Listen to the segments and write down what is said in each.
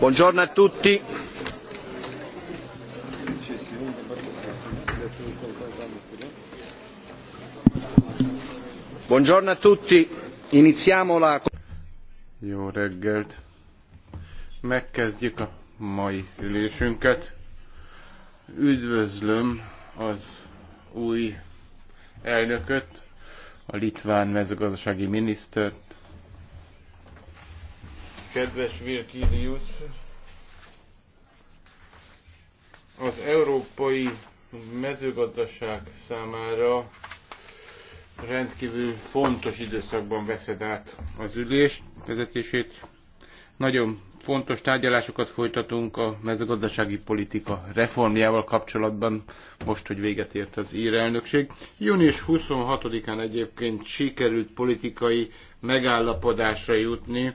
Buongiorno a tutti. Buongiorno a tutti. Iniziamo la... Jó reggelt. Megkezdjük a mai ülésünket. Üdvözlöm az új elnököt, a litván mezőgazdasági minisztert. Kedves Virgilius, az európai mezőgazdaság számára rendkívül fontos időszakban veszed át az ülést vezetését. Nagyon fontos tárgyalásokat folytatunk a mezőgazdasági politika reformjával kapcsolatban, most, hogy véget ért az ír elnökség. Június 26-án egyébként sikerült politikai megállapodásra jutni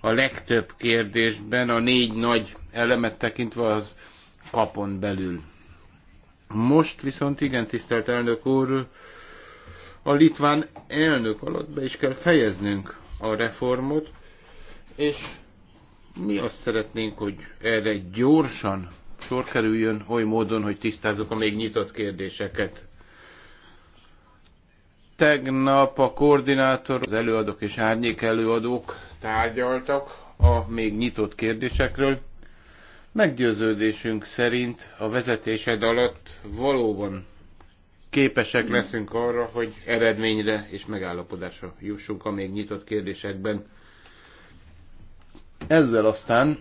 a legtöbb kérdésben, a négy nagy elemet tekintve az kapon belül. Most viszont igen, tisztelt elnök úr, a litván elnök alatt be is kell fejeznünk a reformot, és mi azt szeretnénk, hogy erre gyorsan sor kerüljön oly módon, hogy tisztázok a még nyitott kérdéseket. Tegnap a koordinátor, az előadók és árnyék előadók tárgyaltak a még nyitott kérdésekről. Meggyőződésünk szerint a vezetésed alatt valóban képesek leszünk arra, hogy eredményre és megállapodásra jussunk a még nyitott kérdésekben. Ezzel aztán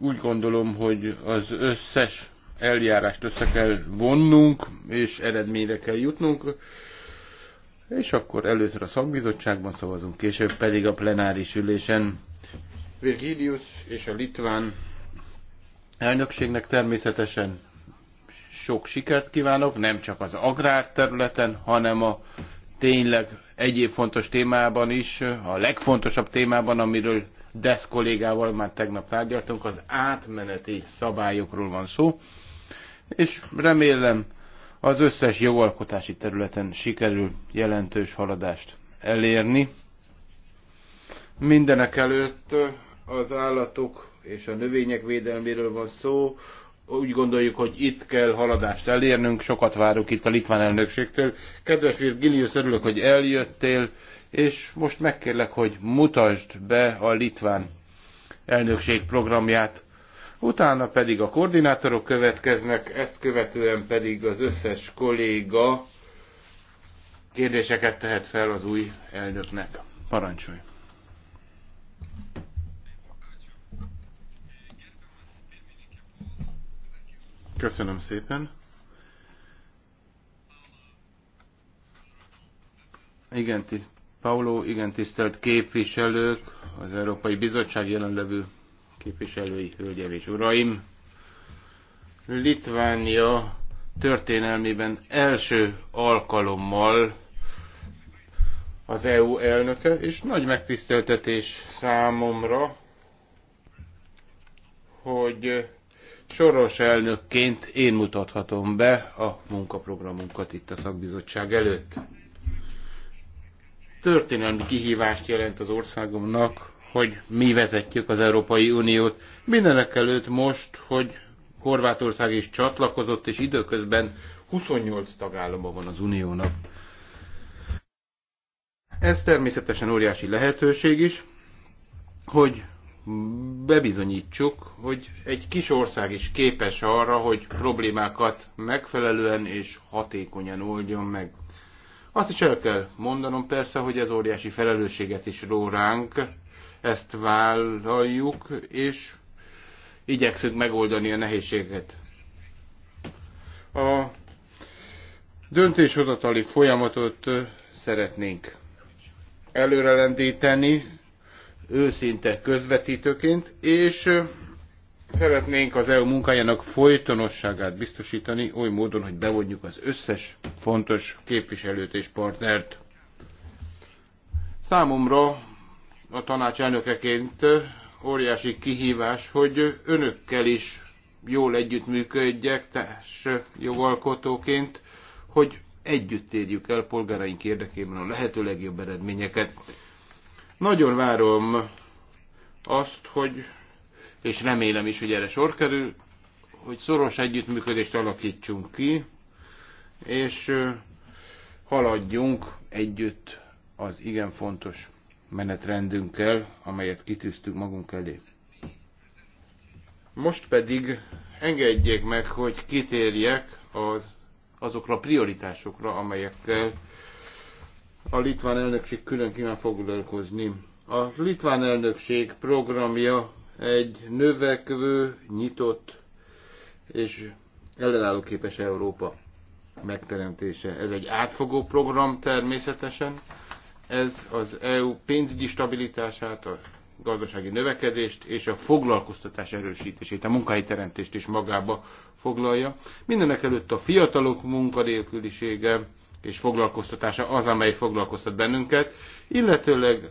úgy gondolom, hogy az összes eljárást össze kell vonnunk, és eredményre kell jutnunk, és akkor először a szakbizottságban szavazunk, később pedig a plenáris ülésen. Virgilius és a litván elnökségnek természetesen sok sikert kívánok, nem csak az agrárterületen, hanem a tényleg egyéb fontos témában is, a legfontosabb témában, amiről Desz kollégával már tegnap tárgyaltunk, az átmeneti szabályokról van szó, és remélem az összes jogalkotási területen sikerül jelentős haladást elérni. Mindenek előtt az állatok és a növények védelméről van szó, úgy gondoljuk, hogy itt kell haladást elérnünk, sokat várunk itt a litván elnökségtől. Kedves Virgilius, örülök, hogy eljöttél, és most megkérlek, hogy mutasd be a litván elnökség programját. Utána pedig a koordinátorok következnek, ezt követően pedig az összes kolléga kérdéseket tehet fel az új elnöknek. Parancsolj! Köszönöm szépen. Igen, Paulo, igen tisztelt képviselők, az Európai Bizottság jelenlevő képviselői, hölgyeim és uraim. Litvánia történelmében első alkalommal az EU elnöke, és nagy megtiszteltetés számomra, hogy soros elnökként én mutathatom be a munkaprogramunkat itt a szakbizottság előtt. Történelmi kihívást jelent az országomnak, hogy mi vezetjük az Európai Uniót. Mindenek előtt most, hogy Horvátország is csatlakozott, és időközben 28 tagállama van az Uniónak. Ez természetesen óriási lehetőség is, hogy bebizonyítsuk, hogy egy kis ország is képes arra, hogy problémákat megfelelően és hatékonyan oldjon meg. Azt is el kell mondanom persze, hogy ez óriási felelősséget is ró ránk, ezt vállaljuk, és igyekszünk megoldani a nehézséget. A döntéshozatali folyamatot szeretnénk előrelendíteni, őszinte közvetítőként, és szeretnénk az EU munkájának folytonosságát biztosítani oly módon, hogy bevonjuk az összes fontos képviselőt és partnert. Számomra a tanács elnökeként óriási kihívás, hogy önökkel is jól együttműködjek, társ jogalkotóként, hogy együtt érjük el polgáraink érdekében a lehető legjobb eredményeket. Nagyon várom azt, hogy, és remélem is, hogy erre sor kerül, hogy szoros együttműködést alakítsunk ki, és haladjunk együtt az igen fontos menetrendünkkel, amelyet kitűztünk magunk elé. Most pedig engedjék meg, hogy kitérjek az, azokra a prioritásokra, amelyekkel a litván elnökség külön kíván foglalkozni. A litván elnökség programja egy növekvő, nyitott és ellenállóképes Európa megteremtése. Ez egy átfogó program természetesen. Ez az EU pénzügyi stabilitását, a gazdasági növekedést és a foglalkoztatás erősítését, a munkahelyteremtést is magába foglalja. Mindenek előtt a fiatalok munkanélkülisége, és foglalkoztatása az, amely foglalkoztat bennünket, illetőleg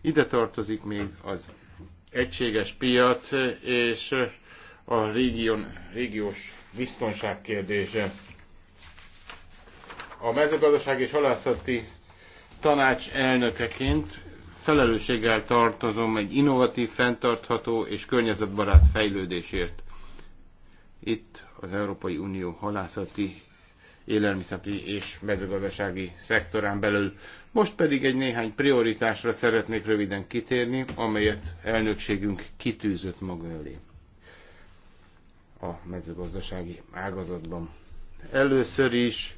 ide tartozik még az egységes piac és a régión, régiós biztonság kérdése. A mezőgazdaság és halászati tanács elnökeként felelősséggel tartozom egy innovatív, fenntartható és környezetbarát fejlődésért. Itt az Európai Unió halászati élelmiszeri és mezőgazdasági szektorán belül. Most pedig egy néhány prioritásra szeretnék röviden kitérni, amelyet elnökségünk kitűzött maga elé a mezőgazdasági ágazatban. Először is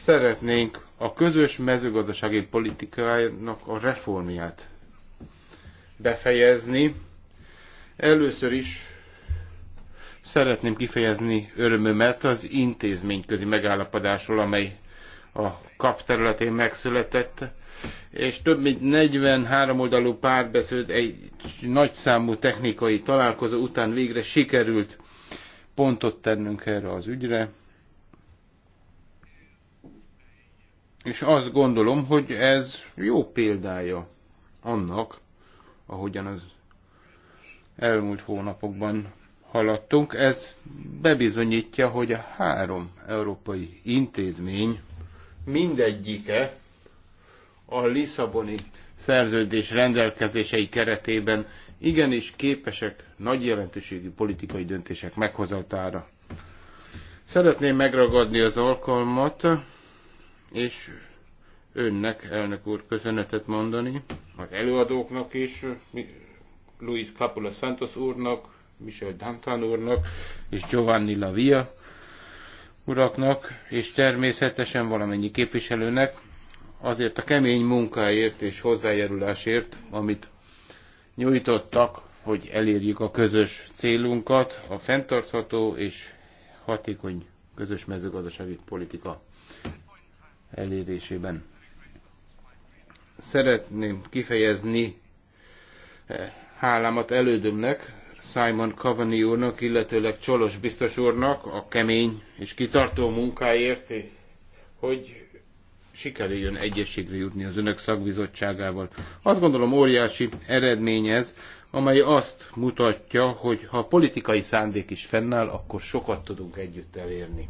szeretnénk a közös mezőgazdasági politikának a reformját befejezni. Először is Szeretném kifejezni örömömet az intézményközi megállapodásról, amely a kap területén megszületett, és több mint 43 oldalú párbeszéd egy nagyszámú technikai találkozó után végre sikerült pontot tennünk erre az ügyre. És azt gondolom, hogy ez jó példája annak, ahogyan az elmúlt hónapokban haladtunk. Ez bebizonyítja, hogy a három európai intézmény mindegyike a Lisszaboni szerződés rendelkezései keretében igenis képesek nagy jelentőségű politikai döntések meghozatára. Szeretném megragadni az alkalmat, és önnek, elnök úr, köszönetet mondani, az előadóknak is, Luis Capula Santos úrnak, Michel Dantan úrnak és Giovanni Lavia uraknak, és természetesen valamennyi képviselőnek azért a kemény munkáért és hozzájárulásért, amit nyújtottak, hogy elérjük a közös célunkat, a fenntartható és hatékony közös mezőgazdasági politika elérésében. Szeretném kifejezni eh, hálámat elődömnek, Simon Coveney úrnak, illetőleg Csolos biztos úrnak a kemény és kitartó munkáért, hogy sikerüljön egyességre jutni az önök szakbizottságával. Azt gondolom óriási eredmény ez, amely azt mutatja, hogy ha politikai szándék is fennáll, akkor sokat tudunk együtt elérni.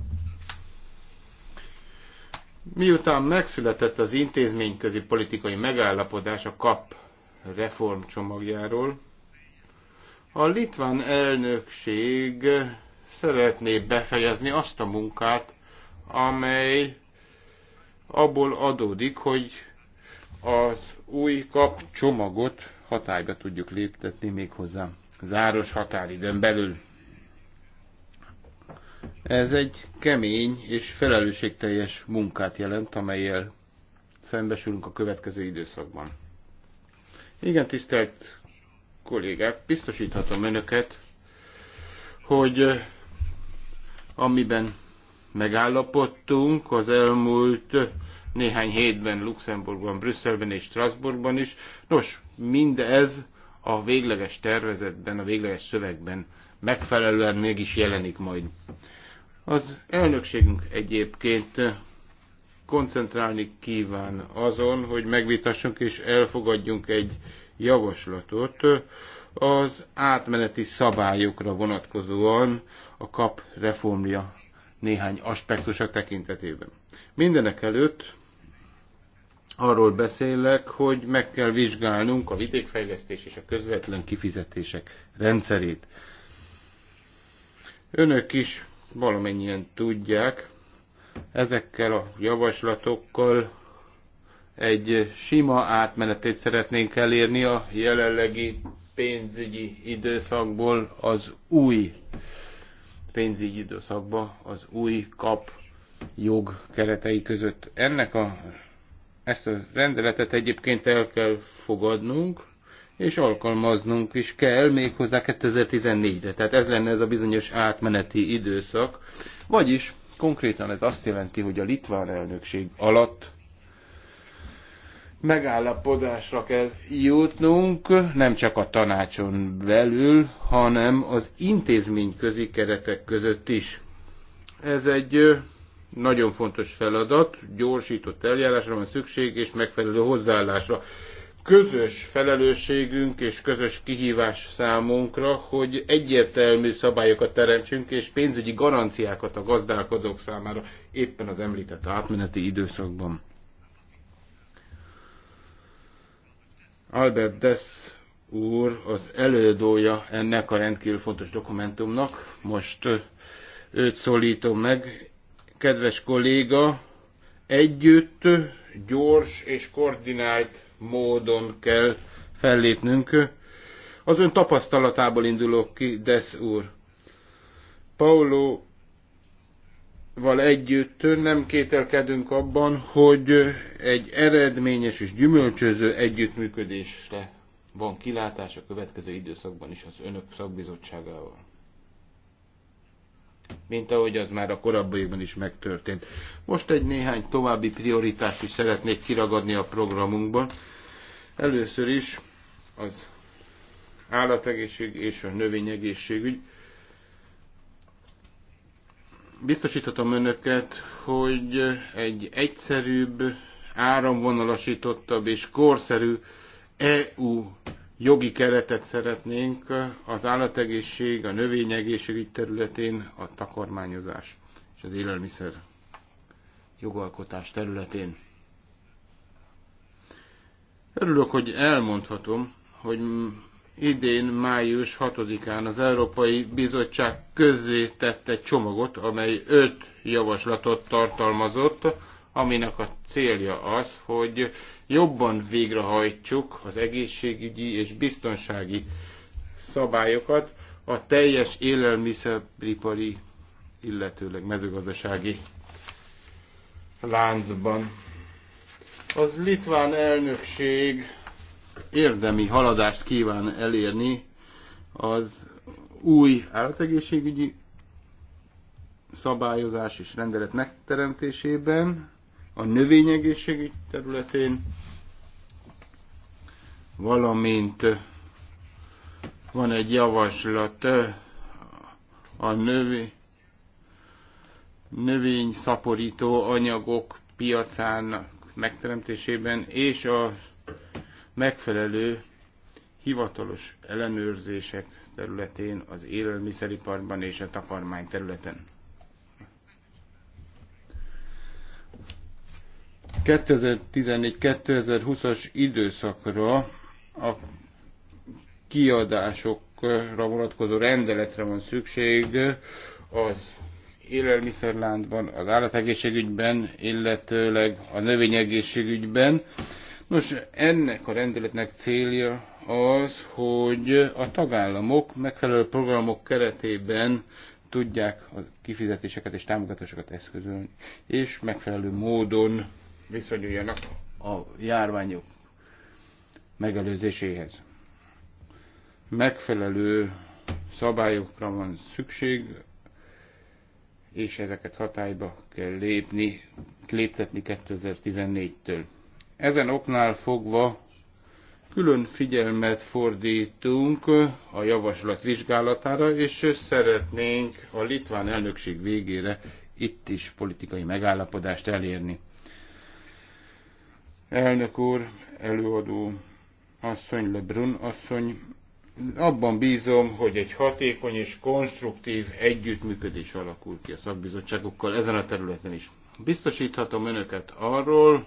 Miután megszületett az intézményközi politikai megállapodás a KAP reformcsomagjáról, a litván elnökség szeretné befejezni azt a munkát, amely abból adódik, hogy az új kap csomagot hatályba tudjuk léptetni méghozzá záros határidőn belül. Ez egy kemény és felelősségteljes munkát jelent, amelyel szembesülünk a következő időszakban. Igen, tisztelt kollégák, biztosíthatom önöket, hogy eh, amiben megállapodtunk az elmúlt eh, néhány hétben Luxemburgban, Brüsszelben és Strasbourgban is. Nos, mindez a végleges tervezetben, a végleges szövegben megfelelően mégis jelenik majd. Az elnökségünk egyébként eh, koncentrálni kíván azon, hogy megvitassunk és elfogadjunk egy javaslatot az átmeneti szabályokra vonatkozóan a kap reformja néhány aspektusa tekintetében. Mindenek előtt arról beszélek, hogy meg kell vizsgálnunk a vidékfejlesztés és a közvetlen kifizetések rendszerét. Önök is valamennyien tudják, ezekkel a javaslatokkal egy sima átmenetét szeretnénk elérni a jelenlegi pénzügyi időszakból az új pénzügyi időszakba, az új kap jog keretei között. Ennek a, ezt a rendeletet egyébként el kell fogadnunk, és alkalmaznunk is kell méghozzá 2014-re. Tehát ez lenne ez a bizonyos átmeneti időszak. Vagyis konkrétan ez azt jelenti, hogy a litván elnökség alatt megállapodásra kell jutnunk, nem csak a tanácson belül, hanem az intézményközi keretek között is. Ez egy nagyon fontos feladat, gyorsított eljárásra van szükség, és megfelelő hozzáállásra. Közös felelősségünk és közös kihívás számunkra, hogy egyértelmű szabályokat teremtsünk, és pénzügyi garanciákat a gazdálkodók számára éppen az említett átmeneti időszakban. Albert Dess úr az elődója ennek a rendkívül fontos dokumentumnak. Most őt szólítom meg. Kedves kolléga, együtt, gyors és koordinált módon kell fellépnünk. Az ön tapasztalatából indulok ki, Dess úr. Paulo val együtt nem kételkedünk abban, hogy egy eredményes és gyümölcsöző együttműködésre van kilátás a következő időszakban is az önök szakbizottságával. Mint ahogy az már a korábbiakban is megtörtént. Most egy néhány további prioritást is szeretnék kiragadni a programunkban. Először is az állategészség és a növényegészségügy biztosíthatom önöket, hogy egy egyszerűbb, áramvonalasítottabb és korszerű EU jogi keretet szeretnénk az állategészség, a növényegészségügy területén, a takarmányozás és az élelmiszer jogalkotás területén. Örülök, hogy elmondhatom, hogy idén május 6-án az Európai Bizottság közzé tette egy csomagot, amely öt javaslatot tartalmazott, aminek a célja az, hogy jobban végrehajtsuk az egészségügyi és biztonsági szabályokat a teljes élelmiszeripari, illetőleg mezőgazdasági láncban. Az litván elnökség érdemi haladást kíván elérni az új állategészségügyi szabályozás és rendelet megteremtésében, a növényegészségügy területén, valamint van egy javaslat a növény, növény szaporító anyagok piacán megteremtésében és a megfelelő hivatalos ellenőrzések területén, az élelmiszeriparban és a takarmány területen. 2014-2020-as időszakra a kiadásokra vonatkozó rendeletre van szükség az élelmiszerlántban, az állategészségügyben, illetőleg a növényegészségügyben Nos, ennek a rendeletnek célja az, hogy a tagállamok megfelelő programok keretében tudják a kifizetéseket és támogatásokat eszközölni, és megfelelő módon viszonyuljanak a járványok megelőzéséhez. Megfelelő szabályokra van szükség, és ezeket hatályba kell lépni, léptetni 2014-től. Ezen oknál fogva külön figyelmet fordítunk a javaslat vizsgálatára, és szeretnénk a litván elnökség végére itt is politikai megállapodást elérni. Elnök úr, előadó asszony, Lebrun asszony, abban bízom, hogy egy hatékony és konstruktív együttműködés alakul ki a szakbizottságokkal ezen a területen is. Biztosíthatom önöket arról,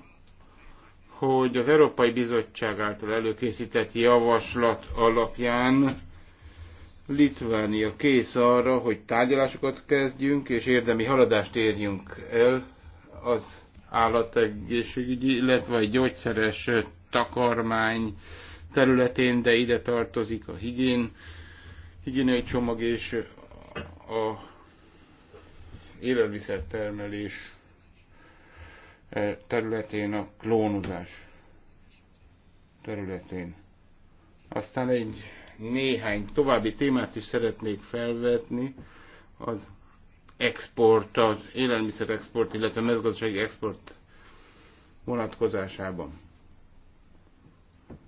hogy az Európai Bizottság által előkészített javaslat alapján Litvánia kész arra, hogy tárgyalásokat kezdjünk, és érdemi haladást érjünk el az állategészségügyi, illetve a gyógyszeres takarmány területén, de ide tartozik a higién, higiéniai csomag és a élelmiszertermelés E, területén, a klónozás területén. Aztán egy néhány további témát is szeretnék felvetni, az export, az élelmiszer export, illetve mezgazdasági export vonatkozásában.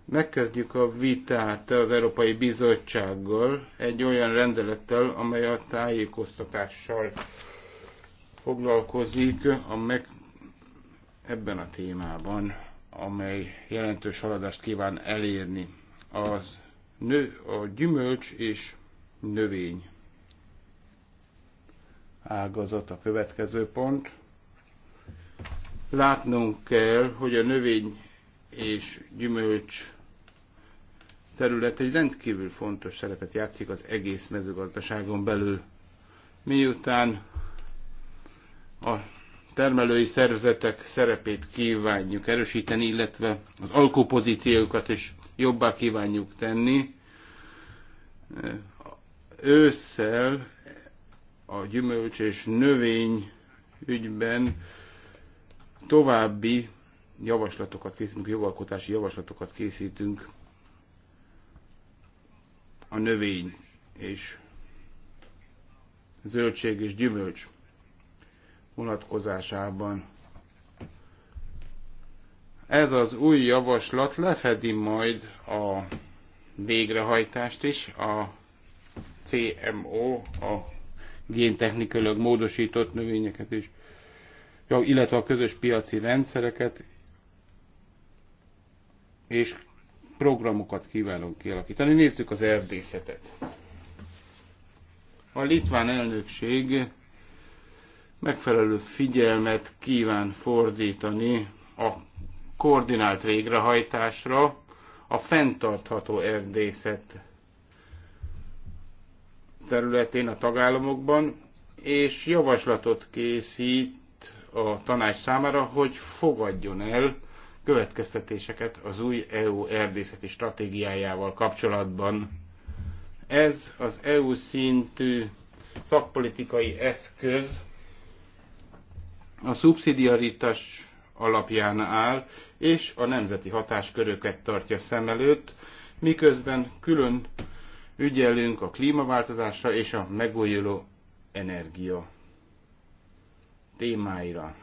Megkezdjük a vitát az Európai Bizottsággal egy olyan rendelettel, amely a tájékoztatással foglalkozik, a meg, ebben a témában, amely jelentős haladást kíván elérni. Az nő, a gyümölcs és növény ágazat a következő pont. Látnunk kell, hogy a növény és gyümölcs terület egy rendkívül fontos szerepet játszik az egész mezőgazdaságon belül. Miután a termelői szervezetek szerepét kívánjuk erősíteni, illetve az alkupozíciókat is jobbá kívánjuk tenni. Ősszel a gyümölcs és növény ügyben további javaslatokat készítünk, jogalkotási javaslatokat készítünk a növény és zöldség és gyümölcs vonatkozásában. Ez az új javaslat lefedi majd a végrehajtást is, a CMO, a géntechnikailag módosított növényeket is, illetve a közös piaci rendszereket, és programokat kívánunk kialakítani. Nézzük az erdészetet. A litván elnökség megfelelő figyelmet kíván fordítani a koordinált végrehajtásra, a fenntartható erdészet területén a tagállamokban, és javaslatot készít a tanács számára, hogy fogadjon el következtetéseket az új EU erdészeti stratégiájával kapcsolatban. Ez az EU szintű szakpolitikai eszköz a szubszidiaritás alapján áll, és a nemzeti hatásköröket tartja szem előtt, miközben külön ügyelünk a klímaváltozásra és a megújuló energia témáira.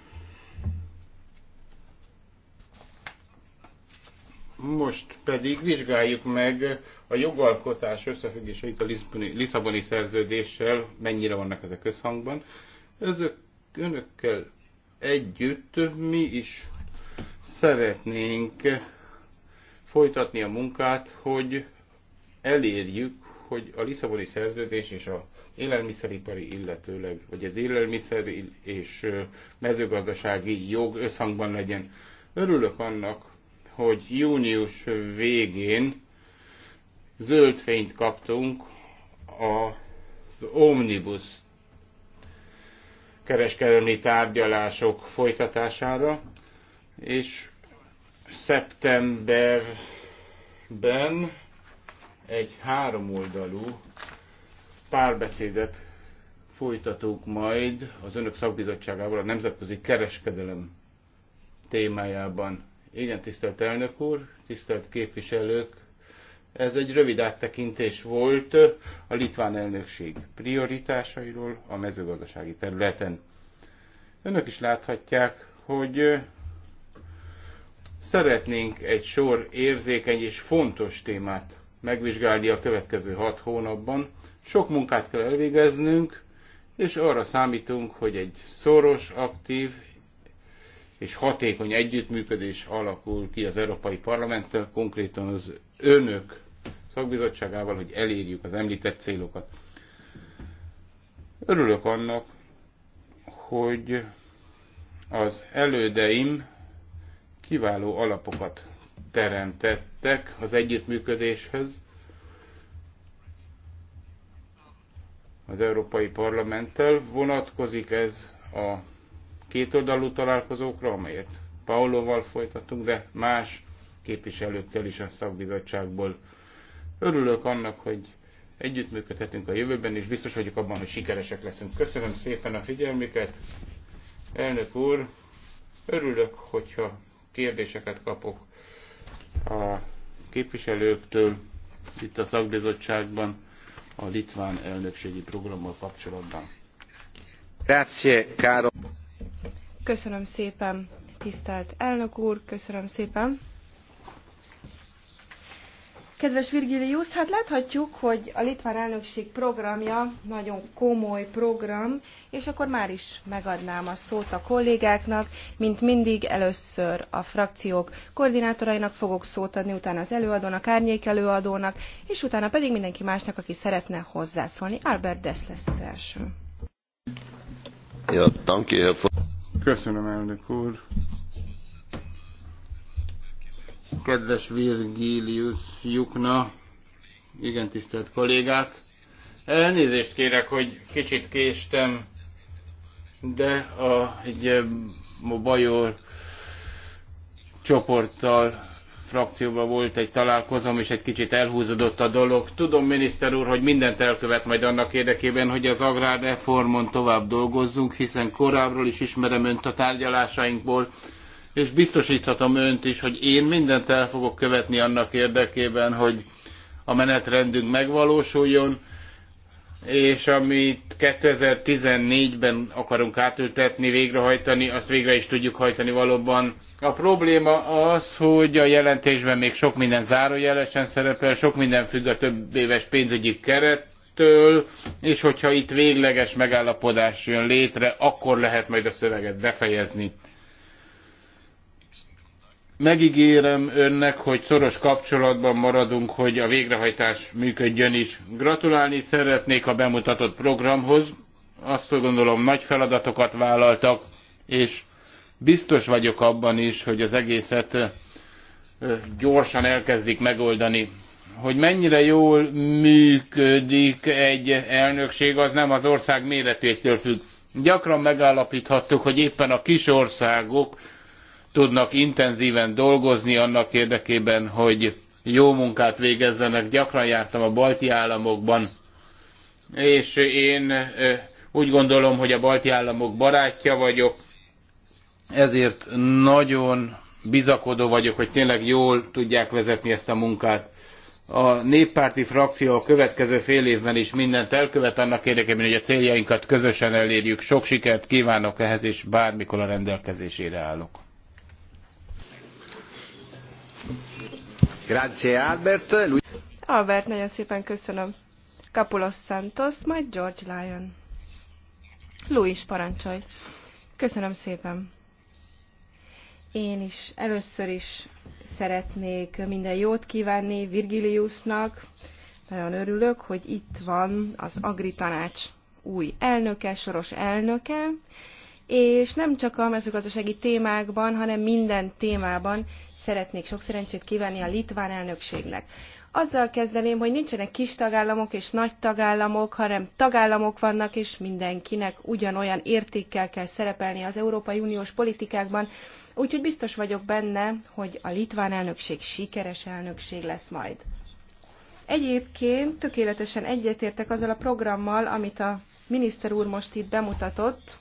Most pedig vizsgáljuk meg a jogalkotás összefüggéseit a Lisszaboni szerződéssel, mennyire vannak ezek összhangban. Ezek önökkel együtt mi is szeretnénk folytatni a munkát, hogy elérjük, hogy a Lisszaboni szerződés és az élelmiszeripari illetőleg, vagy az élelmiszer és mezőgazdasági jog összhangban legyen. Örülök annak, hogy június végén zöld fényt kaptunk az Omnibus kereskedelmi tárgyalások folytatására, és szeptemberben egy háromoldalú párbeszédet folytatunk majd az önök szakbizottságával a nemzetközi kereskedelem témájában. Igen, tisztelt elnök úr, tisztelt képviselők, ez egy rövid áttekintés volt a litván elnökség prioritásairól a mezőgazdasági területen. Önök is láthatják, hogy szeretnénk egy sor érzékeny és fontos témát megvizsgálni a következő hat hónapban. Sok munkát kell elvégeznünk, és arra számítunk, hogy egy szoros, aktív és hatékony együttműködés alakul ki az Európai Parlamenttel, konkrétan az önök szakbizottságával, hogy elérjük az említett célokat. Örülök annak, hogy az elődeim kiváló alapokat teremtettek az együttműködéshez az Európai Parlamenttel. Vonatkozik ez a kétoldalú találkozókra, amelyet Paulóval folytatunk, de más képviselőkkel is a szakbizottságból. Örülök annak, hogy együttműködhetünk a jövőben, és biztos vagyok abban, hogy sikeresek leszünk. Köszönöm szépen a figyelmüket. Elnök úr, örülök, hogyha kérdéseket kapok a képviselőktől itt a szakbizottságban a litván elnökségi programmal kapcsolatban. Köszönöm szépen, tisztelt elnök úr, köszönöm szépen. Kedves Virgilius, hát láthatjuk, hogy a litván elnökség programja nagyon komoly program, és akkor már is megadnám a szót a kollégáknak, mint mindig először a frakciók koordinátorainak fogok szót adni, utána az előadónak, árnyék előadónak, és utána pedig mindenki másnak, aki szeretne hozzászólni. Albert Dess lesz az első. Köszönöm, elnök úr. Kedves Virgilius Jukna, igen tisztelt kollégák, elnézést kérek, hogy kicsit késtem, de a, egy Bajor csoporttal frakcióban volt egy találkozom, és egy kicsit elhúzódott a dolog. Tudom, miniszter úr, hogy mindent elkövet majd annak érdekében, hogy az agrárreformon tovább dolgozzunk, hiszen korábbról is ismerem önt a tárgyalásainkból, és biztosíthatom önt is, hogy én mindent el fogok követni annak érdekében, hogy a menetrendünk megvalósuljon, és amit 2014-ben akarunk átültetni, végrehajtani, azt végre is tudjuk hajtani valóban. A probléma az, hogy a jelentésben még sok minden zárójelesen szerepel, sok minden függ a több éves pénzügyi kerettől, és hogyha itt végleges megállapodás jön létre, akkor lehet majd a szöveget befejezni. Megígérem önnek, hogy szoros kapcsolatban maradunk, hogy a végrehajtás működjön is. Gratulálni szeretnék a bemutatott programhoz. Azt gondolom, nagy feladatokat vállaltak, és biztos vagyok abban is, hogy az egészet gyorsan elkezdik megoldani. Hogy mennyire jól működik egy elnökség, az nem az ország méretétől függ. Gyakran megállapíthattuk, hogy éppen a kis országok tudnak intenzíven dolgozni annak érdekében, hogy jó munkát végezzenek. Gyakran jártam a balti államokban, és én úgy gondolom, hogy a balti államok barátja vagyok, ezért nagyon bizakodó vagyok, hogy tényleg jól tudják vezetni ezt a munkát. A néppárti frakció a következő fél évben is mindent elkövet annak érdekében, hogy a céljainkat közösen elérjük. Sok sikert kívánok ehhez, és bármikor a rendelkezésére állok. Grazie, Albert. Albert, nagyon szépen köszönöm. Kapulos Santos, majd George Lyon. Louis, parancsolj. Köszönöm szépen. Én is először is szeretnék minden jót kívánni Virgiliusnak. Nagyon örülök, hogy itt van az Agri Tanács új elnöke, soros elnöke, és nem csak a mezőgazdasági témákban, hanem minden témában szeretnék sok szerencsét kívánni a litván elnökségnek. Azzal kezdeném, hogy nincsenek kis tagállamok és nagy tagállamok, hanem tagállamok vannak, és mindenkinek ugyanolyan értékkel kell szerepelni az Európai Uniós politikákban, úgyhogy biztos vagyok benne, hogy a litván elnökség sikeres elnökség lesz majd. Egyébként tökéletesen egyetértek azzal a programmal, amit a miniszter úr most itt bemutatott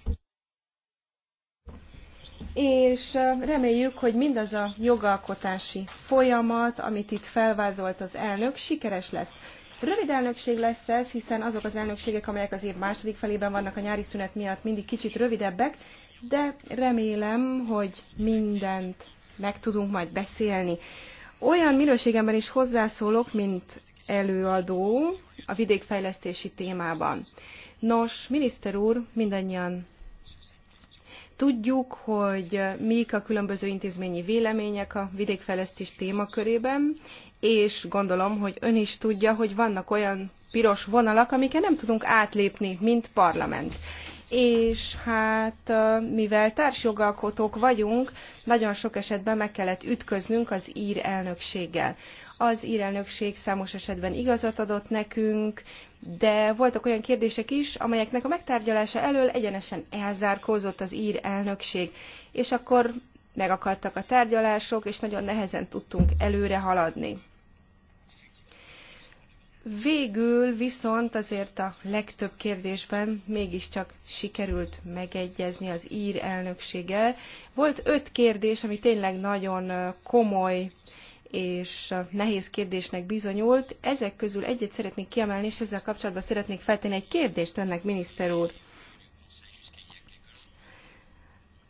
és reméljük, hogy mindaz a jogalkotási folyamat, amit itt felvázolt az elnök, sikeres lesz. Rövid elnökség lesz ez, hiszen azok az elnökségek, amelyek az év második felében vannak a nyári szünet miatt mindig kicsit rövidebbek, de remélem, hogy mindent meg tudunk majd beszélni. Olyan minőségemben is hozzászólok, mint előadó a vidékfejlesztési témában. Nos, miniszter úr, mindannyian Tudjuk, hogy mik a különböző intézményi vélemények a vidékfejlesztés témakörében, és gondolom, hogy ön is tudja, hogy vannak olyan piros vonalak, amiket nem tudunk átlépni, mint parlament és hát mivel társjogalkotók vagyunk, nagyon sok esetben meg kellett ütköznünk az ír elnökséggel. Az ír elnökség számos esetben igazat adott nekünk, de voltak olyan kérdések is, amelyeknek a megtárgyalása elől egyenesen elzárkózott az ír elnökség, és akkor megakadtak a tárgyalások, és nagyon nehezen tudtunk előre haladni. Végül viszont azért a legtöbb kérdésben mégiscsak sikerült megegyezni az ír elnökséggel. Volt öt kérdés, ami tényleg nagyon komoly és nehéz kérdésnek bizonyult. Ezek közül egyet szeretnék kiemelni, és ezzel kapcsolatban szeretnék feltenni egy kérdést önnek, miniszter úr.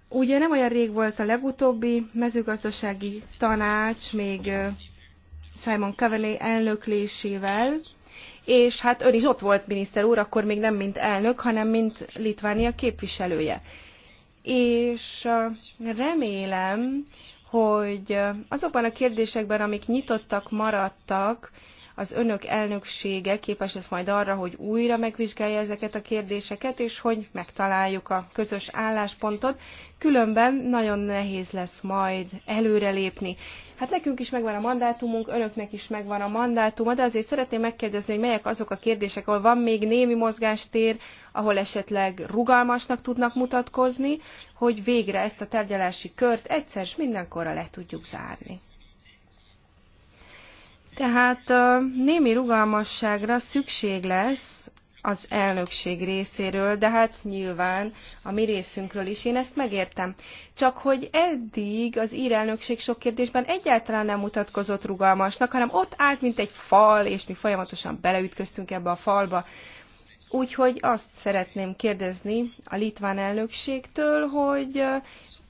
Ugye nem olyan rég volt a legutóbbi mezőgazdasági tanács, még Simon Coveney elnöklésével, és hát ön is ott volt, miniszter úr, akkor még nem mint elnök, hanem mint Litvánia képviselője. És remélem, hogy azokban a kérdésekben, amik nyitottak maradtak, az önök elnöksége képes lesz majd arra, hogy újra megvizsgálja ezeket a kérdéseket, és hogy megtaláljuk a közös álláspontot, különben nagyon nehéz lesz majd előrelépni. Hát nekünk is megvan a mandátumunk, önöknek is megvan a mandátuma, de azért szeretném megkérdezni, hogy melyek azok a kérdések, ahol van még némi mozgástér, ahol esetleg rugalmasnak tudnak mutatkozni, hogy végre ezt a tárgyalási kört egyszer és mindenkorra le tudjuk zárni. Tehát némi rugalmasságra szükség lesz, az elnökség részéről, de hát nyilván a mi részünkről is én ezt megértem. Csak hogy eddig az ír elnökség sok kérdésben egyáltalán nem mutatkozott rugalmasnak, hanem ott állt, mint egy fal, és mi folyamatosan beleütköztünk ebbe a falba. Úgyhogy azt szeretném kérdezni a litván elnökségtől, hogy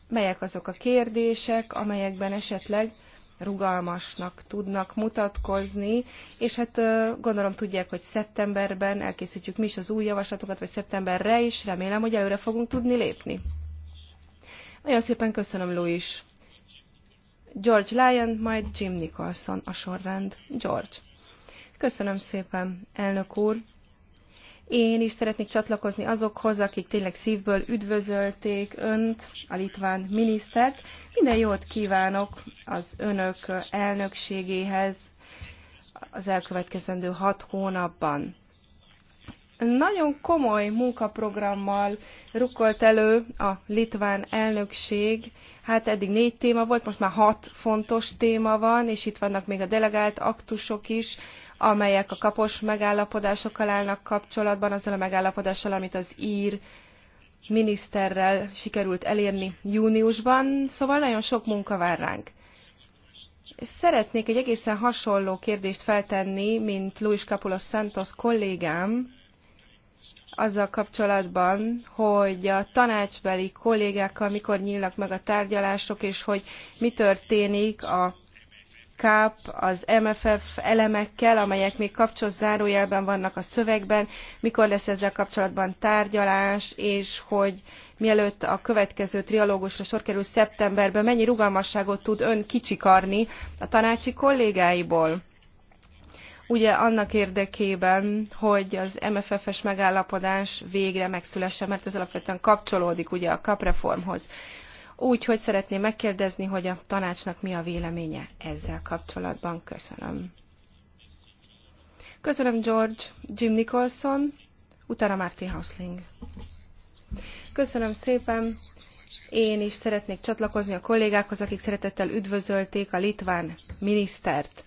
melyek azok a kérdések, amelyekben esetleg rugalmasnak tudnak mutatkozni, és hát gondolom tudják, hogy szeptemberben elkészítjük mi is az új javaslatokat, vagy szeptemberre is, remélem, hogy előre fogunk tudni lépni. Nagyon szépen köszönöm, Louis. George Lyon, majd Jim Nicholson a sorrend. George. Köszönöm szépen, elnök úr. Én is szeretnék csatlakozni azokhoz, akik tényleg szívből üdvözölték önt, a litván minisztert. Minden jót kívánok az önök elnökségéhez az elkövetkezendő hat hónapban. Nagyon komoly munkaprogrammal rukkolt elő a litván elnökség. Hát eddig négy téma volt, most már hat fontos téma van, és itt vannak még a delegált aktusok is, amelyek a kapos megállapodásokkal állnak kapcsolatban, azzal a megállapodással, amit az ír miniszterrel sikerült elérni júniusban, szóval nagyon sok munka vár ránk. Szeretnék egy egészen hasonló kérdést feltenni, mint Luis Capulos Santos kollégám, azzal kapcsolatban, hogy a tanácsbeli kollégákkal mikor nyílnak meg a tárgyalások, és hogy mi történik a CAP, az MFF elemekkel, amelyek még kapcsos zárójelben vannak a szövegben, mikor lesz ezzel kapcsolatban tárgyalás, és hogy mielőtt a következő trialógusra sor kerül szeptemberben, mennyi rugalmasságot tud ön kicsikarni a tanácsi kollégáiból? ugye annak érdekében, hogy az MFF-es megállapodás végre megszülesse, mert ez alapvetően kapcsolódik ugye a kapreformhoz. Úgyhogy szeretném megkérdezni, hogy a tanácsnak mi a véleménye ezzel kapcsolatban. Köszönöm. Köszönöm George, Jim Nicholson, utána Martin Hausling. Köszönöm szépen. Én is szeretnék csatlakozni a kollégákhoz, akik szeretettel üdvözölték a litván minisztert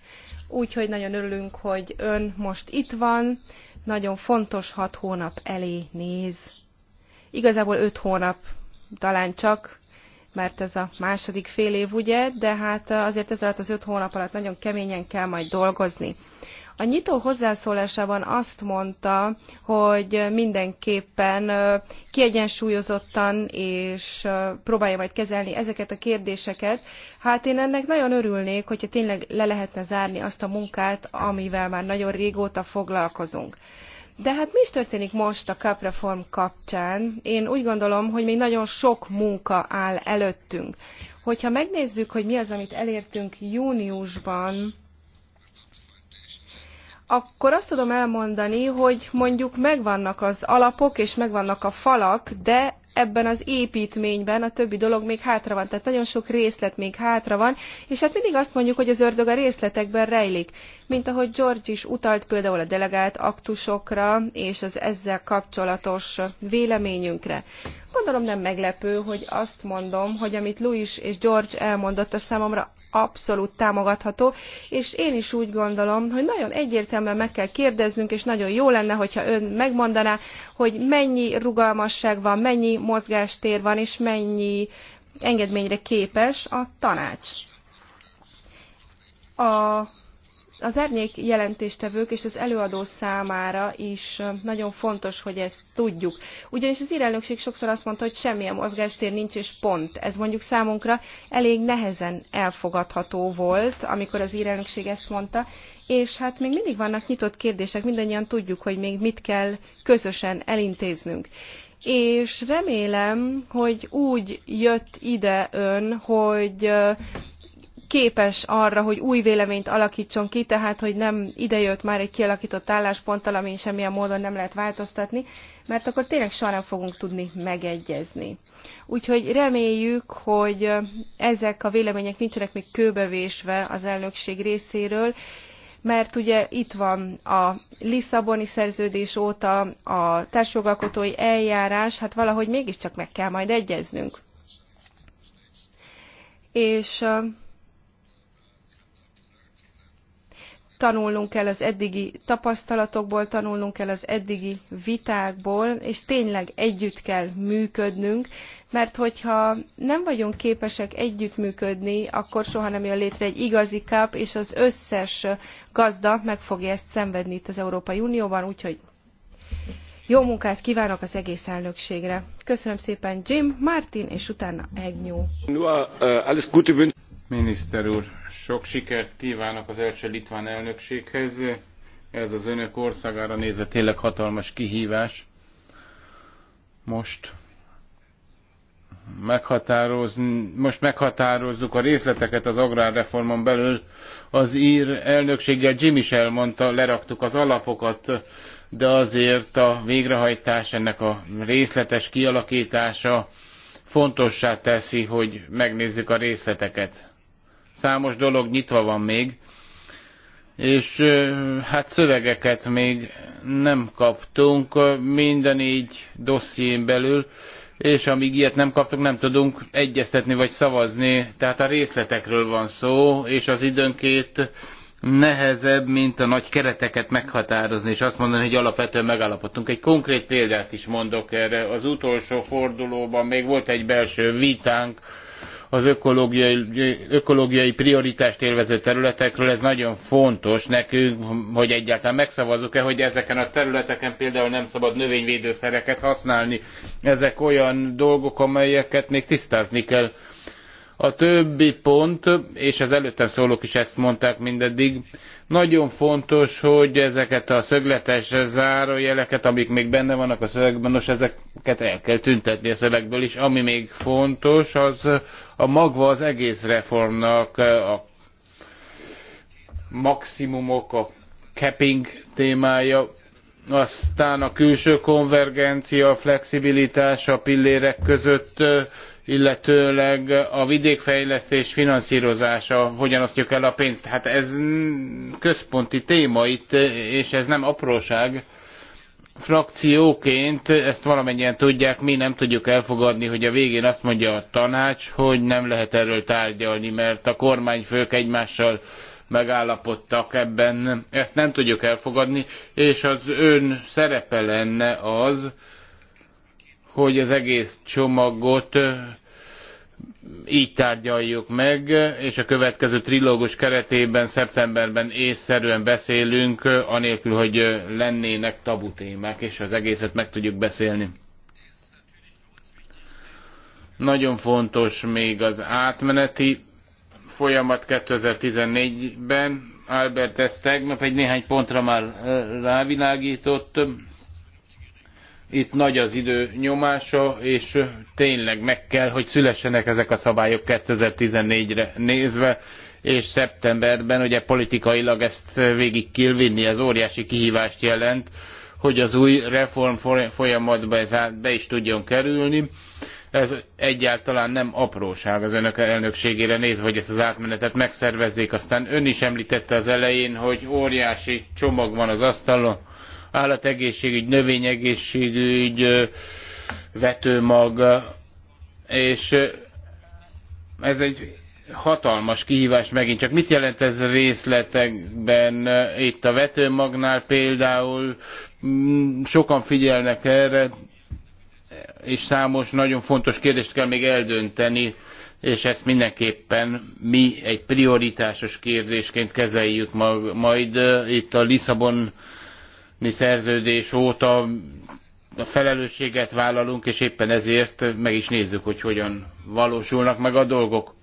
úgyhogy nagyon örülünk, hogy ön most itt van, nagyon fontos hat hónap elé néz. Igazából öt hónap talán csak, mert ez a második fél év, ugye, de hát eh, azért ez alatt az öt hónap alatt nagyon keményen kell majd dolgozni. A nyitó hozzászólásában azt mondta, hogy mindenképpen eh, kiegyensúlyozottan és eh, próbálja majd kezelni ezeket a kérdéseket. Hát én ennek nagyon örülnék, hogyha tényleg le lehetne zárni azt a munkát, amivel már nagyon régóta foglalkozunk. De hát mi is történik most a kapreform kapcsán? Én úgy gondolom, hogy még nagyon sok munka áll előttünk. Hogyha megnézzük, hogy mi az, amit elértünk júniusban, akkor azt tudom elmondani, hogy mondjuk megvannak az alapok és megvannak a falak, de ebben az építményben a többi dolog még hátra van. Tehát nagyon sok részlet még hátra van, és hát mindig azt mondjuk, hogy az ördög a részletekben rejlik. Mint ahogy George is utalt például a delegált aktusokra és az ezzel kapcsolatos véleményünkre. Gondolom nem meglepő, hogy azt mondom, hogy amit Louis és George elmondott, a számomra abszolút támogatható, és én is úgy gondolom, hogy nagyon egyértelműen meg kell kérdeznünk, és nagyon jó lenne, hogyha ön megmondaná, hogy mennyi rugalmasság van, mennyi mozgástér van, és mennyi engedményre képes a tanács. A, az árnyék jelentéstevők és az előadó számára is nagyon fontos, hogy ezt tudjuk. Ugyanis az irelnökség sokszor azt mondta, hogy semmilyen mozgástér nincs, és pont. Ez mondjuk számunkra elég nehezen elfogadható volt, amikor az irelnökség ezt mondta, és hát még mindig vannak nyitott kérdések, mindannyian tudjuk, hogy még mit kell közösen elintéznünk és remélem, hogy úgy jött ide ön, hogy képes arra, hogy új véleményt alakítson ki, tehát hogy nem idejött már egy kialakított állásponttal, amin semmilyen módon nem lehet változtatni, mert akkor tényleg soha nem fogunk tudni megegyezni. Úgyhogy reméljük, hogy ezek a vélemények nincsenek még kőbevésve az elnökség részéről, mert ugye itt van a Lisszaboni szerződés óta a társjogalkotói eljárás, hát valahogy mégiscsak meg kell majd egyeznünk. És tanulnunk kell az eddigi tapasztalatokból, tanulnunk kell az eddigi vitákból, és tényleg együtt kell működnünk, mert hogyha nem vagyunk képesek együttműködni, akkor soha nem jön létre egy igazi kap, és az összes gazda meg fogja ezt szenvedni itt az Európai Unióban, úgyhogy jó munkát kívánok az egész elnökségre. Köszönöm szépen Jim, Martin, és utána Egnyú. Eh, Miniszter úr, sok sikert kívánok az első litván elnökséghez. Ez az önök országára nézve tényleg hatalmas kihívás. Most meghatározni, most meghatározzuk a részleteket az agrárreformon belül. Az ír elnökséggel Jim is elmondta, leraktuk az alapokat, de azért a végrehajtás, ennek a részletes kialakítása fontossá teszi, hogy megnézzük a részleteket. Számos dolog nyitva van még, és hát szövegeket még nem kaptunk minden így dosszién belül és amíg ilyet nem kaptunk, nem tudunk egyeztetni vagy szavazni. Tehát a részletekről van szó, és az időnként nehezebb, mint a nagy kereteket meghatározni, és azt mondani, hogy alapvetően megállapodtunk. Egy konkrét példát is mondok erre. Az utolsó fordulóban még volt egy belső vitánk, az ökológiai, ökológiai prioritást élvező területekről. Ez nagyon fontos nekünk, hogy egyáltalán megszavazzuk-e, hogy ezeken a területeken például nem szabad növényvédőszereket használni. Ezek olyan dolgok, amelyeket még tisztázni kell a többi pont, és az előttem szólók is ezt mondták mindeddig, nagyon fontos, hogy ezeket a szögletes zárójeleket, amik még benne vannak a szövegben, nos, ezeket el kell tüntetni a szövegből is. Ami még fontos, az a magva az egész reformnak a maximumok, a capping témája, aztán a külső konvergencia, a flexibilitás a pillérek között illetőleg a vidékfejlesztés finanszrozása hogyan osztjuk el a pénzt. Hát ez központi téma itt, és ez nem apróság. Frakcióként ezt valamennyien tudják, mi nem tudjuk elfogadni, hogy a végén azt mondja a tanács, hogy nem lehet erről tárgyalni, mert a kormányfők egymással megállapodtak ebben. Ezt nem tudjuk elfogadni, és az ön szerepe lenne az, hogy az egész csomagot így tárgyaljuk meg, és a következő trilógus keretében szeptemberben észszerűen beszélünk, anélkül, hogy lennének tabutémák, és az egészet meg tudjuk beszélni. Nagyon fontos még az átmeneti folyamat 2014-ben. Albert ezt tegnap egy néhány pontra már eh, rávilágított. Itt nagy az idő nyomása, és tényleg meg kell, hogy szülessenek ezek a szabályok 2014-re nézve, és szeptemberben ugye politikailag ezt végig kell vinni, ez óriási kihívást jelent, hogy az új reform folyamatba ez be is tudjon kerülni. Ez egyáltalán nem apróság az önök elnökségére nézve, hogy ezt az átmenetet megszervezzék. Aztán ön is említette az elején, hogy óriási csomag van az asztalon, állategészségügy, növényegészségügy, vetőmag, és ez egy hatalmas kihívás megint csak. Mit jelent ez részletekben? Itt a vetőmagnál például mm, sokan figyelnek erre, és számos nagyon fontos kérdést kell még eldönteni, és ezt mindenképpen mi egy prioritásos kérdésként kezeljük majd itt a Lisszabon mi szerződés óta a felelősséget vállalunk, és éppen ezért meg is nézzük, hogy hogyan valósulnak meg a dolgok.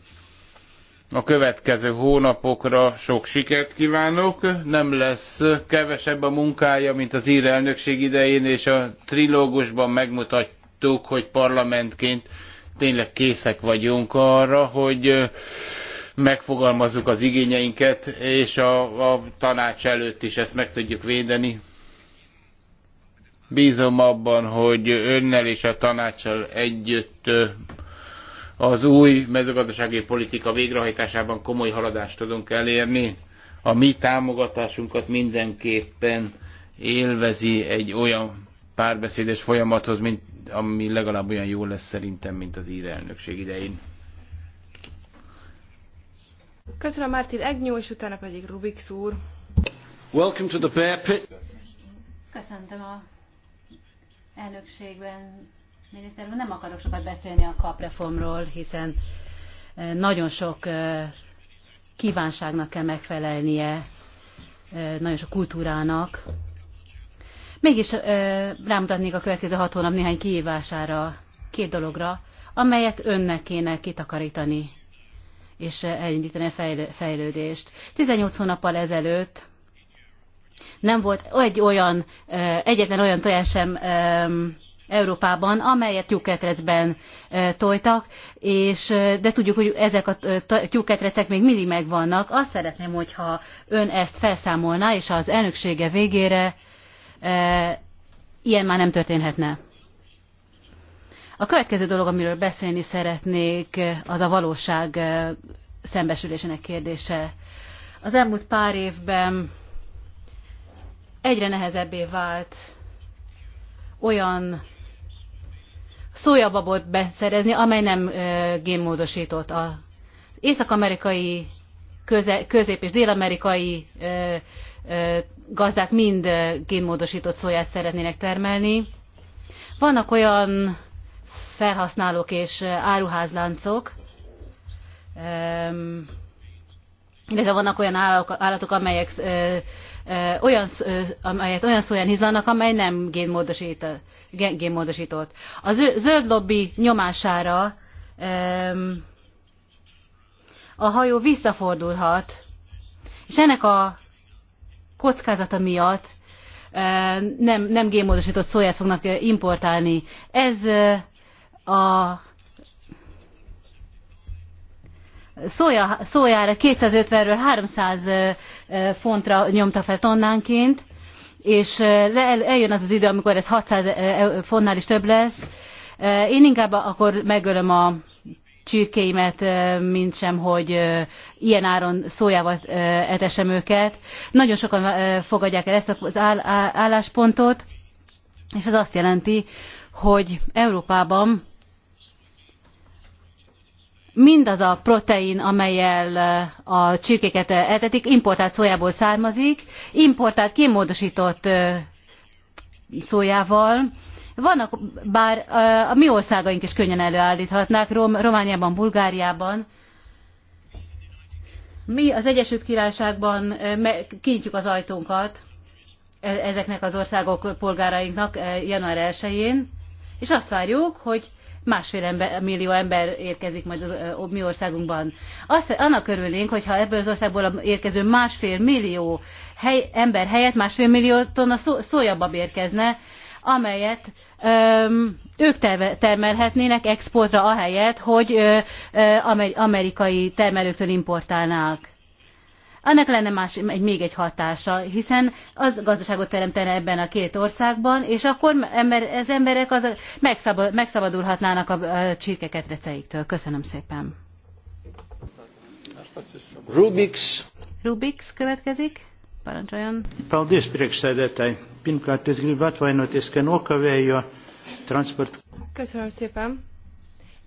A következő hónapokra sok sikert kívánok, nem lesz kevesebb a munkája, mint az ír elnökség idején, és a trilógusban megmutattuk, hogy parlamentként tényleg készek vagyunk arra, hogy megfogalmazzuk az igényeinket, és a, a tanács előtt is ezt meg tudjuk védeni Bízom abban, hogy önnel és a tanácssal együtt az új mezőgazdasági politika végrehajtásában komoly haladást tudunk elérni. A mi támogatásunkat mindenképpen élvezi egy olyan párbeszédes folyamathoz, mint, ami legalább olyan jó lesz szerintem, mint az ír elnökség idején. Köszönöm Mártin Egnyó, és utána pedig Rubik úr. Welcome to the bear pit. Köszöntöm a elnökségben, miniszter nem akarok sokat beszélni a kapreformról, hiszen e, nagyon sok e, kívánságnak kell megfelelnie, e, nagyon sok kultúrának. Mégis rámutatnék a következő hat hónap néhány kihívására, két dologra, amelyet önnek kéne kitakarítani és elindítani a fejlődést. 18 hónappal ezelőtt nem volt egy olyan, egyetlen olyan tojás sem Európában, amelyet tyúkketrecben tojtak, és, de tudjuk, hogy ezek a tyúkketrecek még mindig megvannak. Azt szeretném, hogyha ön ezt felszámolná, és az elnöksége végére ilyen már nem történhetne. A következő dolog, amiről beszélni szeretnék, az a valóság szembesülésének kérdése. Az elmúlt pár évben egyre nehezebbé vált olyan szójababot beszerezni, amely nem génmódosított. Az észak-amerikai, közép- és dél-amerikai gazdák mind génmódosított szóját szeretnének termelni. Vannak olyan felhasználók és áruházláncok, illetve vannak olyan állatok, amelyek olyan, amelyet olyan szóján hizlanak, amely nem génmódosított. A zöld lobby nyomására a hajó visszafordulhat, és ennek a kockázata miatt nem, nem génmódosított szóját fognak importálni. Ez a szója, szójára 250-ről 300 fontra nyomta fel tonnánként, és eljön az az idő, amikor ez 600 fontnál is több lesz. Én inkább akkor megölöm a csirkéimet, mint sem, hogy ilyen áron szójával etesem őket. Nagyon sokan fogadják el ezt az álláspontot, és ez azt jelenti, hogy Európában mindaz a protein, amelyel a csirkéket etetik, importált szójából származik, importált kimódosított szójával. Vannak, bár a mi országaink is könnyen előállíthatnák, Rom, Romániában, Bulgáriában. Mi az Egyesült Királyságban kinyitjuk az ajtónkat e, ezeknek az országok polgárainknak január 1-én, és azt várjuk, hogy másfél ember, millió ember érkezik majd az a mi országunkban. Azt, annak örülnénk, hogyha ebből az országból érkező másfél millió hely, ember helyett másfél millió tonna szó, szójabab érkezne, amelyet ö, ők termelhetnének exportra ahelyett, hogy ö, ö, amerikai termelőktől importálnák annak lenne más, egy, még egy hatása, hiszen az gazdaságot teremtene ebben a két országban, és akkor ember, az emberek az, megszabad, megszabadulhatnának a, a csirkeketreceiktől. Köszönöm szépen. Rubix. Rubix következik. Parancsoljon. Paldies, priekšsēdētāji. Pirmkārt, es gribētu atvainoties, ka nokavēju transport. Köszönöm szépen.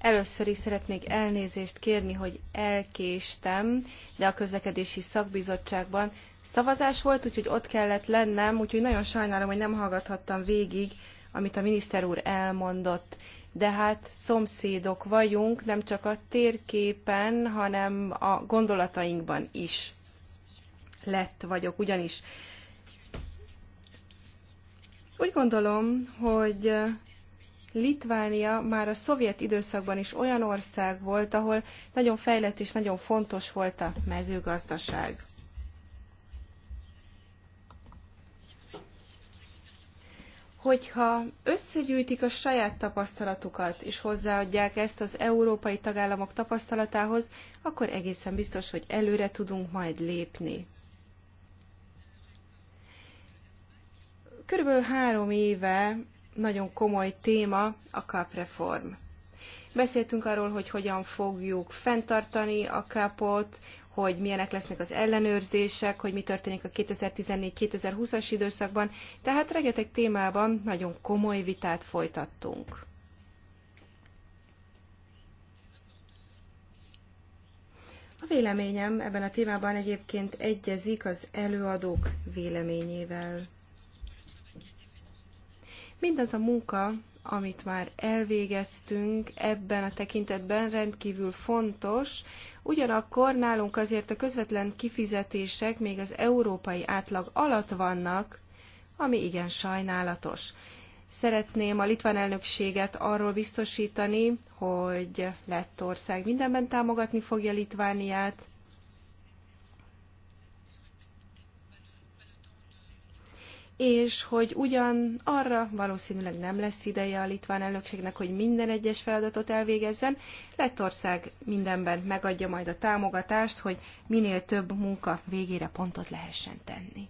Először is szeretnék elnézést kérni, hogy elkéstem, de a közlekedési szakbizottságban szavazás volt, úgyhogy ott kellett lennem, úgyhogy nagyon sajnálom, hogy nem hallgathattam végig, amit a miniszter úr elmondott. De hát szomszédok vagyunk, nem csak a térképen, hanem a gondolatainkban is lett vagyok, ugyanis úgy gondolom, hogy Litvánia már a szovjet időszakban is olyan ország volt, ahol nagyon fejlett és nagyon fontos volt a mezőgazdaság. Hogyha összegyűjtik a saját tapasztalatukat, és hozzáadják ezt az európai tagállamok tapasztalatához, akkor egészen biztos, hogy előre tudunk majd lépni. Körülbelül három éve nagyon komoly téma a kapreform. Beszéltünk arról, hogy hogyan fogjuk fenntartani a kapot, hogy milyenek lesznek az ellenőrzések, hogy mi történik a 2014-2020-as időszakban, tehát rengeteg témában nagyon komoly vitát folytattunk. A véleményem ebben a témában egyébként egyezik az előadók véleményével. Mindaz a munka, amit már elvégeztünk ebben a tekintetben rendkívül fontos, ugyanakkor nálunk azért a közvetlen kifizetések még az európai átlag alatt vannak, ami igen sajnálatos. Szeretném a litván elnökséget arról biztosítani, hogy Lettország mindenben támogatni fogja Litvániát, és hogy ugyan arra valószínűleg nem lesz ideje a litván elnökségnek, hogy minden egyes feladatot elvégezzen, Lettország mindenben megadja majd a támogatást, hogy minél több munka végére pontot lehessen tenni.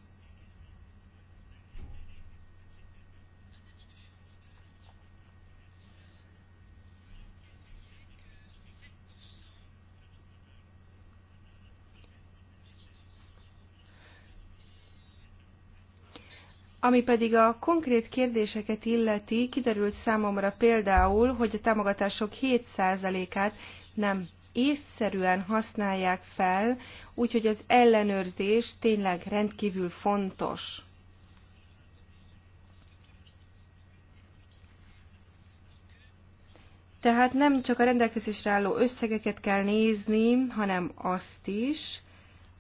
Ami pedig a konkrét kérdéseket illeti, kiderült számomra például, hogy a támogatások 7%-át nem észszerűen használják fel, úgyhogy az ellenőrzés tényleg rendkívül fontos. Tehát nem csak a rendelkezésre álló összegeket kell nézni, hanem azt is,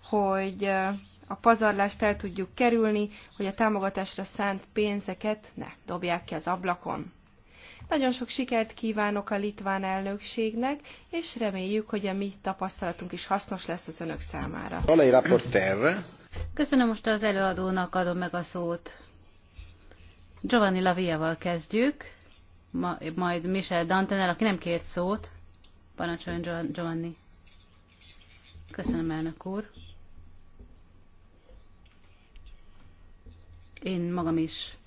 hogy a pazarlást el tudjuk kerülni, hogy a támogatásra szánt pénzeket ne dobják ki az ablakon. Nagyon sok sikert kívánok a litván elnökségnek, és reméljük, hogy a mi tapasztalatunk is hasznos lesz az önök számára. Köszönöm most az előadónak, adom meg a szót. Giovanni Laviaval kezdjük, ma, majd Michel Dantenel, aki nem kért szót. Parancsoljon Giovanni. Köszönöm, elnök úr. Én magam is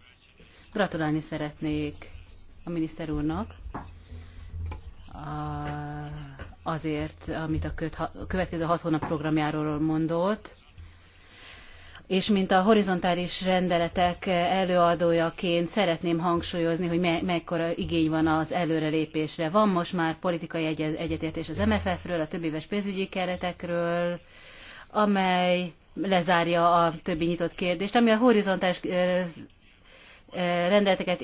gratulálni szeretnék a miniszter úrnak azért, amit a következő hat hónap programjáról mondott, és mint a horizontális rendeletek előadójaként szeretném hangsúlyozni, hogy me- mekkora igény van az előrelépésre. Van most már politikai egy- egyetértés az MFF-ről, a többéves pénzügyi keretekről, amely lezárja a többi nyitott kérdést. Ami a horizontális rendeleteket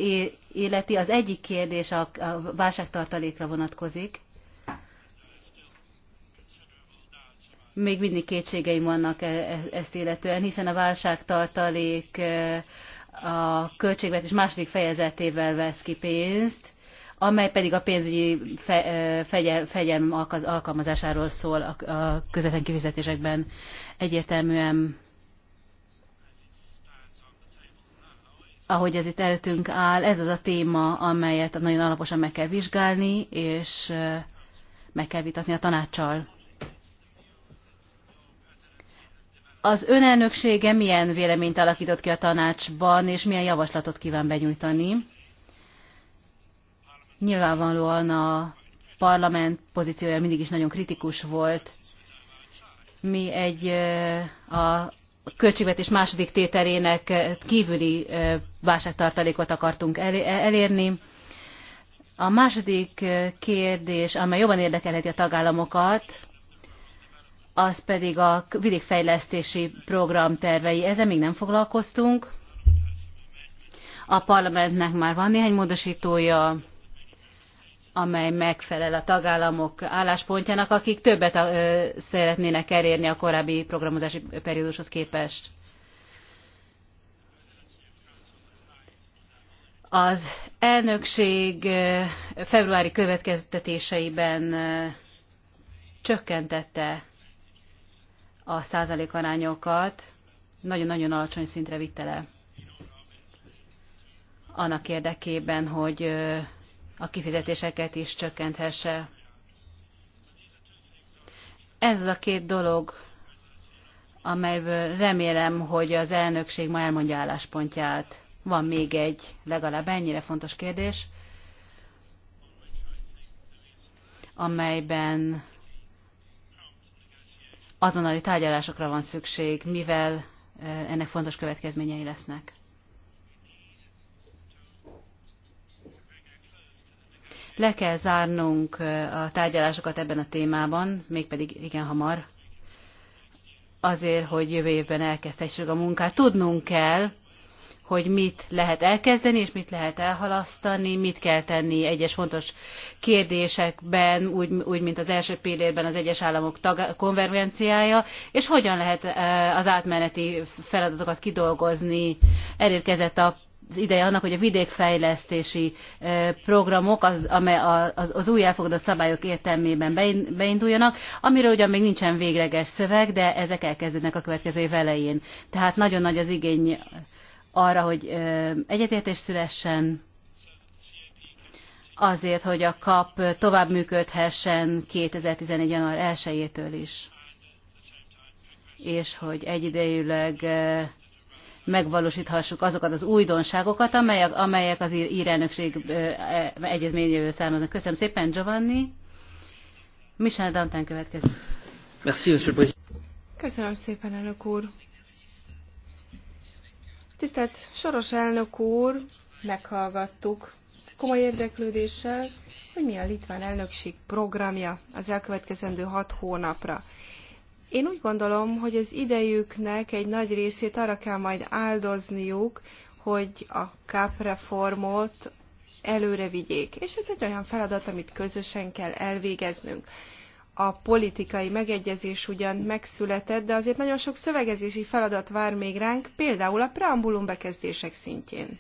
életi, az egyik kérdés a válságtartalékra vonatkozik. Még mindig kétségeim vannak e, e, ezt illetően, hiszen a válságtartalék a költségvetés második fejezetével vesz ki pénzt, amely pedig a pénzügyi fe, fegyel, fegyelm alkalmazásáról szól a, a közvetlen kifizetésekben. Egyértelműen, ahogy ez itt előttünk áll, ez az a téma, amelyet nagyon alaposan meg kell vizsgálni, és meg kell vitatni a tanácssal. Az önelnöksége milyen véleményt alakított ki a tanácsban, és milyen javaslatot kíván benyújtani? Nyilvánvalóan a parlament pozíciója mindig is nagyon kritikus volt. Mi egy a költségvetés második tételének kívüli válságtartalékot akartunk e, elérni. A második kérdés, amely jobban érdekelheti a tagállamokat, az pedig a vidékfejlesztési program tervei. Ezzel még nem foglalkoztunk. A parlamentnek már van néhány módosítója, amely megfelel a tagállamok álláspontjának, akik többet szeretnének elérni a korábbi programozási periódushoz képest. Az elnökség februári következtetéseiben csökkentette a százalékarányokat, nagyon-nagyon alacsony szintre vitte le. Annak érdekében, hogy a kifizetéseket is csökkenthesse. Ez a két dolog, amelyből remélem, hogy az elnökség ma elmondja álláspontját. Van még egy legalább ennyire fontos kérdés, amelyben azonnali tárgyalásokra van szükség, mivel eh, ennek fontos következményei lesznek. Le kell zárnunk a tárgyalásokat ebben a témában, mégpedig igen hamar, azért, hogy jövő évben elkezdhessük a munkát. Tudnunk kell, hogy mit lehet elkezdeni, és mit lehet elhalasztani, mit kell tenni egyes fontos kérdésekben, úgy, úgy mint az első pillérben az egyes államok tag, konvergenciája, és hogyan lehet az átmeneti feladatokat kidolgozni. Elérkezett a az ideje annak, hogy a vidékfejlesztési programok az, amely az, az új elfogadott szabályok értelmében beinduljanak, amiről ugyan még nincsen végleges szöveg, de ezek elkezdődnek a következő év elején. Tehát nagyon nagy az igény arra, hogy egyetértés szülessen, azért, hogy a kap tovább működhessen 2011. január 1-től is, és hogy egyidejűleg megvalósíthassuk azokat az újdonságokat, amelyek, amelyek az írelnökség e, egyezményéből származnak. Köszönöm szépen, Giovanni. Michel Dantán következik. Köszönöm szépen, elnök úr. Tisztelt Soros elnök úr, meghallgattuk komoly érdeklődéssel, hogy mi a litván elnökség programja az elkövetkezendő hat hónapra. Én úgy gondolom, hogy az idejüknek egy nagy részét arra kell majd áldozniuk, hogy a kápreformot előre vigyék. És ez egy olyan feladat, amit közösen kell elvégeznünk. A politikai megegyezés ugyan megszületett, de azért nagyon sok szövegezési feladat vár még ránk, például a preambulum bekezdések szintjén.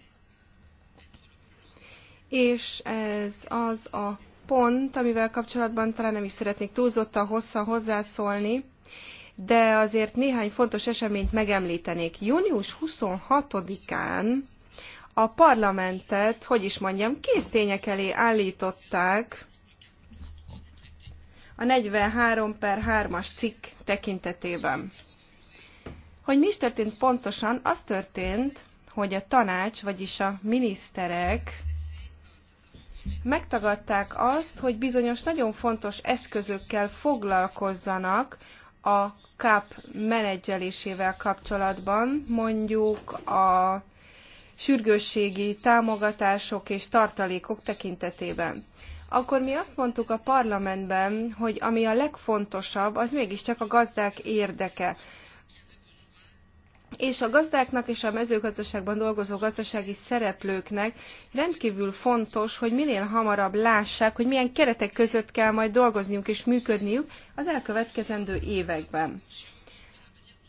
És ez az a pont, amivel kapcsolatban talán nem is szeretnék túlzottan hosszan hozzászólni, de azért néhány fontos eseményt megemlítenék. Június 26-án a parlamentet, hogy is mondjam, késztények elé állították a 43 per 3-as cikk tekintetében. Hogy mi is történt pontosan, az történt, hogy a tanács, vagyis a miniszterek megtagadták azt, hogy bizonyos nagyon fontos eszközökkel foglalkozzanak, a CAP menedzselésével kapcsolatban, mondjuk a sürgősségi támogatások és tartalékok tekintetében. Akkor mi azt mondtuk a parlamentben, hogy ami a legfontosabb, az mégiscsak a gazdák érdeke és a gazdáknak és a mezőgazdaságban dolgozó gazdasági szereplőknek rendkívül fontos, hogy minél hamarabb lássák, hogy milyen keretek között kell majd dolgozniuk és működniük az elkövetkezendő években.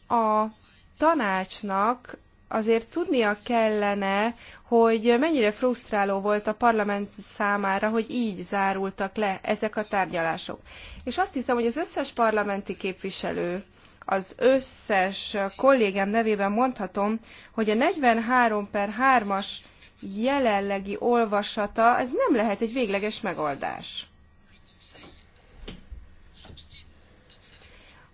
A tanácsnak azért tudnia kellene, hogy mennyire frusztráló volt a parlament számára, hogy így zárultak le ezek a tárgyalások. És azt hiszem, hogy az összes parlamenti képviselő, az összes kollégám nevében mondhatom, hogy a 43 per 3-as jelenlegi olvasata, ez nem lehet egy végleges megoldás.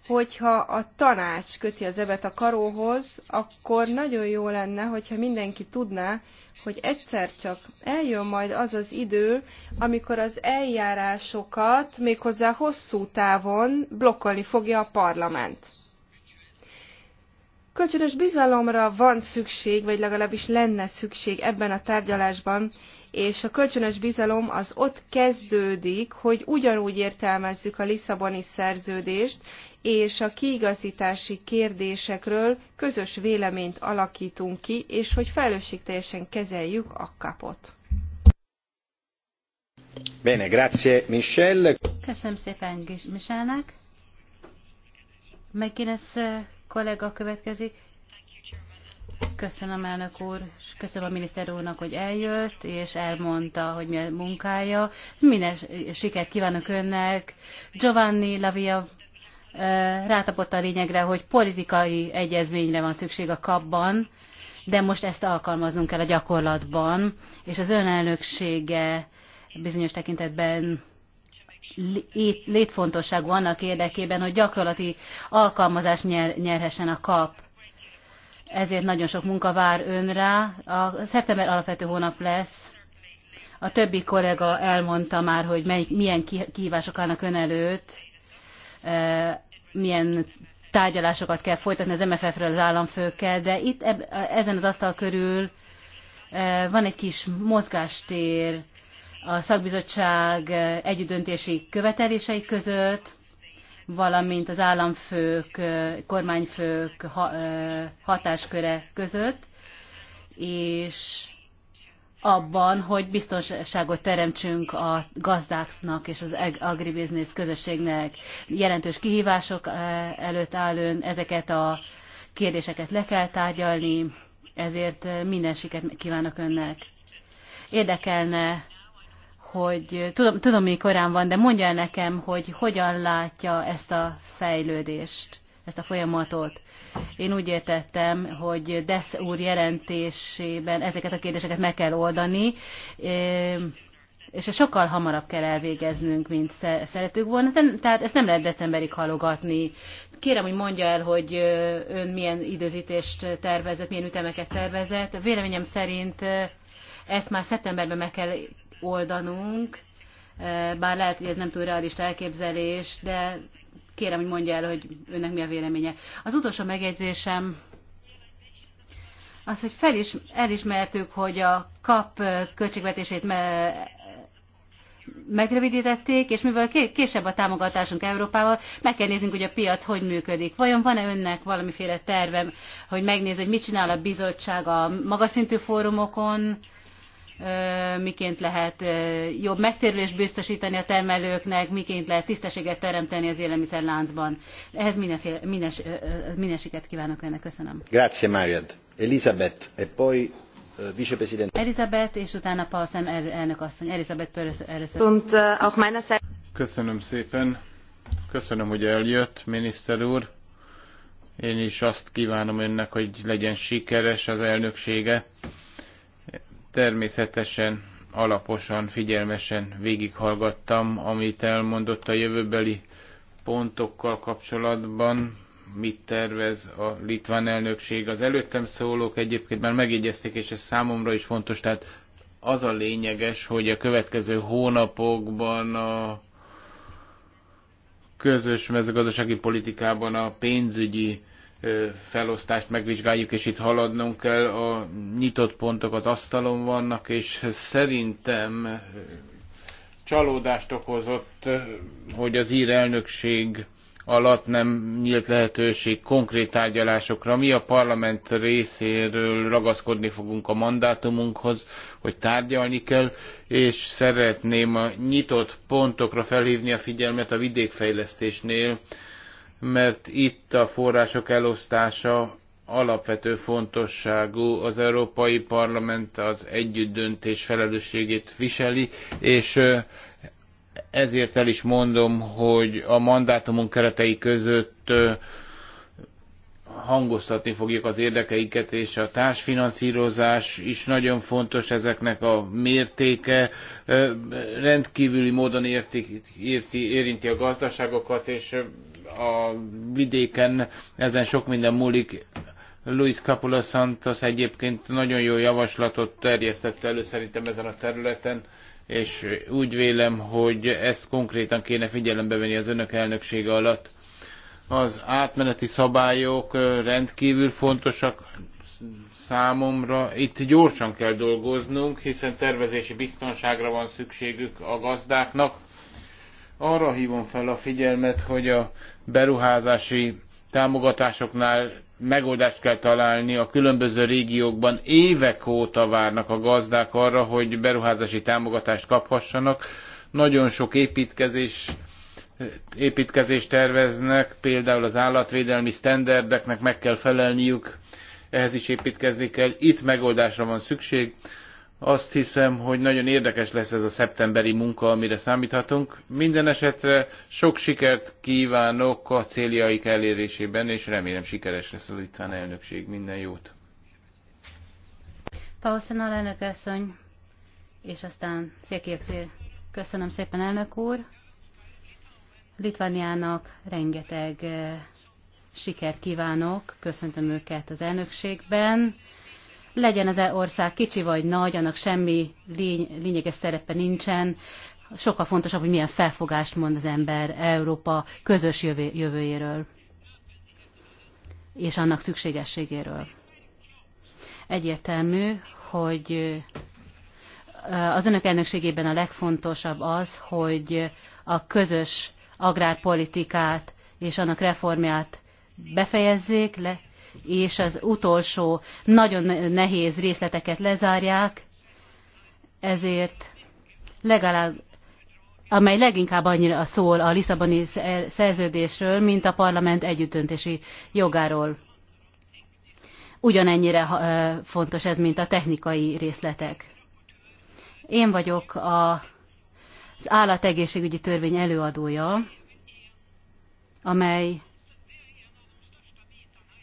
Hogyha a tanács köti az ebet a karóhoz, akkor nagyon jó lenne, hogyha mindenki tudná, hogy egyszer csak eljön majd az az idő, amikor az eljárásokat méghozzá hosszú távon blokkolni fogja a parlament. Kölcsönös bizalomra van szükség, vagy legalábbis lenne szükség ebben a tárgyalásban, és a kölcsönös bizalom az ott kezdődik, hogy ugyanúgy értelmezzük a Lisszaboni szerződést, és a kiigazítási kérdésekről közös véleményt alakítunk ki, és hogy felelősségteljesen kezeljük a kapot. Bene, grazie Michelle. Köszönöm szépen Michelnek. McGuinness kollega következik. Köszönöm, elnök úr, és köszönöm a miniszter úrnak, hogy eljött, és elmondta, hogy mi a munkája. Minden sikert kívánok önnek. Giovanni Lavia eh, rátapott a lényegre, hogy politikai egyezményre van szükség a kapban, de most ezt alkalmaznunk kell a gyakorlatban, és az önelnöksége bizonyos tekintetben létfontosságú annak érdekében, hogy gyakorlati alkalmazást nyer, nyerhessen a kap. Ezért nagyon sok munka vár önre. A szeptember alapvető hónap lesz. A többi kollega elmondta már, hogy mely, milyen kihívások állnak ön előtt, e, milyen tárgyalásokat kell folytatni az MFF-ről az államfőkkel, de itt ezen az asztal körül e, van egy kis mozgástér, a szakbizottság együttdöntési követelései között, valamint az államfők, kormányfők hatásköre között, és abban, hogy biztonságot teremtsünk a gazdáknak és az agribiznisz közösségnek. Jelentős kihívások előtt ön, ezeket a kérdéseket le kell tárgyalni, ezért minden sikert kívánok önnek. Érdekelne hogy tudom, tudom, mi korán van, de mondja el nekem, hogy hogyan látja ezt a fejlődést, ezt a folyamatot. Én úgy értettem, hogy Desz úr jelentésében ezeket a kérdéseket meg kell oldani, és ezt sokkal hamarabb kell elvégeznünk, mint szeretük volna. Tehát ezt nem lehet decemberig halogatni. Kérem, hogy mondja el, hogy ön milyen időzítést tervezett, milyen ütemeket tervezett. Véleményem szerint ezt már szeptemberben meg kell oldanunk, e, bár lehet, hogy ez nem túl realista elképzelés, de kérem, hogy mondja el, hogy önnek mi a véleménye. Az utolsó megjegyzésem az, hogy felis, elismertük, hogy a KAP költségvetését me, megrövidítették, és mivel később a támogatásunk Európával, meg kell néznünk, hogy a piac hogy működik. Vajon van-e önnek valamiféle tervem, hogy megnéz, hogy mit csinál a bizottság a magas szintű fórumokon, miként lehet jobb megtérülést biztosítani a termelőknek, miként lehet tisztességet teremteni az élelmiszerláncban. Ehhez minden, mindes, mindenséget kívánok önnek. Köszönöm. Grazie, Mariad. Elizabeth, e poi vicepresident. Elizabeth, és utána Paulsen elnök asszony. Elizabeth először. Köszönöm szépen. Köszönöm, hogy eljött, miniszter úr. Én is azt kívánom önnek, hogy legyen sikeres az elnöksége. Természetesen alaposan, figyelmesen végighallgattam, amit elmondott a jövőbeli pontokkal kapcsolatban, mit tervez a litván elnökség. Az előttem szólók egyébként már megjegyezték, és ez számomra is fontos, tehát az a lényeges, hogy a következő hónapokban a közös mezőgazdasági politikában a pénzügyi felosztást megvizsgáljuk, és itt haladnunk kell. A nyitott pontok az asztalon vannak, és szerintem csalódást okozott, hogy az ír elnökség alatt nem nyílt lehetőség konkrét tárgyalásokra. Mi a parlament részéről ragaszkodni fogunk a mandátumunkhoz, hogy tárgyalni kell, és szeretném a nyitott pontokra felhívni a figyelmet a vidékfejlesztésnél, mert itt a források elosztása alapvető fontosságú. Az Európai Parlament az együttdöntés felelősségét viseli, és ezért el is mondom, hogy a mandátumunk keretei között hangoztatni fogjuk az érdekeiket, és a társfinanszírozás is nagyon fontos ezeknek a mértéke. Rendkívüli módon érti, érti, érinti a gazdaságokat, és a vidéken ezen sok minden múlik. Luis Capula Santos egyébként nagyon jó javaslatot terjesztett elő szerintem ezen a területen, és úgy vélem, hogy ezt konkrétan kéne figyelembe venni az önök elnöksége alatt az átmeneti szabályok rendkívül fontosak számomra. Itt gyorsan kell dolgoznunk, hiszen tervezési biztonságra van szükségük a gazdáknak. Arra hívom fel a figyelmet, hogy a beruházási támogatásoknál megoldást kell találni a különböző régiókban. Évek óta várnak a gazdák arra, hogy beruházási támogatást kaphassanak. Nagyon sok építkezés építkezést terveznek, például az állatvédelmi sztenderdeknek meg kell felelniük, ehhez is építkezni kell. Itt megoldásra van szükség. Azt hiszem, hogy nagyon érdekes lesz ez a szeptemberi munka, amire számíthatunk. Minden esetre sok sikert kívánok a céljaik elérésében, és remélem sikeres lesz a litván elnökség. Minden jót! Paulsen alelnök asszony, és aztán Székelyek Köszönöm szépen, elnök úr! Litvániának rengeteg eh, sikert kívánok, köszöntöm őket az elnökségben. Legyen az e ország kicsi vagy nagy, annak semmi lény- lényeges szerepe nincsen. Sokkal fontosabb, hogy milyen felfogást mond az ember Európa közös jövőjéről és annak szükségességéről. Egyértelmű, hogy eh, az önök elnökségében a legfontosabb az, hogy a közös agrárpolitikát és annak reformját befejezzék le, és az utolsó nagyon nehéz részleteket lezárják, ezért legalább amely leginkább annyira szól a Lisszaboni szerződésről, mint a parlament együttöntési jogáról. Ugyanennyire fontos ez, mint a technikai részletek. Én vagyok a az állategészségügyi törvény előadója, amely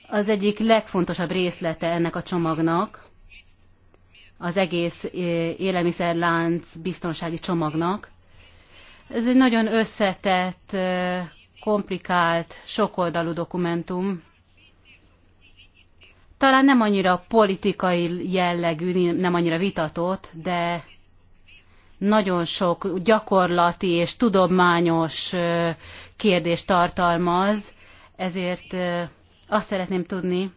az egyik legfontosabb részlete ennek a csomagnak, az egész e, élelmiszerlánc biztonsági csomagnak. Ez egy nagyon összetett, e, komplikált, sokoldalú dokumentum. Talán nem annyira politikai jellegű, nem annyira vitatott, de nagyon sok gyakorlati és tudományos kérdést tartalmaz, ezért azt szeretném tudni,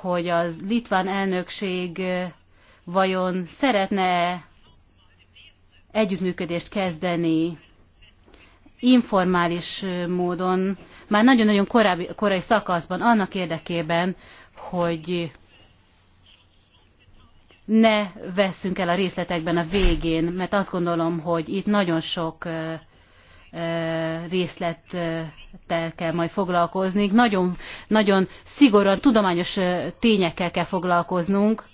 hogy az litván elnökség vajon szeretne együttműködést kezdeni informális módon, már nagyon-nagyon korábbi, korai szakaszban, annak érdekében, hogy ne vesszünk el a részletekben a végén, mert azt gondolom, hogy itt nagyon sok részlettel kell majd foglalkozni. Nagyon, nagyon szigorúan tudományos tényekkel kell foglalkoznunk,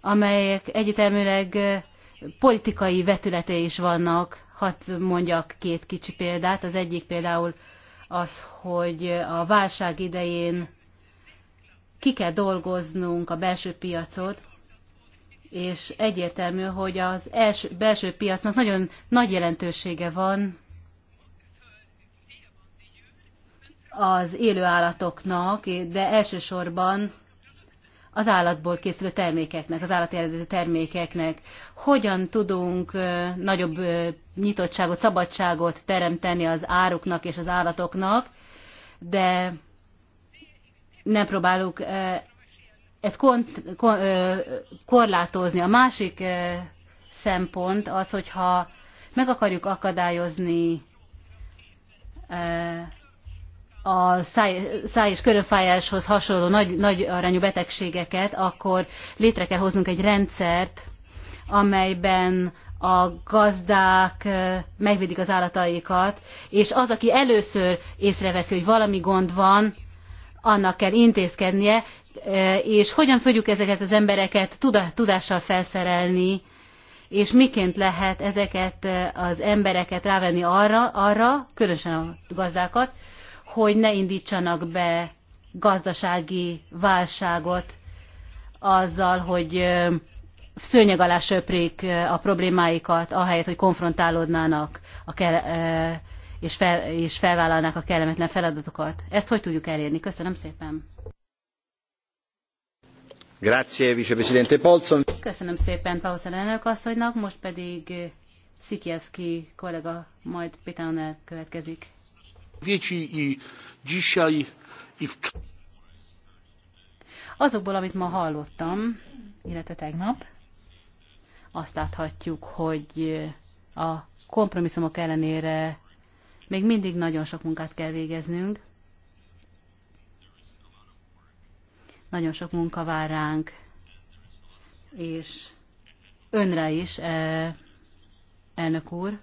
amelyek egyetemüleg politikai vetülete is vannak. Hadd mondjak két kicsi példát. Az egyik például az, hogy a válság idején ki kell dolgoznunk a belső piacot, és egyértelmű, hogy az első, belső piacnak nagyon nagy jelentősége van az élő állatoknak, de elsősorban az állatból készülő termékeknek, az állati eredetű termékeknek. Hogyan tudunk nagyobb nyitottságot, szabadságot teremteni az áruknak és az állatoknak, de nem próbálunk ezt kont, kon, korlátozni. A másik szempont az, hogyha meg akarjuk akadályozni a száj, száj és körönfájáshoz hasonló nagy, nagy arányú betegségeket, akkor létre kell hoznunk egy rendszert, amelyben a gazdák megvédik az állataikat, és az, aki először észreveszi, hogy valami gond van, annak kell intézkednie, Eh, és hogyan fogjuk ezeket az embereket tudással felszerelni, és miként lehet ezeket eh, az embereket rávenni arra, arra különösen a gazdákat, hogy ne indítsanak be gazdasági válságot azzal, hogy eh, szőnyeg alá söprik a problémáikat, ahelyett, hogy konfrontálódnának a kell, és, fel, és felvállalnák a kellemetlen feladatokat. Ezt hogy tudjuk elérni? Köszönöm szépen! Köszönöm szépen Paulson elnök asszonynak, most pedig eh, siekierski kollega, majd Pitánál következik. Azokból, amit ma hallottam, illetve tegnap, azt láthatjuk, hogy eh, a kompromisszumok ellenére még mindig nagyon sok munkát kell végeznünk, Nagyon sok munka vár ránk, és önre is, e, elnök úr.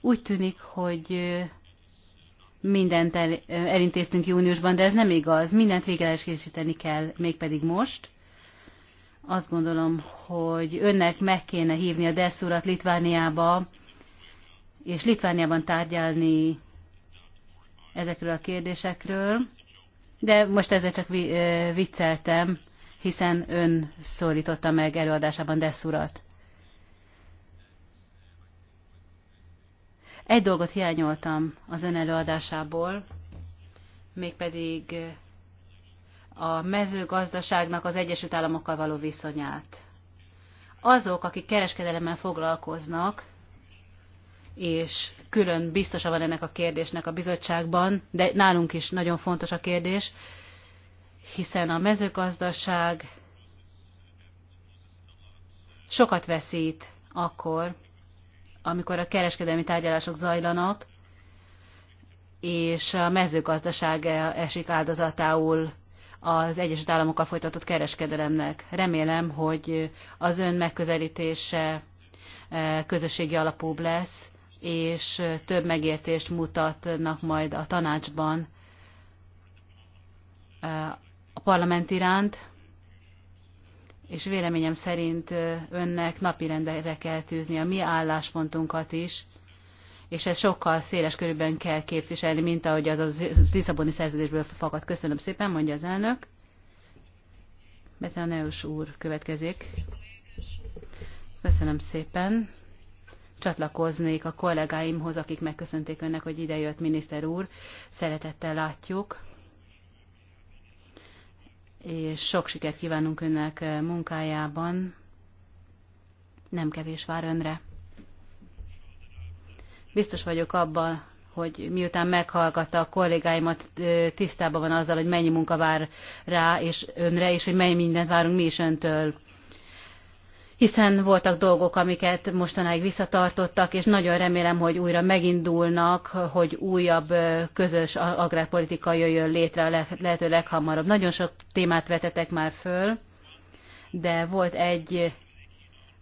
Úgy tűnik, hogy mindent elintéztünk júniusban, de ez nem igaz. Mindent készíteni kell, mégpedig most. Azt gondolom, hogy önnek meg kéne hívni a DESZ urat Litvániába, és Litvániában tárgyalni ezekről a kérdésekről de most ezzel csak vicceltem, hiszen ön szólította meg előadásában Dessurat. Egy dolgot hiányoltam az ön előadásából, mégpedig a mezőgazdaságnak az Egyesült Államokkal való viszonyát. Azok, akik kereskedelemmel foglalkoznak, és külön biztosa van ennek a kérdésnek a bizottságban, de nálunk is nagyon fontos a kérdés, hiszen a mezőgazdaság sokat veszít akkor, amikor a kereskedelmi tárgyalások zajlanak, és a mezőgazdaság e- esik áldozatául az Egyesült Államokkal folytatott kereskedelemnek. Remélem, hogy az ön megközelítése e, közösségi alapúbb lesz, és több megértést mutatnak majd a tanácsban a parlament iránt, és véleményem szerint önnek napirendre kell tűzni a mi álláspontunkat is, és ez sokkal széles körülben kell képviselni, mint ahogy az a Lisszaboni szerződésből fakad. Köszönöm szépen, mondja az elnök. Betaneus úr következik. Köszönöm szépen csatlakoznék a kollégáimhoz, akik megköszönték önnek, hogy idejött miniszter úr. Szeretettel látjuk és sok sikert kívánunk önnek munkájában. Nem kevés vár önre. Biztos vagyok abban, hogy miután meghallgatta a kollégáimat, tisztában van azzal, hogy mennyi munka vár rá és önre, és hogy mennyi mindent várunk mi is öntől hiszen voltak dolgok, amiket mostanáig visszatartottak, és nagyon remélem, hogy újra megindulnak, hogy újabb közös agrárpolitika jöjjön létre a lehető leghamarabb. Nagyon sok témát vetetek már föl, de volt egy,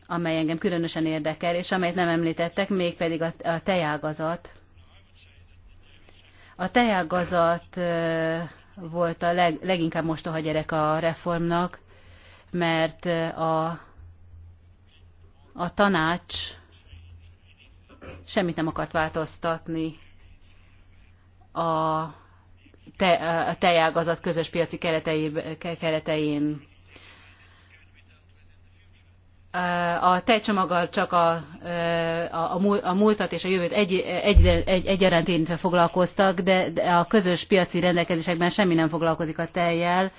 amely engem különösen érdekel, és amelyet nem említettek, mégpedig a, a tejágazat. A tejágazat volt a leg, leginkább mostoha gyerek a reformnak, mert a a tanács semmit nem akart változtatni a, te, a tejágazat közös piaci keretei, keretein. A tejcsomaggal csak a, a, a múltat és a jövőt egy, egy, egy, egyaránt érintve foglalkoztak, de, de a közös piaci rendelkezésekben semmi nem foglalkozik a tejjel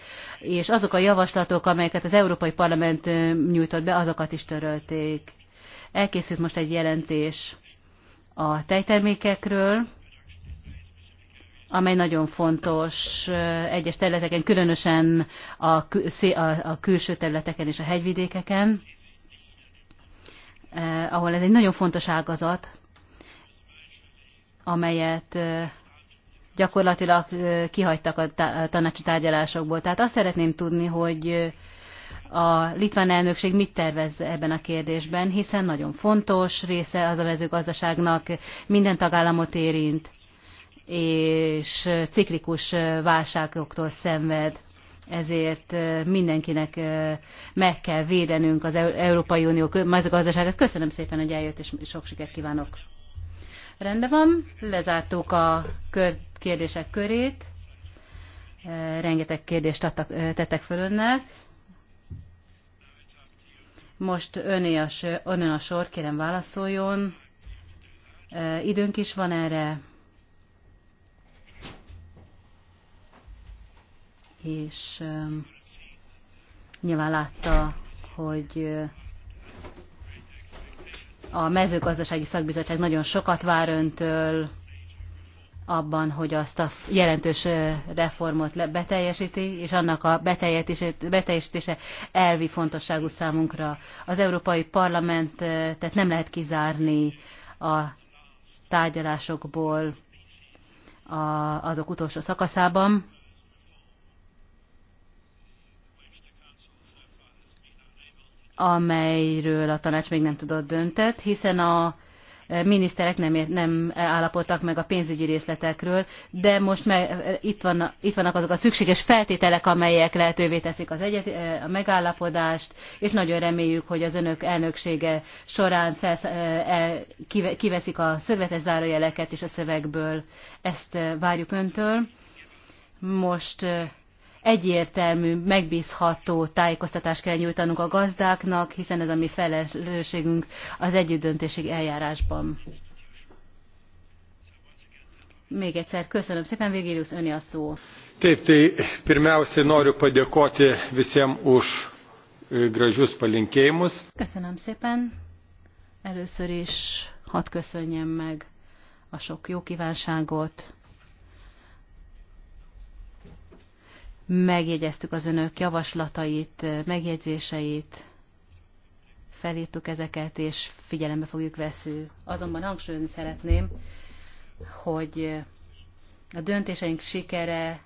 és azok a javaslatok, amelyeket az Európai Parlament nyújtott be, azokat is törölték. Elkészült most egy jelentés a tejtermékekről, amely nagyon fontos egyes területeken, különösen a, kül, a külső területeken és a hegyvidékeken, eh, ahol ez egy nagyon fontos ágazat, amelyet gyakorlatilag kihagytak a tanácsi tárgyalásokból. Tehát azt szeretném tudni, hogy a litván elnökség mit tervez ebben a kérdésben, hiszen nagyon fontos része az a mezőgazdaságnak, minden tagállamot érint, és ciklikus válságoktól szenved. Ezért mindenkinek meg kell védenünk az Európai Unió mezőgazdaságát. Köszönöm szépen, hogy eljött, és sok sikert kívánok! Rendben van, lezártuk a kör, kérdések körét. E, rengeteg kérdést adtak, e, tettek föl önnek. Most öné a, önön a sor, kérem válaszoljon. E, időnk is van erre. És nyilván látta, hogy a mezőgazdasági szakbizottság nagyon sokat vár öntől abban, hogy azt a jelentős reformot beteljesíti, és annak a beteljesítése elvi fontosságú számunkra. Az Európai Parlament tehát nem lehet kizárni a tárgyalásokból azok utolsó szakaszában. amelyről a tanács még nem tudott döntött, hiszen a e, miniszterek nem, ért, nem állapodtak meg a pénzügyi részletekről, de most meg, e, itt, van, itt vannak azok a szükséges feltételek, amelyek lehetővé teszik az egyet, e, a megállapodást, és nagyon reméljük, hogy az önök elnöksége során felsz, el, kiveszik a szögletes zárójeleket és a szövegből. Ezt várjuk öntől. Most egyértelmű, megbízható tájékoztatást kell nyújtanunk a gazdáknak, hiszen ez a mi felelősségünk az együttdöntésig eljárásban. Még egyszer köszönöm szépen, Végérius, öni a szó. Taip, tai pirmiausia noriu padėkoti visiems už e, gražius palinkėjimus. Köszönöm szépen. Először is hadd köszönjem meg a sok jó kívánságot, megjegyeztük az önök javaslatait, megjegyzéseit, felírtuk ezeket, és figyelembe fogjuk vesző. Azonban hangsúlyozni szeretném, hogy a döntéseink sikere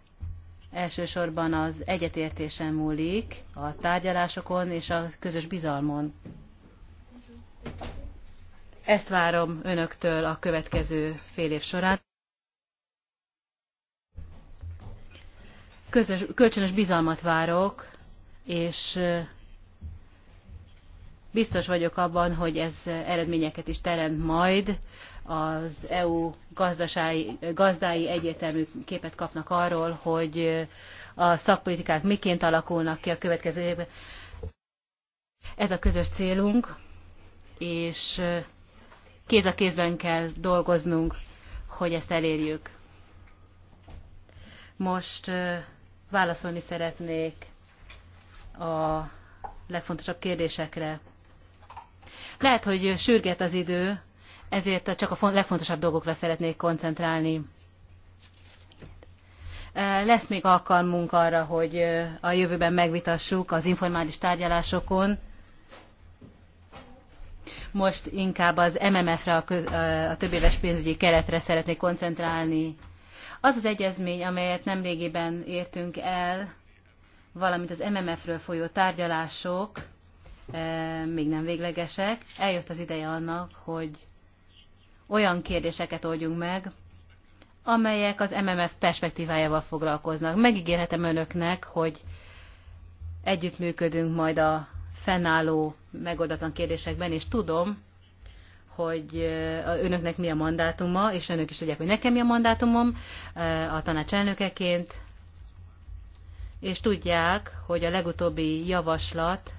elsősorban az egyetértésen múlik, a tárgyalásokon és a közös bizalmon. Ezt várom önöktől a következő fél év során. közös, kölcsönös bizalmat várok, és biztos vagyok abban, hogy ez eredményeket is teremt majd. Az EU gazdasái, gazdái egyértelmű képet kapnak arról, hogy a szakpolitikák miként alakulnak ki a következő évben. Ez a közös célunk, és kéz a kézben kell dolgoznunk, hogy ezt elérjük. Most válaszolni szeretnék a legfontosabb kérdésekre. Lehet, hogy sürget az idő, ezért csak a legfontosabb dolgokra szeretnék koncentrálni. Lesz még alkalmunk arra, hogy a jövőben megvitassuk az informális tárgyalásokon. Most inkább az MMF-re, a, köz, a többéves pénzügyi keretre szeretnék koncentrálni. Az az egyezmény, amelyet nemrégiben értünk el, valamint az MMF-ről folyó tárgyalások eh, még nem véglegesek, eljött az ideje annak, hogy olyan kérdéseket oldjunk meg, amelyek az MMF perspektívájával foglalkoznak. Megígérhetem önöknek, hogy együttműködünk majd a fennálló megoldatlan kérdésekben, és tudom, hogy önöknek mi a mandátuma, és önök is tudják, hogy nekem mi a mandátumom a tanács elnökeként, és tudják, hogy a legutóbbi javaslat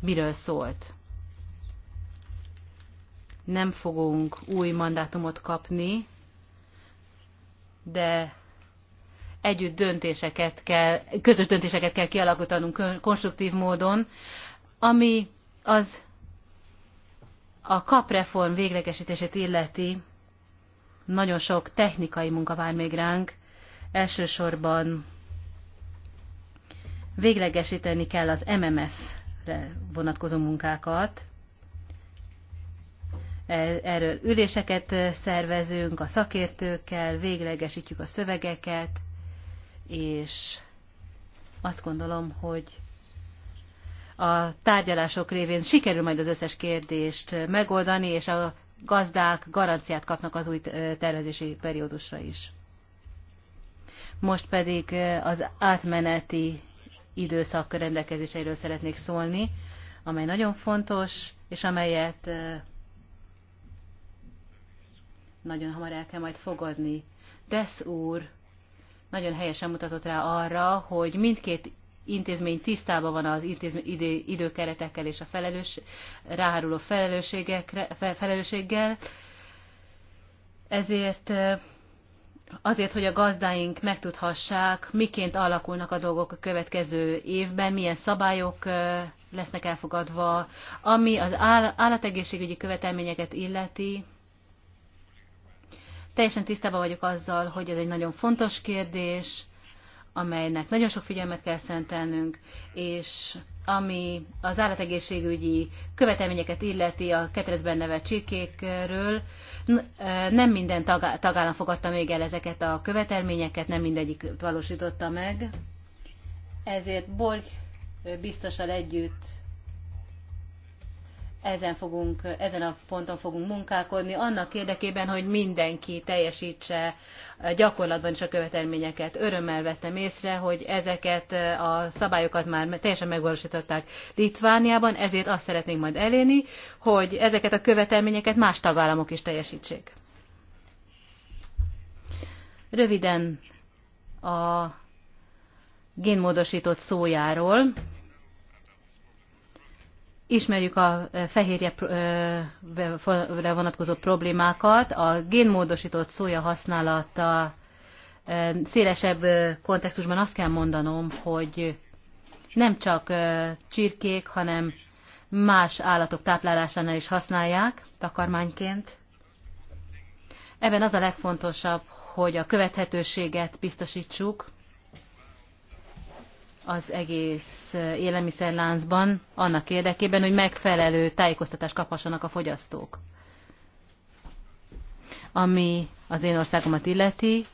miről szólt. Nem fogunk új mandátumot kapni, de együtt döntéseket kell, közös döntéseket kell kialakítanunk konstruktív módon, ami az a kapreform véglegesítését illeti, nagyon sok technikai munka vár még ránk. Elsősorban véglegesíteni kell az MMF-re vonatkozó munkákat. E- erről üléseket szervezünk a szakértőkkel, véglegesítjük a szövegeket, és azt gondolom, hogy a tárgyalások révén sikerül majd az összes kérdést megoldani, és a gazdák garanciát kapnak az új tervezési periódusra is. Most pedig az átmeneti időszak rendelkezéseiről szeretnék szólni, amely nagyon fontos, és amelyet nagyon hamar el kell majd fogadni. Desz úr nagyon helyesen mutatott rá arra, hogy mindkét intézmény tisztában van az intézmény idő, időkeretekkel és a felelős, ráháruló felelősséggel. Ezért azért, hogy a gazdáink megtudhassák, miként alakulnak a dolgok a következő évben, milyen szabályok lesznek elfogadva, ami az állategészségügyi követelményeket illeti. Teljesen tisztában vagyok azzal, hogy ez egy nagyon fontos kérdés, amelynek nagyon sok figyelmet kell szentelnünk, és ami az állategészségügyi követelményeket illeti a ketrezben nevelt csirkékről, nem minden tagállam fogadta még el ezeket a követelményeket, nem mindegyik valósította meg. Ezért Borg biztosan együtt ezen, fogunk, ezen a ponton fogunk munkálkodni, annak érdekében, hogy mindenki teljesítse gyakorlatban is a követelményeket. Örömmel vettem észre, hogy ezeket e, a szabályokat már teljesen megvalósították Litvániában, ezért azt szeretnénk majd elérni, hogy ezeket a követelményeket más tagállamok is teljesítsék. Röviden a génmódosított szójáról ismerjük a fehérjére vonatkozó problémákat, a génmódosított szója használata szélesebb kontextusban azt kell mondanom, hogy nem csak csirkék, hanem más állatok táplálásánál is használják takarmányként. Ebben az a legfontosabb, hogy a követhetőséget biztosítsuk, az egész élelmiszerláncban annak érdekében, hogy megfelelő tájékoztatást kaphassanak a fogyasztók. Ami az én országomat illeti,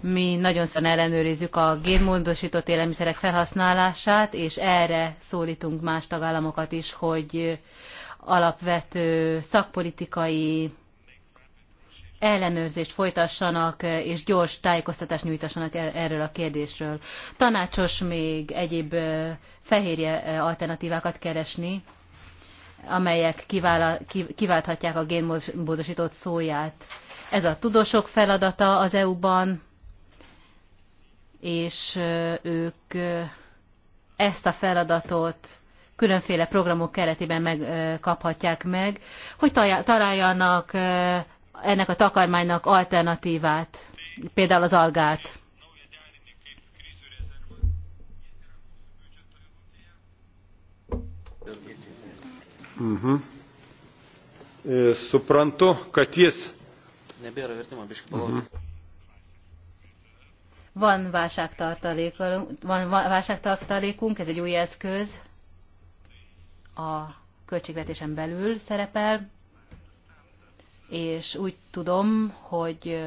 mi nagyon szóval ellenőrizzük a génmódosított élelmiszerek felhasználását, és erre szólítunk más tagállamokat is, hogy alapvető szakpolitikai ellenőrzést folytassanak, és gyors tájékoztatást nyújtassanak er- erről a kérdésről. Tanácsos még egyéb fehérje alternatívákat keresni, amelyek kiválthatják a génmódosított szóját. Ez a tudósok feladata az EU-ban, és ők ezt a feladatot különféle programok keretében megkaphatják meg, hogy találjanak ennek a takarmánynak alternatívát, például az algát. Mhm. E, suprantu, kad jis. Nebėra vertimo, biškai mhm. palauk. Van válságtartalékunk, van válságtartalékunk, ez egy új eszköz, a költségvetésen belül szerepel, és úgy tudom, hogy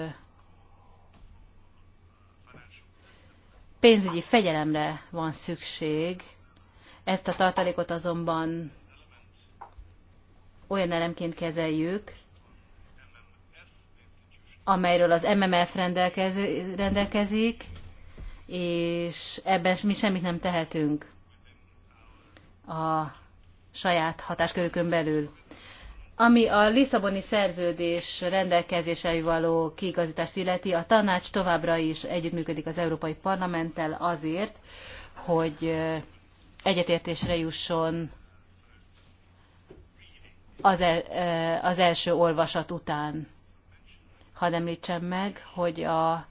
pénzügyi fegyelemre van szükség. Ezt a tartalékot azonban olyan elemként kezeljük, amelyről az MMF rendelkezik, és ebben mi semmit nem tehetünk a saját hatáskörükön belül. Ami a Lisszaboni szerződés rendelkezései való kiigazítást illeti, a tanács továbbra is együttműködik az Európai Parlamenttel azért, hogy egyetértésre jusson az, el, az első olvasat után. Hadd említsem meg, hogy a, az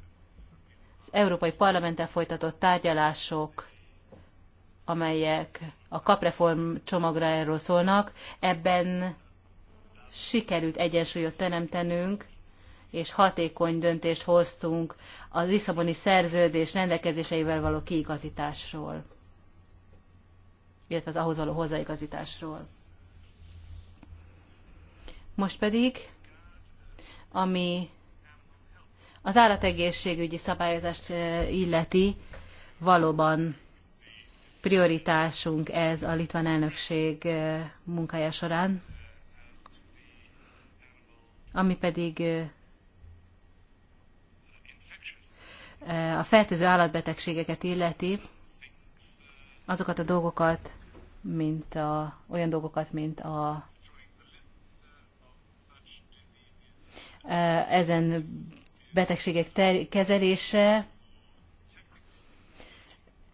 Európai Parlamenttel folytatott tárgyalások, amelyek a kapreform csomagra erről szólnak, ebben sikerült egyensúlyot teremtenünk, és hatékony döntést hoztunk a Lisszaboni szerződés rendelkezéseivel való kiigazításról, illetve az ahhoz való hozzáigazításról. Most pedig, ami az állategészségügyi szabályozást illeti, valóban prioritásunk ez a litván elnökség munkája során ami pedig a fertőző állatbetegségeket illeti, azokat a dolgokat, mint a, olyan dolgokat, mint a ezen betegségek ter- kezelése.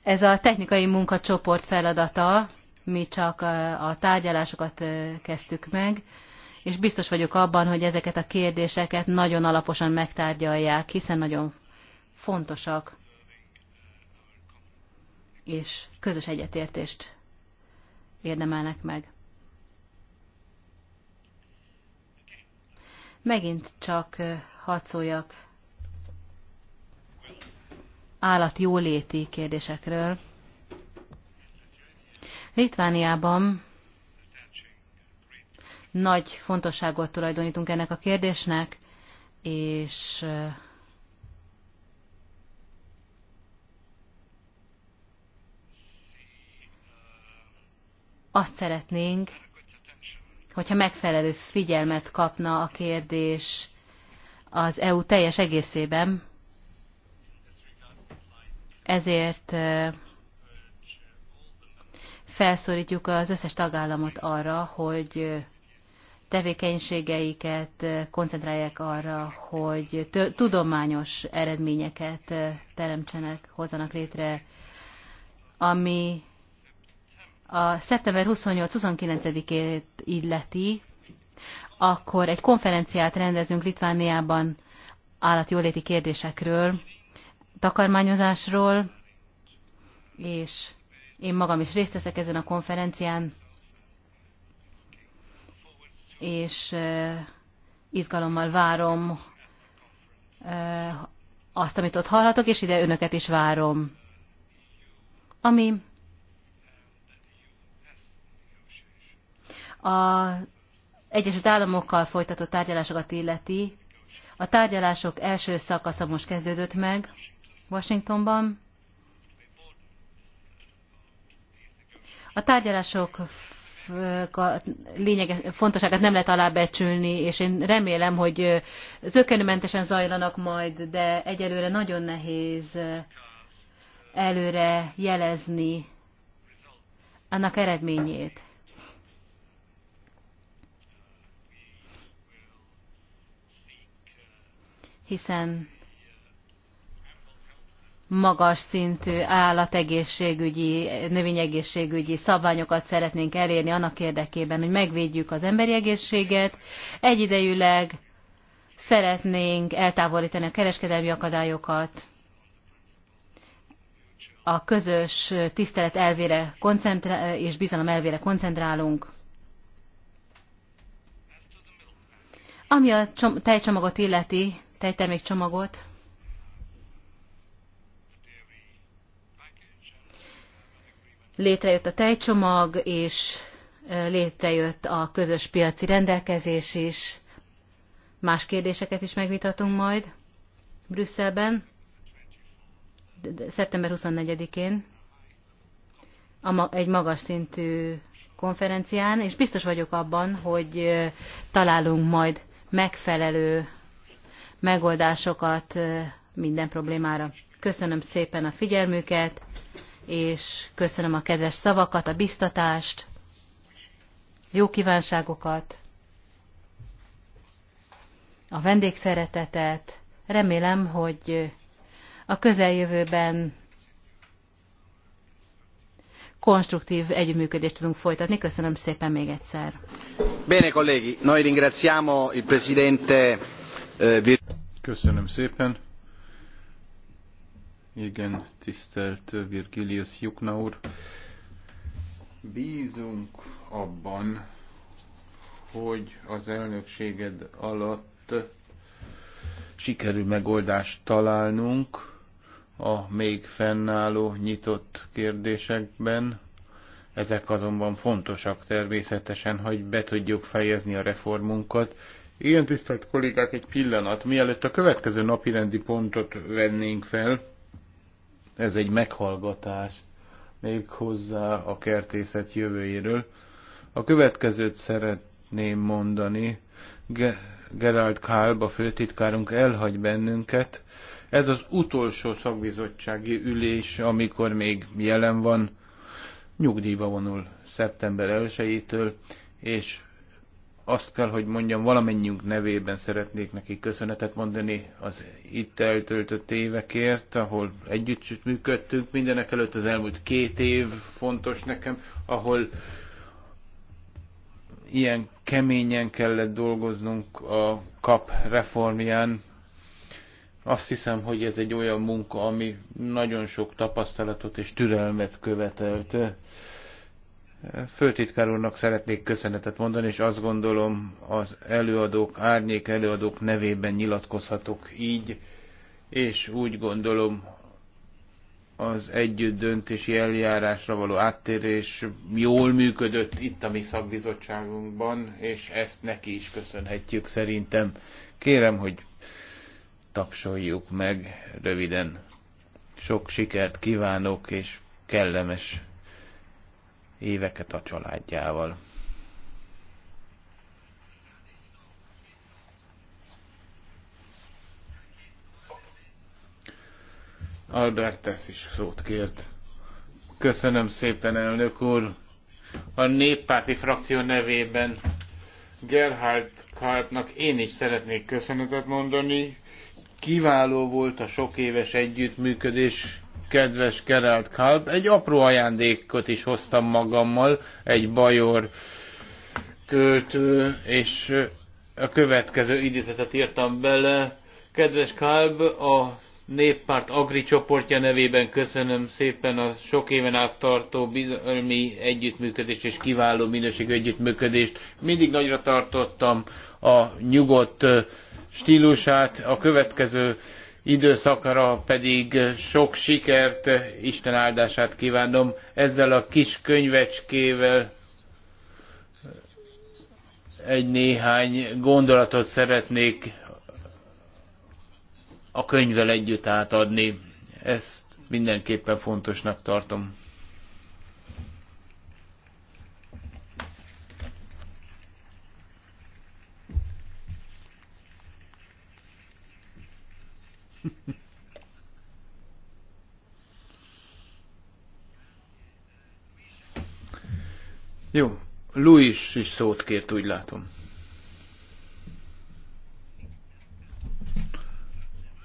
Ez a technikai munkacsoport feladata, mi csak a, a tárgyalásokat kezdtük meg, és biztos vagyok abban, hogy ezeket a kérdéseket nagyon alaposan megtárgyalják, hiszen nagyon fontosak, és közös egyetértést érdemelnek meg. Megint csak hadd szóljak állatjóléti kérdésekről. Litvániában nagy fontosságot tulajdonítunk ennek a kérdésnek, és eh, azt szeretnénk, hogyha megfelelő figyelmet kapna a kérdés az EU teljes egészében. Ezért eh, felszólítjuk az összes tagállamot arra, hogy eh, tevékenységeiket koncentrálják arra, hogy tudományos eredményeket teremtsenek, hozzanak létre, ami a szeptember 28-29-ét illeti, akkor egy konferenciát rendezünk Litvániában állatjóléti kérdésekről, takarmányozásról, és én magam is részt veszek ezen a konferencián, és izgalommal várom azt, amit ott hallhatok, és ide önöket is várom. Ami a Egyesült Államokkal folytatott tárgyalásokat illeti, a tárgyalások első szakasza most kezdődött meg Washingtonban. A tárgyalások lényeges, fontosságát nem lehet alábecsülni, és én remélem, hogy zökkenőmentesen zajlanak majd, de egyelőre nagyon nehéz előre jelezni annak eredményét. Hiszen magas szintű állategészségügyi, növényegészségügyi szabványokat szeretnénk elérni annak érdekében, hogy megvédjük az emberi egészséget. Egyidejűleg szeretnénk eltávolítani a kereskedelmi akadályokat, a közös tisztelet elvére és bizalom elvére koncentrálunk. Ami a tejcsomagot illeti, tejtermékcsomagot, Létrejött a tejcsomag, és létrejött a közös piaci rendelkezés is. Más kérdéseket is megvitatunk majd Brüsszelben, szeptember 24-én, egy magas szintű konferencián, és biztos vagyok abban, hogy találunk majd megfelelő megoldásokat minden problémára. Köszönöm szépen a figyelmüket! és köszönöm a kedves szavakat, a biztatást, jó kívánságokat, a vendégszeretetet. Remélem, hogy a közeljövőben konstruktív együttműködést tudunk folytatni. Köszönöm szépen még egyszer. Bene, colleghi, noi ringraziamo il presidente eh, Köszönöm szépen. Igen, tisztelt Virgilius Jukna úr. Bízunk abban, hogy az elnökséged alatt sikerül megoldást találnunk a még fennálló nyitott kérdésekben. Ezek azonban fontosak természetesen, hogy be tudjuk fejezni a reformunkat. Ilyen tisztelt kollégák, egy pillanat, mielőtt a következő napirendi pontot vennénk fel, ez egy meghallgatás még hozzá a kertészet jövőjéről. A következőt szeretném mondani. Gerald Kálb, a főtitkárunk elhagy bennünket. Ez az utolsó szakbizottsági ülés, amikor még jelen van. Nyugdíjba vonul szeptember 1 és azt kell, hogy mondjam, valamennyiünk nevében szeretnék neki köszönetet mondani az itt eltöltött évekért, ahol együtt működtünk mindenek előtt, az elmúlt két év fontos nekem, ahol ilyen keményen kellett dolgoznunk a kap reformján. Azt hiszem, hogy ez egy olyan munka, ami nagyon sok tapasztalatot és türelmet követelt Főtitkár úrnak szeretnék köszönetet mondani, és azt gondolom az előadók, árnyék előadók nevében nyilatkozhatok így, és úgy gondolom az együtt döntési eljárásra való áttérés jól működött itt a mi szakbizottságunkban, és ezt neki is köszönhetjük szerintem. Kérem, hogy tapsoljuk meg röviden. Sok sikert kívánok, és kellemes éveket a családjával. Albertes is szót kért. Köszönöm szépen, elnök úr. A néppárti frakció nevében Gerhard Karpnak én is szeretnék köszönetet mondani. Kiváló volt a sok éves együttműködés, kedves Gerald Kalb, egy apró ajándékot is hoztam magammal, egy bajor költő, és a következő idézetet írtam bele. Kedves Kalb, a néppárt Agri csoportja nevében köszönöm szépen a sok éven át tartó bizalmi együttműködést és kiváló minőségű együttműködést. Mindig nagyra tartottam a nyugodt stílusát. A következő időszakra pedig sok sikert, Isten áldását kívánom ezzel a kis könyvecskével egy néhány gondolatot szeretnék a könyvvel együtt átadni. Ezt mindenképpen fontosnak tartom. Jó, Louis is szót kért, úgy látom.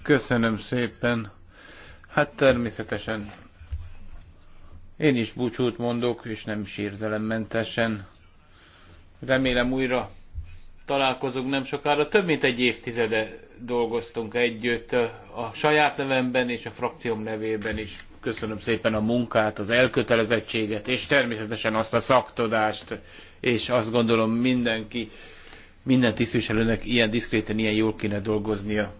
Köszönöm szépen. Hát természetesen én is búcsút mondok, és nem is érzelemmentesen. Remélem újra találkozunk nem sokára. Több mint egy évtizede dolgoztunk együtt a saját nevemben és a frakcióm nevében is. Köszönöm szépen a munkát, az elkötelezettséget, és természetesen azt a szaktodást, és azt gondolom mindenki, minden tisztviselőnek ilyen diszkréten, ilyen jól kéne dolgoznia.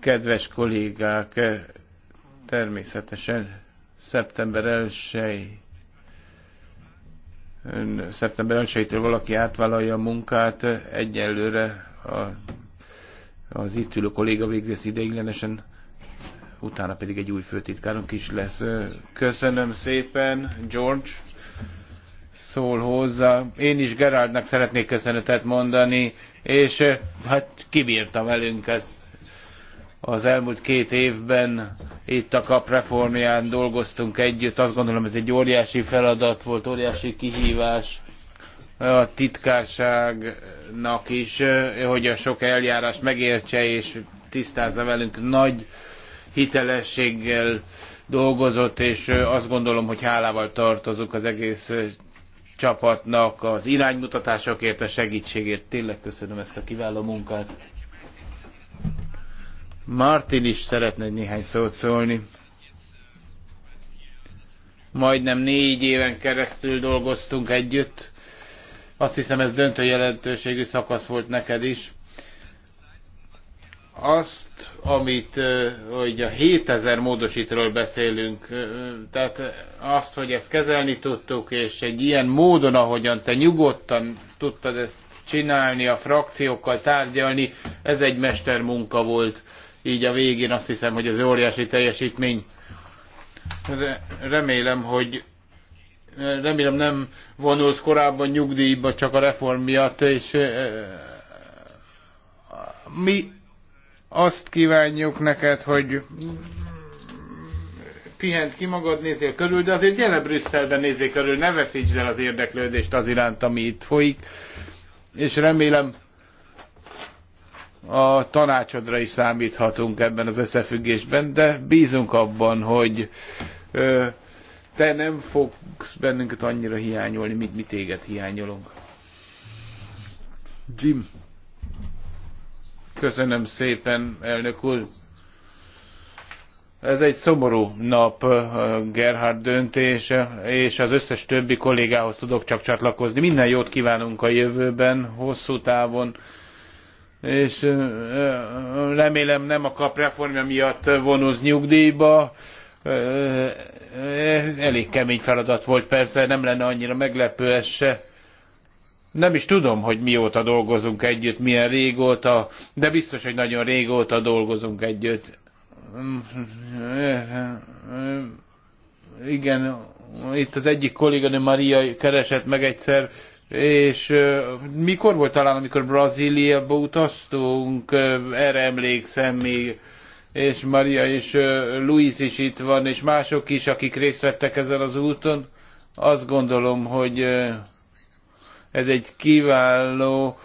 Kedves kollégák, természetesen szeptember 1 ön szeptember 1 valaki átvállalja a munkát, egyelőre a, az itt ülő kolléga végzi ezt ideiglenesen, utána pedig egy új főtitkárunk is lesz. Köszönöm szépen, George szól hozzá. Én is Gerardnak szeretnék köszönetet mondani, és eh, hát kibírta velünk ezt az elmúlt két évben itt a kap reformján dolgoztunk együtt. Azt gondolom ez egy óriási feladat volt, óriási kihívás a titkárságnak is, hogy a sok eljárást megértse és tisztázza velünk. Nagy hitelességgel dolgozott, és azt gondolom, hogy hálával tartozunk az egész csapatnak az iránymutatásokért, a segítségért. Tényleg köszönöm ezt a kiváló munkát. Martin is szeretne néhány szót szólni. Majdnem négy éven keresztül dolgoztunk együtt. Azt hiszem ez döntő jelentőségű szakasz volt neked is. Azt, amit hogy a 7000 módosítról beszélünk, tehát azt, hogy ezt kezelni tudtuk, és egy ilyen módon, ahogyan te nyugodtan tudtad ezt csinálni, a frakciókkal tárgyalni, ez egy mestermunka volt így a végén azt hiszem, hogy az óriási teljesítmény. De remélem, hogy remélem nem vonult korábban nyugdíjba csak a reform miatt, és mi azt kívánjuk neked, hogy pihent ki magad, nézzél körül, de azért gyere Brüsszelben, nézzél körül, ne veszítsd el az érdeklődést az iránt, ami itt folyik, és remélem a tanácsadra is számíthatunk ebben az összefüggésben, de bízunk abban, hogy ö, te nem fogsz bennünket annyira hiányolni, mint mi téged hiányolunk. Jim. Köszönöm szépen, elnök úr. Ez egy szomorú nap Gerhard döntése, és az összes többi kollégához tudok csak csatlakozni. Minden jót kívánunk a jövőben, hosszú távon és remélem nem a kap reformja miatt vonulsz nyugdíjba. Elég kemény feladat volt persze, nem lenne annyira meglepő ez se. Nem is tudom, hogy mióta dolgozunk együtt, milyen régóta, de biztos, hogy nagyon régóta dolgozunk együtt. Igen, itt az egyik kolléganő Maria keresett meg egyszer, és mikor volt talán, amikor Brazíliába utaztunk, erre emlékszem még, és Maria és Luis is itt van, és mások is, akik részt vettek ezen az úton. Azt gondolom, hogy ez egy kiváló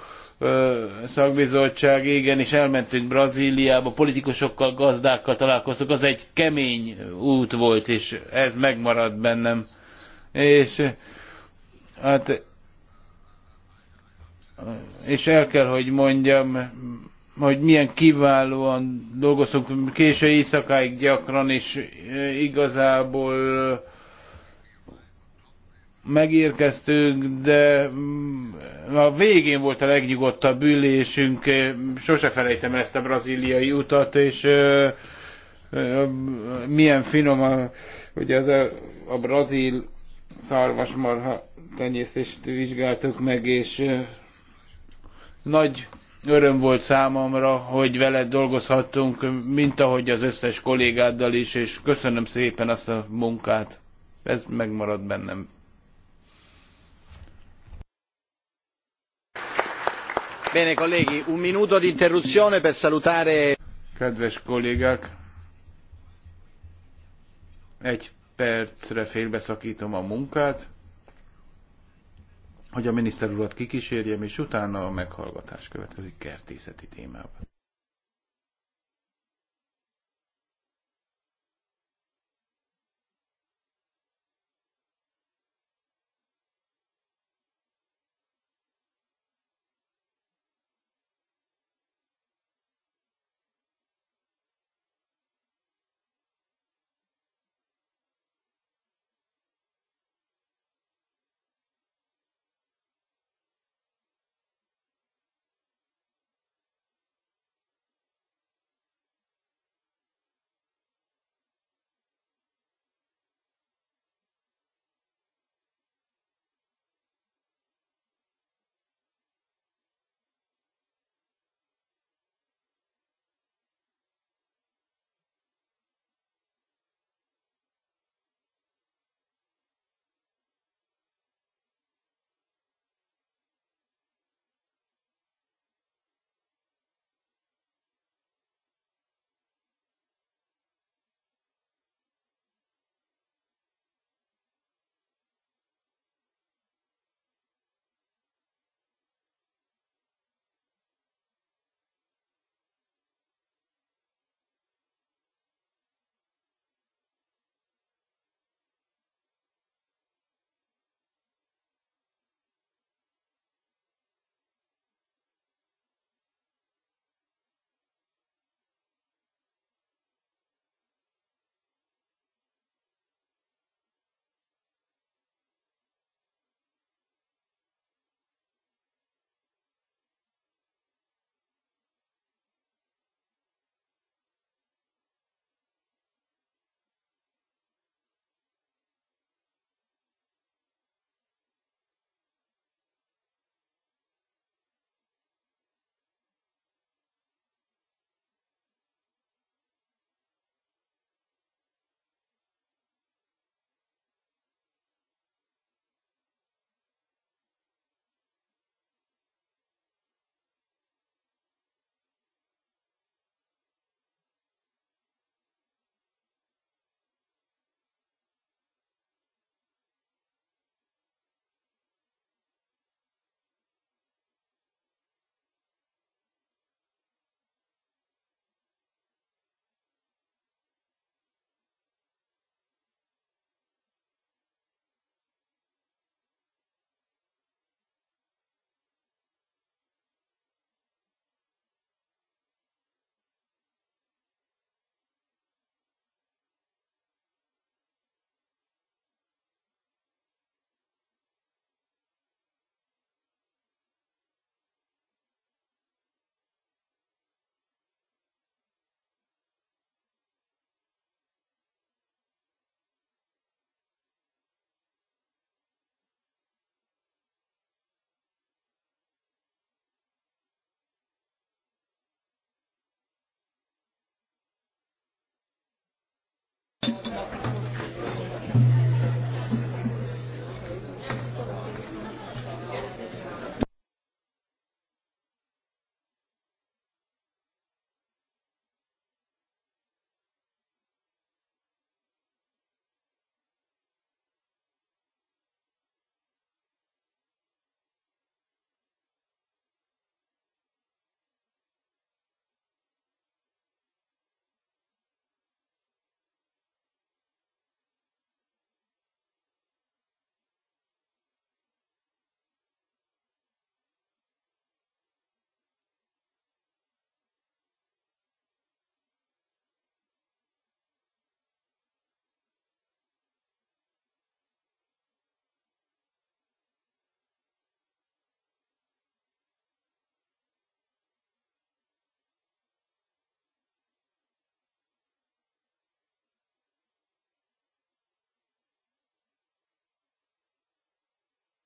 szakbizottság, igen, és elmentünk Brazíliába, politikusokkal, gazdákkal találkoztuk, az egy kemény út volt, és ez megmaradt bennem. És hát és el kell, hogy mondjam, hogy milyen kiválóan dolgoztunk késő éjszakáig gyakran, és e, igazából e, megérkeztünk, de mm, a végén volt a legnyugodtabb ülésünk, sose felejtem ezt a braziliai utat, és e, milyen finom a, ugye az a, a brazil szarvasmarha tenyésztést vizsgáltuk meg, és nagy öröm volt számomra, hogy veled dolgozhattunk, mint ahogy az összes kollégáddal is, és köszönöm szépen azt a munkát. Ez megmarad bennem. Bene, colleghi, un minuto di interruzione per salutare... Kedves kollégák, egy percre félbeszakítom a munkát hogy a miniszter urat kikísérjem, és utána a meghallgatás következik kertészeti témában.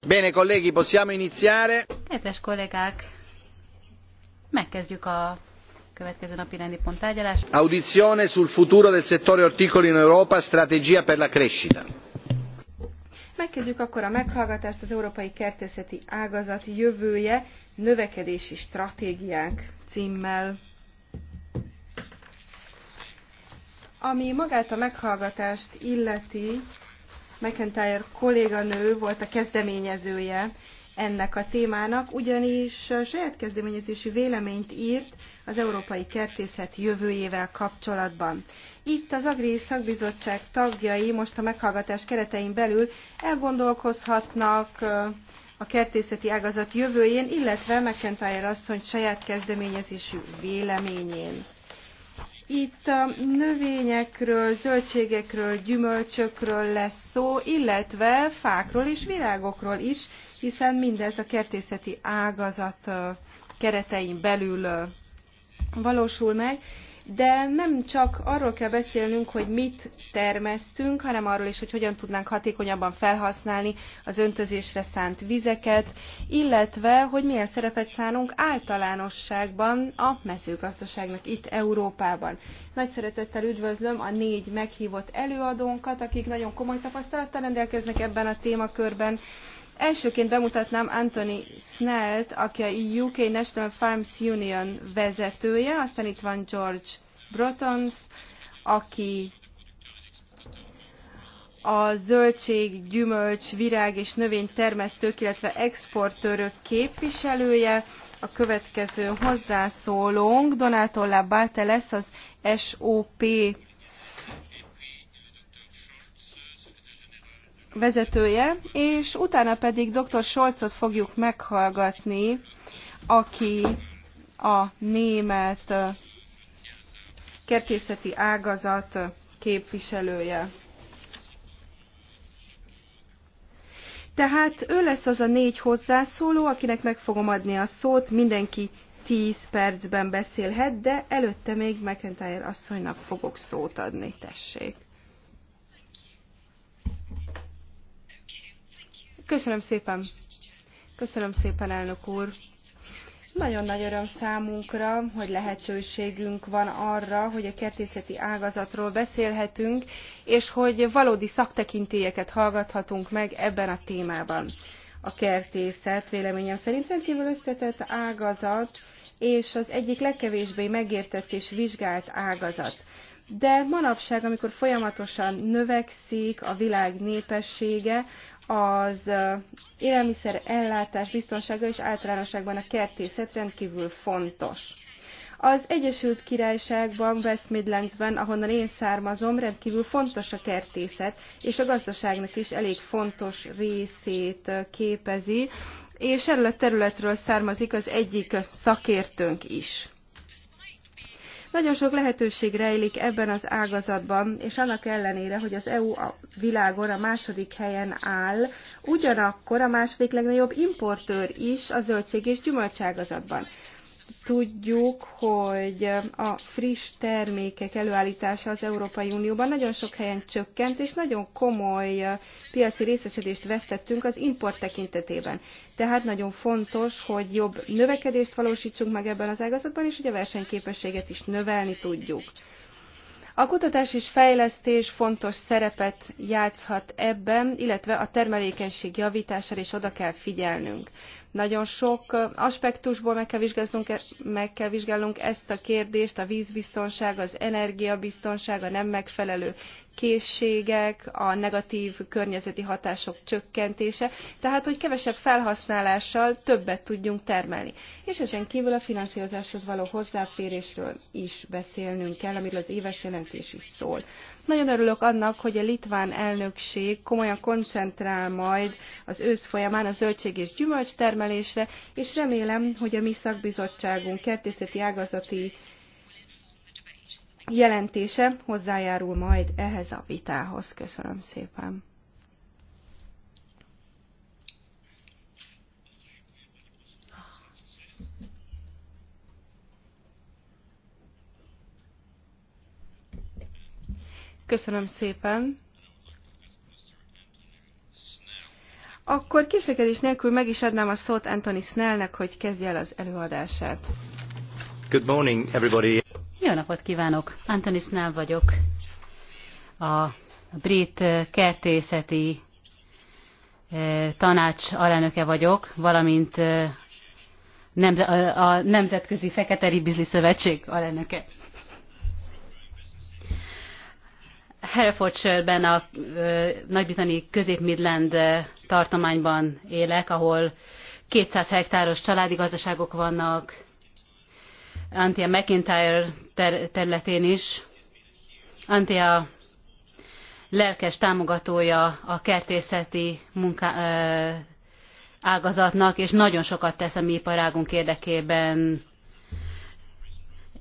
Bene, colleghi, possiamo iniziare. Kedves kollégák, megkezdjük a következő napi rendi pont tárgyalását. Audizione sul futuro del settore orticolo in Europa, strategia per la crescita. Megkezdjük akkor a meghallgatást az Európai Kertészeti Ágazat jövője, növekedési stratégiák címmel. Ami magát a meghallgatást illeti, McIntyre kolléganő volt a kezdeményezője ennek a témának, ugyanis saját kezdeményezési véleményt írt az európai kertészet jövőjével kapcsolatban. Itt az Agri Szakbizottság tagjai most a meghallgatás keretein belül elgondolkozhatnak a kertészeti ágazat jövőjén, illetve McIntyre asszony saját kezdeményezésű véleményén. Itt növényekről, zöldségekről, gyümölcsökről lesz szó, illetve fákról és virágokról is, hiszen mindez a kertészeti ágazat keretein belül valósul meg, de nem csak arról kell beszélnünk, hogy mit termesztünk, hanem arról is, hogy hogyan tudnánk hatékonyabban felhasználni az öntözésre szánt vizeket, illetve hogy milyen szerepet szánunk általánosságban a mezőgazdaságnak itt Európában. Nagy szeretettel üdvözlöm a négy meghívott előadónkat, akik nagyon komoly tapasztalattal rendelkeznek ebben a témakörben Elsőként bemutatnám Anthony Snellt, aki a UK National Farms Union vezetője, aztán itt van George Brotons, aki a zöldség, gyümölcs, virág és növénytermesztők, illetve exportőrök képviselője. A következő hozzászólónk Donátor Labate lesz az SOP vezetője, és utána pedig dr. Scholzot fogjuk meghallgatni, aki a német kertészeti ágazat képviselője. Tehát ő lesz az a négy hozzászóló, akinek meg fogom adni a szót, mindenki 10 percben beszélhet, de előtte még McIntyre asszonynak fogok szót adni, tessék. Köszönöm szépen. Köszönöm szépen, elnök úr. Nagyon nagy öröm számunkra, hogy lehetőségünk van arra, hogy a kertészeti ágazatról beszélhetünk, és hogy valódi szaktekintélyeket hallgathatunk meg ebben a témában. A kertészet véleményem szerint rendkívül összetett ágazat, és az egyik legkevésbé megértett és vizsgált ágazat de manapság, amikor folyamatosan növekszik a világ népessége, az élelmiszer ellátás biztonsága és általánosságban a kertészet rendkívül fontos. Az Egyesült Királyságban, West Midlandsben, ahonnan én származom, rendkívül fontos a kertészet, és a gazdaságnak is elég fontos részét képezi, és erről a területről származik az egyik szakértőnk is. Nagyon sok lehetőség rejlik ebben az ágazatban, és annak ellenére, hogy az EU a világon a második helyen áll, ugyanakkor a második legnagyobb importőr is a zöldség és gyümölcságazatban. Tudjuk, hogy a friss termékek előállítása az Európai Unióban nagyon sok helyen csökkent, és nagyon komoly piaci részesedést vesztettünk az import tekintetében. Tehát nagyon fontos, hogy jobb növekedést valósítsunk meg ebben az ágazatban, és hogy a versenyképességet is növelni tudjuk. A kutatás és fejlesztés fontos szerepet játszhat ebben, illetve a termelékenység javítására is oda kell figyelnünk. Nagyon sok aspektusból meg kell, vizsgálnunk, e, meg kell vizsgálnunk ezt a kérdést, a vízbiztonság, az energiabiztonság, a nem megfelelő készségek, a negatív környezeti hatások csökkentése, tehát hogy kevesebb felhasználással többet tudjunk termelni. És ezen kívül a finanszírozáshoz való hozzáférésről is beszélnünk kell, amiről az éves jelentés is szól. Nagyon örülök annak, hogy a litván elnökség komolyan koncentrál majd az ősz folyamán a zöldség és gyümölcs termelésre, és remélem, hogy a mi szakbizottságunk kertészeti ágazati jelentése hozzájárul majd ehhez a vitához. Köszönöm szépen! Köszönöm szépen! Akkor késlekedés nélkül meg is adnám a szót Anthony Snellnek, hogy kezdje el az előadását. Good morning, everybody. Jó napot kívánok! Antonisnál vagyok, a brit kertészeti e, tanács alelnöke vagyok, valamint e, a Nemzetközi Fekete Ribizli Szövetség alelnöke. Herefordshire-ben a e, nagybizani közép Midland tartományban élek, ahol 200 hektáros családi gazdaságok vannak, Antia McIntyre ter- területén is. Antia lelkes támogatója a kertészeti munka, ö, ágazatnak, és nagyon sokat tesz a mi iparágunk érdekében.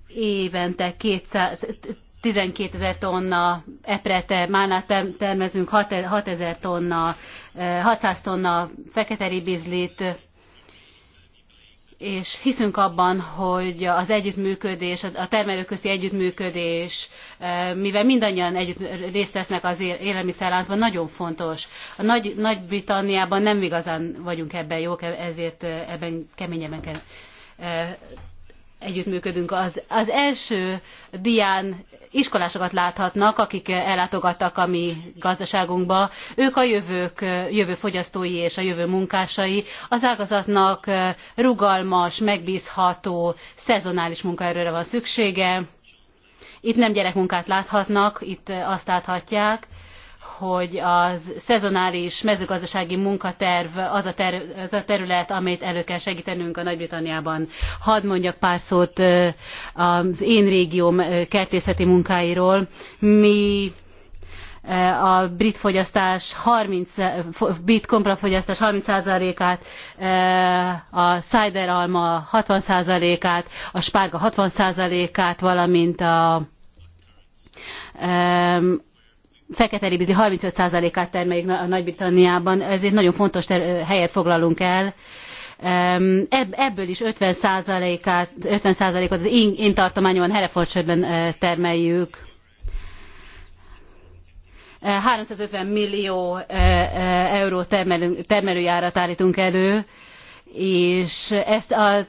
Évente 200, 12 ezer tonna eprete, mánát termezünk 6 e-, ezer tonna, 600 tonna fekete ribizlit, és hiszünk abban, hogy az együttműködés, a termelők közti együttműködés, eh, mivel mindannyian együtt részt vesznek az élelmiszerláncban, nagyon fontos. A Nagy, Nagy-Britanniában nem igazán vagyunk ebben jók, ezért eh, ebben keményebben kell eh, együttműködünk. Az, az első dián iskolásokat láthatnak, akik ellátogattak a mi gazdaságunkba. Ők a jövők, jövő fogyasztói és a jövő munkásai. Az ágazatnak rugalmas, megbízható, szezonális munkaerőre van szüksége. Itt nem gyerekmunkát láthatnak, itt azt láthatják, hogy a szezonális mezőgazdasági munkaterv az a, ter, az a terület, amit elő kell segítenünk a Nagy-Britanniában. Hadd mondjak pár szót az én régióm kertészeti munkáiról. Mi a brit fogyasztás 30, brit kompra fogyasztás 30%-át, a cider alma 60%-át, a spárga 60%-át, valamint a fekete ribizli 35%-át termeljük Nagy-Britanniában, ezért nagyon fontos helyet foglalunk el. Ebből is 50%-át 50 az én, én tartományomban Herefordshire-ben termeljük. 350 millió euró termelő, termelőjárat állítunk elő, és ezt a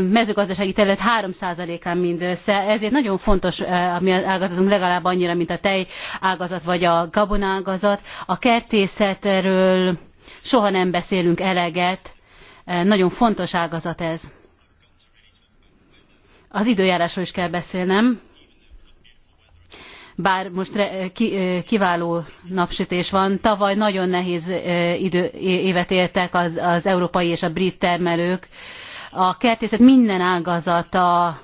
mezőgazdasági terület 3%-án mindössze, ezért nagyon fontos a mi ágazatunk legalább annyira, mint a tej ágazat vagy a gabonágazat. A kertészetről soha nem beszélünk eleget, nagyon fontos ágazat ez. Az időjárásról is kell beszélnem bár most kiváló napsütés van. Tavaly nagyon nehéz idő, évet éltek az, az európai és a brit termelők. A kertészet minden ágazata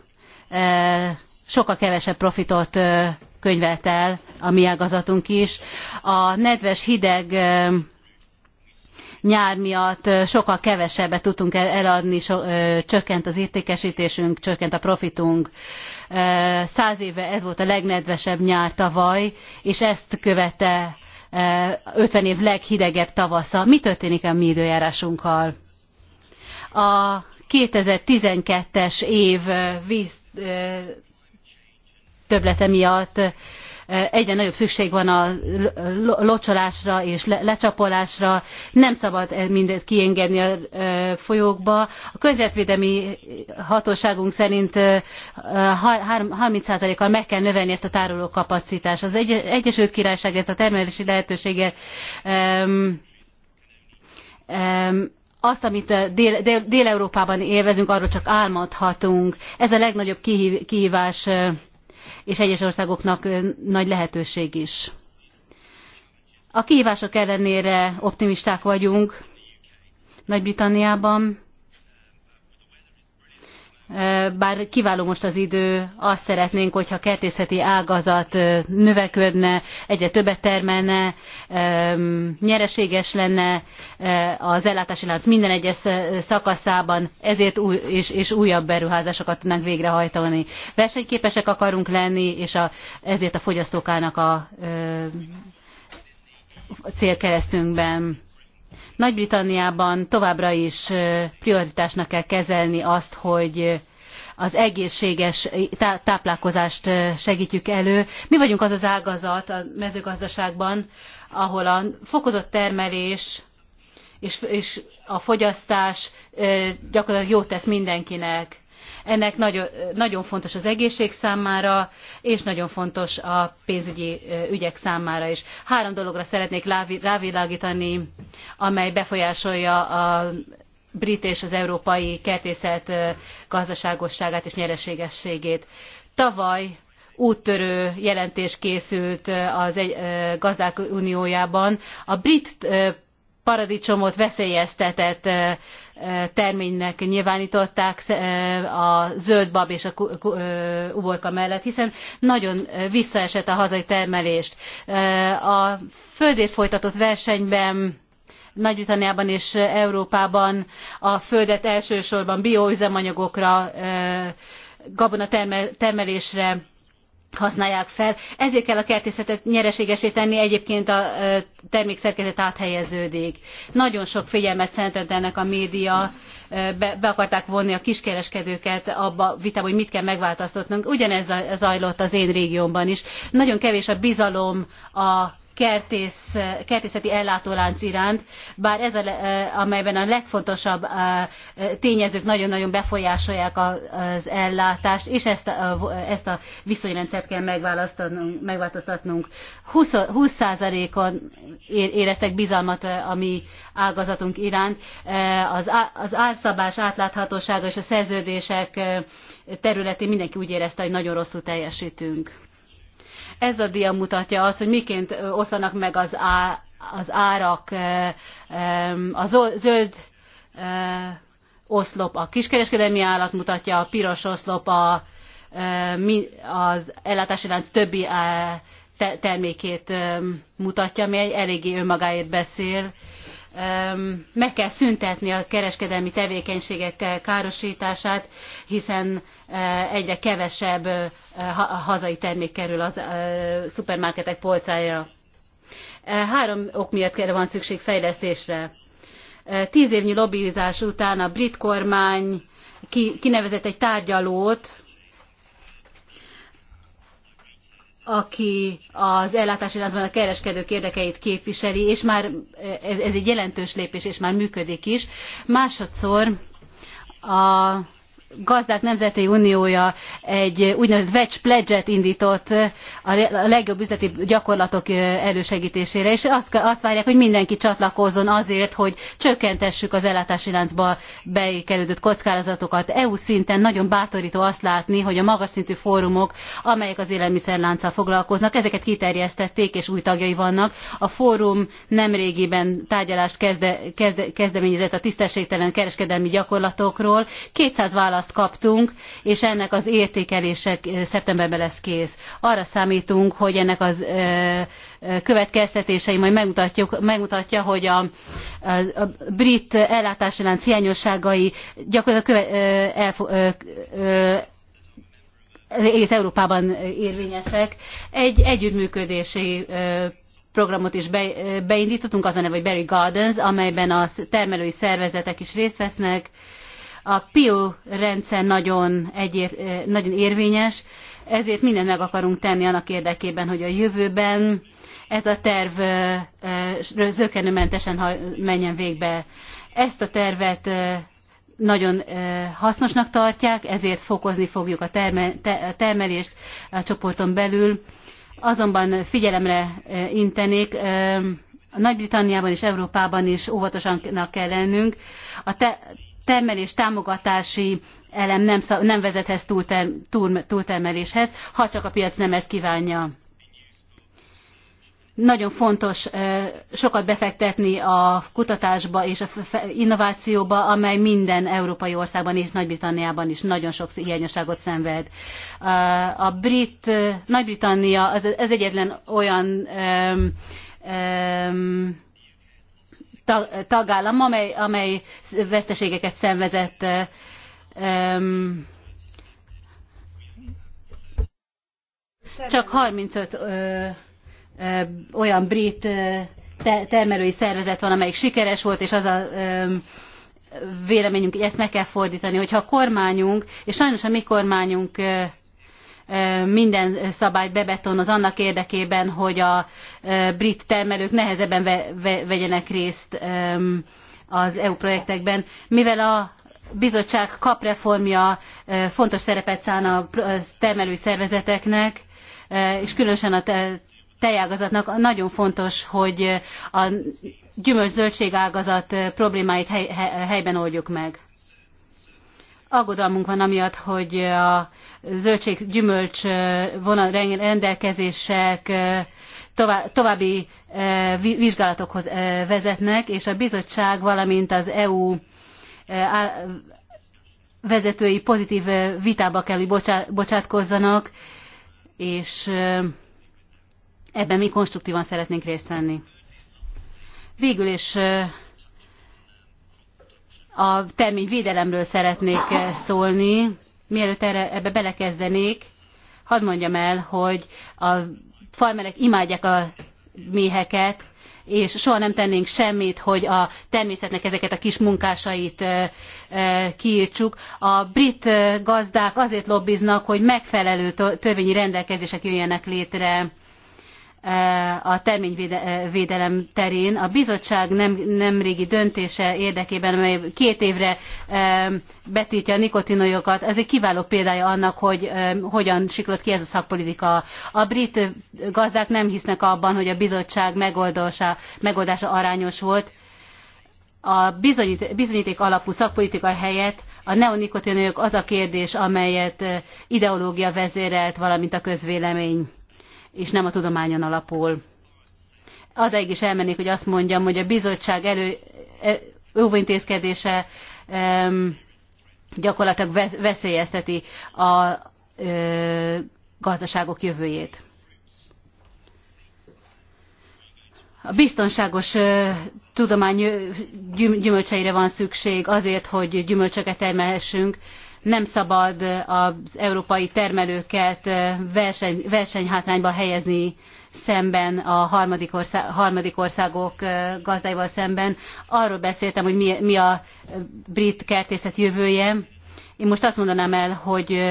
sokkal kevesebb profitot könyvelt el, a mi ágazatunk is. A nedves hideg nyár miatt sokkal kevesebbet tudtunk eladni, so, ö, csökkent az értékesítésünk, csökkent a profitunk. Ö, Száz éve ez volt a legnedvesebb nyár tavaly, és ezt követte 50 e, év leghidegebb tavasza. Mi történik a mi időjárásunkkal? A 2012-es év víz e, töblete miatt egyre nagyobb szükség van a locsolásra és lecsapolásra, nem szabad eh, mindent kiengedni a eh, folyókba. A közvetvédelmi hatóságunk szerint 30%-kal eh, meg kell növelni ezt a tárolókapacitást. Az Egyesült Királyság ezt a termelési lehetőséget azt, amit Dél-Európában dél, dél élvezünk, arról csak álmodhatunk. Ez a legnagyobb kihívás és egyes országoknak nagy lehetőség is. A kihívások ellenére optimisták vagyunk Nagy-Britanniában, bár kiváló most az idő, azt szeretnénk, hogyha a kertészeti ágazat növekedne, egyre többet termelne, nyereséges lenne az ellátási lánc minden egyes szakaszában, ezért új, és, és újabb beruházásokat tudnánk végrehajtani. Versenyképesek akarunk lenni, és a, ezért a fogyasztókának a, a célkeresztünkben nagy-Britanniában továbbra is prioritásnak kell kezelni azt, hogy az egészséges táplálkozást segítjük elő. Mi vagyunk az az ágazat a mezőgazdaságban, ahol a fokozott termelés és, a fogyasztás gyakorlatilag jót tesz mindenkinek. Ennek nagyon, nagyon fontos az egészség számára, és nagyon fontos a pénzügyi ügyek számára is. Három dologra szeretnék rávilágítani, amely befolyásolja a brit és az európai kertészet gazdaságosságát és nyereségességét. Tavaly úttörő jelentés készült az gazdák uniójában. A brit paradicsomot veszélyeztetett terménynek nyilvánították a zöld bab és a uborka mellett, hiszen nagyon visszaesett a hazai termelést. A földért folytatott versenyben nagy-Britanniában és Európában a földet elsősorban bioüzemanyagokra, gabonatermelésre használják fel. Ezért kell a kertészetet nyereségesé tenni, egyébként a termékszerkezet áthelyeződik. Nagyon sok figyelmet szentett ennek a média, be, be akarták vonni a kiskereskedőket abba vitába, hogy mit kell megváltoztatnunk. Ugyanez zajlott az én régiómban is. Nagyon kevés a bizalom a kertész, kertészeti ellátólánc iránt, bár ez a, amelyben a legfontosabb tényezők nagyon-nagyon befolyásolják az ellátást, és ezt a, ezt a viszonyrendszert kell megváltoztatnunk. 20%-on éreztek bizalmat a mi ágazatunk iránt. Az, az árszabás átláthatósága és a szerződések területén mindenki úgy érezte, hogy nagyon rosszul teljesítünk. Ez a dia mutatja azt, hogy miként oszlanak meg az, á, az árak, a zöld oszlop a kiskereskedelmi állat mutatja, a piros oszlop a, az ellátási lánc többi termékét mutatja, ami eléggé önmagáért beszél, meg kell szüntetni a kereskedelmi tevékenységek károsítását, hiszen e, egyre kevesebb e, hazai termék kerül a e, szupermarketek polcára. Három ok miatt kell van szükség fejlesztésre. Tíz évnyi lobbizás után a brit kormány kinevezett egy tárgyalót, aki az ellátási láncban a kereskedők érdekeit képviseli, és már ez, ez egy jelentős lépés, és már működik is. Másodszor a gazdák nemzeti uniója egy úgynevezett Vetch Pledge-et indított a legjobb üzleti gyakorlatok elősegítésére, és azt, azt várják, hogy mindenki csatlakozzon azért, hogy csökkentessük az ellátási láncba bekerülött kockázatokat. EU szinten nagyon bátorító azt látni, hogy a magas szintű fórumok, amelyek az élelmiszerlánccal foglalkoznak, ezeket kiterjesztették, és új tagjai vannak. A fórum nemrégiben tárgyalást kezde, kezde, kezdeményezett a tisztességtelen kereskedelmi gyakorlatokról. 200 vállalat választ kaptunk, és ennek az értékelése szeptemberben lesz kész. Arra számítunk, hogy ennek az következtetései majd megmutatjuk, megmutatja, hogy a, a, a brit ellátási lánc hiányosságai gyakorlatilag követ, el, el, el, egész Európában érvényesek. Egy együttműködési programot is be, beindítottunk, az a neve, hogy Berry Gardens, amelyben a termelői szervezetek is részt vesznek, a PIO rendszer nagyon, egyér, eh, nagyon érvényes, ezért mindent meg akarunk tenni annak érdekében, hogy a jövőben ez a terv eh, eh, zökenőmentesen menjen végbe. Ezt a tervet nagyon hasznosnak tartják, ezért fokozni fogjuk a termelést a csoporton belül. Azonban figyelemre intenék, Nagy-Britanniában és Európában is óvatosan kell lennünk. A termelés támogatási elem nem, nem vezethez túltermeléshez, ha csak a piac nem ezt kívánja. Nagyon fontos sokat befektetni a kutatásba és a innovációba, amely minden európai országban és Nagy-Britanniában is nagyon sok hiányosságot szenved. A brit, Nagy-Britannia, ez egyetlen olyan um, um, tagállam, amely, amely veszteségeket szenvezett. Eh, csak 35 olyan brit termelői szervezet van, amelyik sikeres volt, és az a véleményünk, hogy ezt meg kell fordítani, hogyha a kormányunk, és sajnos a mi kormányunk minden szabályt bebetonoz annak érdekében, hogy a brit termelők nehezebben ve, ve, vegyenek részt az EU projektekben, mivel a bizottság kapreformja fontos szerepet szán a termelői szervezeteknek, és különösen a tejágazatnak nagyon fontos, hogy a gyümölcs zöldségágazat problémáit hely, helyben oldjuk meg. Aggodalmunk van amiatt, hogy a zöldség, gyümölcs vonal rendelkezések további vizsgálatokhoz vezetnek, és a bizottság, valamint az EU vezetői pozitív vitába kell, hogy bocsátkozzanak, és ebben mi konstruktívan szeretnénk részt venni. Végül is a terményvédelemről szeretnék szólni. Mielőtt erre, ebbe belekezdenék, hadd mondjam el, hogy a farmerek imádják a méheket, és soha nem tennénk semmit, hogy a természetnek ezeket a kis munkásait kiírtsuk. A brit gazdák azért lobbiznak, hogy megfelelő törvényi rendelkezések jöjjenek létre a terményvédelem terén. A bizottság nem, nemrégi döntése érdekében, amely két évre e, betiltja a nikotinolyokat, ez egy kiváló példája annak, hogy e, hogyan siklott ki ez a szakpolitika. A brit gazdák nem hisznek abban, hogy a bizottság megoldása, megoldása arányos volt. A bizonyít, bizonyíték alapú szakpolitika helyett a neonikotinolyok az a kérdés, amelyet e, ideológia vezérelt, valamint a közvélemény és nem a tudományon alapul. Adáig is elmennék, hogy azt mondjam, hogy a bizottság elő, e, óvintézkedése um, gyakorlatilag veszélyezteti a ö, gazdaságok jövőjét. A biztonságos ö, tudomány gyümölcseire van szükség azért, hogy gyümölcsöket termelhessünk, nem szabad az európai termelőket verseny, versenyhátrányba helyezni szemben a harmadik, orszá, harmadik országok gazdáival szemben. Arról beszéltem, hogy mi, mi a brit kertészet jövője. Én most azt mondanám el, hogy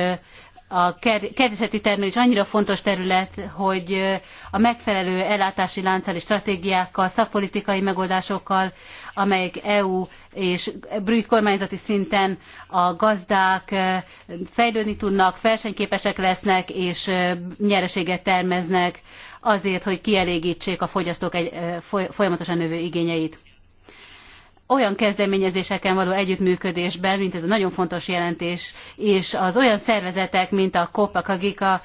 a kertészeti termelés annyira fontos terület, hogy a megfelelő ellátási lánccal és stratégiákkal, szakpolitikai megoldásokkal amelyek EU és brit kormányzati szinten a gazdák fejlődni tudnak, versenyképesek lesznek és nyereséget termeznek azért, hogy kielégítsék a fogyasztók egy, folyamatosan növő igényeit olyan kezdeményezéseken való együttműködésben, mint ez a nagyon fontos jelentés, és az olyan szervezetek, mint a COPA, a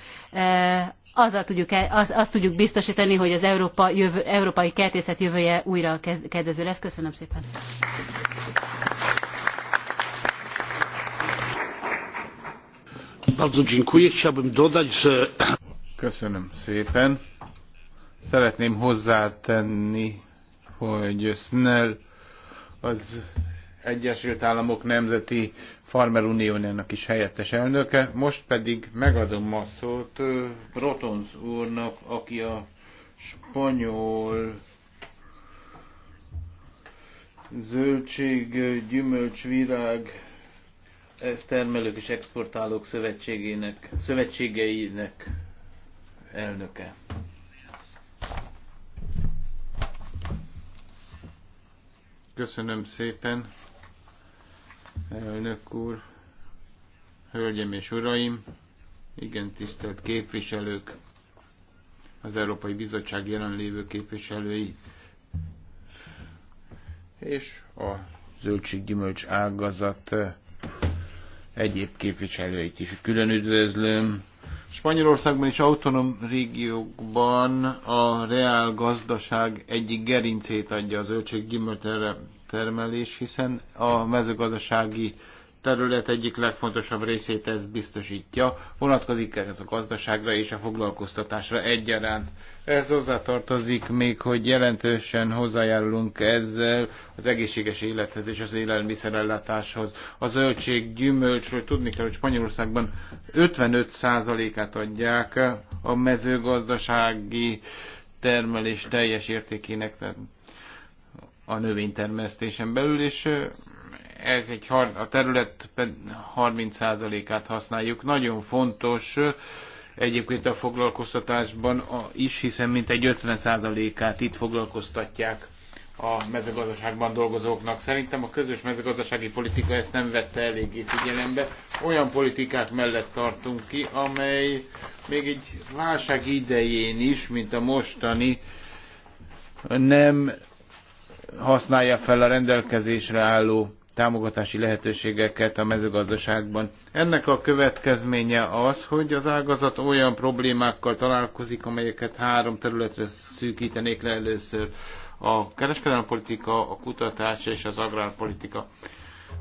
azzal tudjuk, az, azt tudjuk biztosítani, hogy az Európa jövő, európai kertészet jövője újra kedvező lesz. Köszönöm szépen! Köszönöm szépen. Szeretném hozzátenni, hogy Snell az Egyesült Államok Nemzeti Farmer Uniónak is helyettes elnöke. Most pedig megadom a szót Brotons úrnak, aki a spanyol zöldség, gyümölcsvirág termelők és exportálók szövetségének, szövetségeinek elnöke. Köszönöm szépen. Elnök úr, hölgyem és uraim, igen tisztelt képviselők, az Európai Bizottság jelenlévő képviselői, és a zöldséggyümölcs ágazat eh, egyéb képviselőit is külön üdvözlöm. Spanyolországban és autonóm régiókban a reál gazdaság egyik gerincét adja az zöldséggyümölcs erre termelés, hiszen a mezőgazdasági terület egyik legfontosabb részét ez biztosítja. Vonatkozik ez a gazdaságra és a foglalkoztatásra egyaránt. Ez hozzátartozik még, hogy jelentősen hozzájárulunk ezzel az egészséges élethez és az élelmiszerellátáshoz. A zöldség, hogy tudni kell, hogy Spanyolországban 55%-át adják a mezőgazdasági termelés teljes értékének, tehát a növénytermesztésen belül, és ez egy, a terület 30%-át használjuk. Nagyon fontos egyébként a foglalkoztatásban is, hiszen mintegy 50%-át itt foglalkoztatják a mezőgazdaságban dolgozóknak. Szerintem a közös mezőgazdasági politika ezt nem vette eléggé figyelembe. Olyan politikák mellett tartunk ki, amely még egy válság idején is, mint a mostani, nem használja fel a rendelkezésre álló támogatási lehetőségeket a mezőgazdaságban. Ennek a következménye az, hogy az ágazat olyan problémákkal találkozik, amelyeket három területre szűkítenék le először. A kereskedelmi politika, a kutatás és az agrárpolitika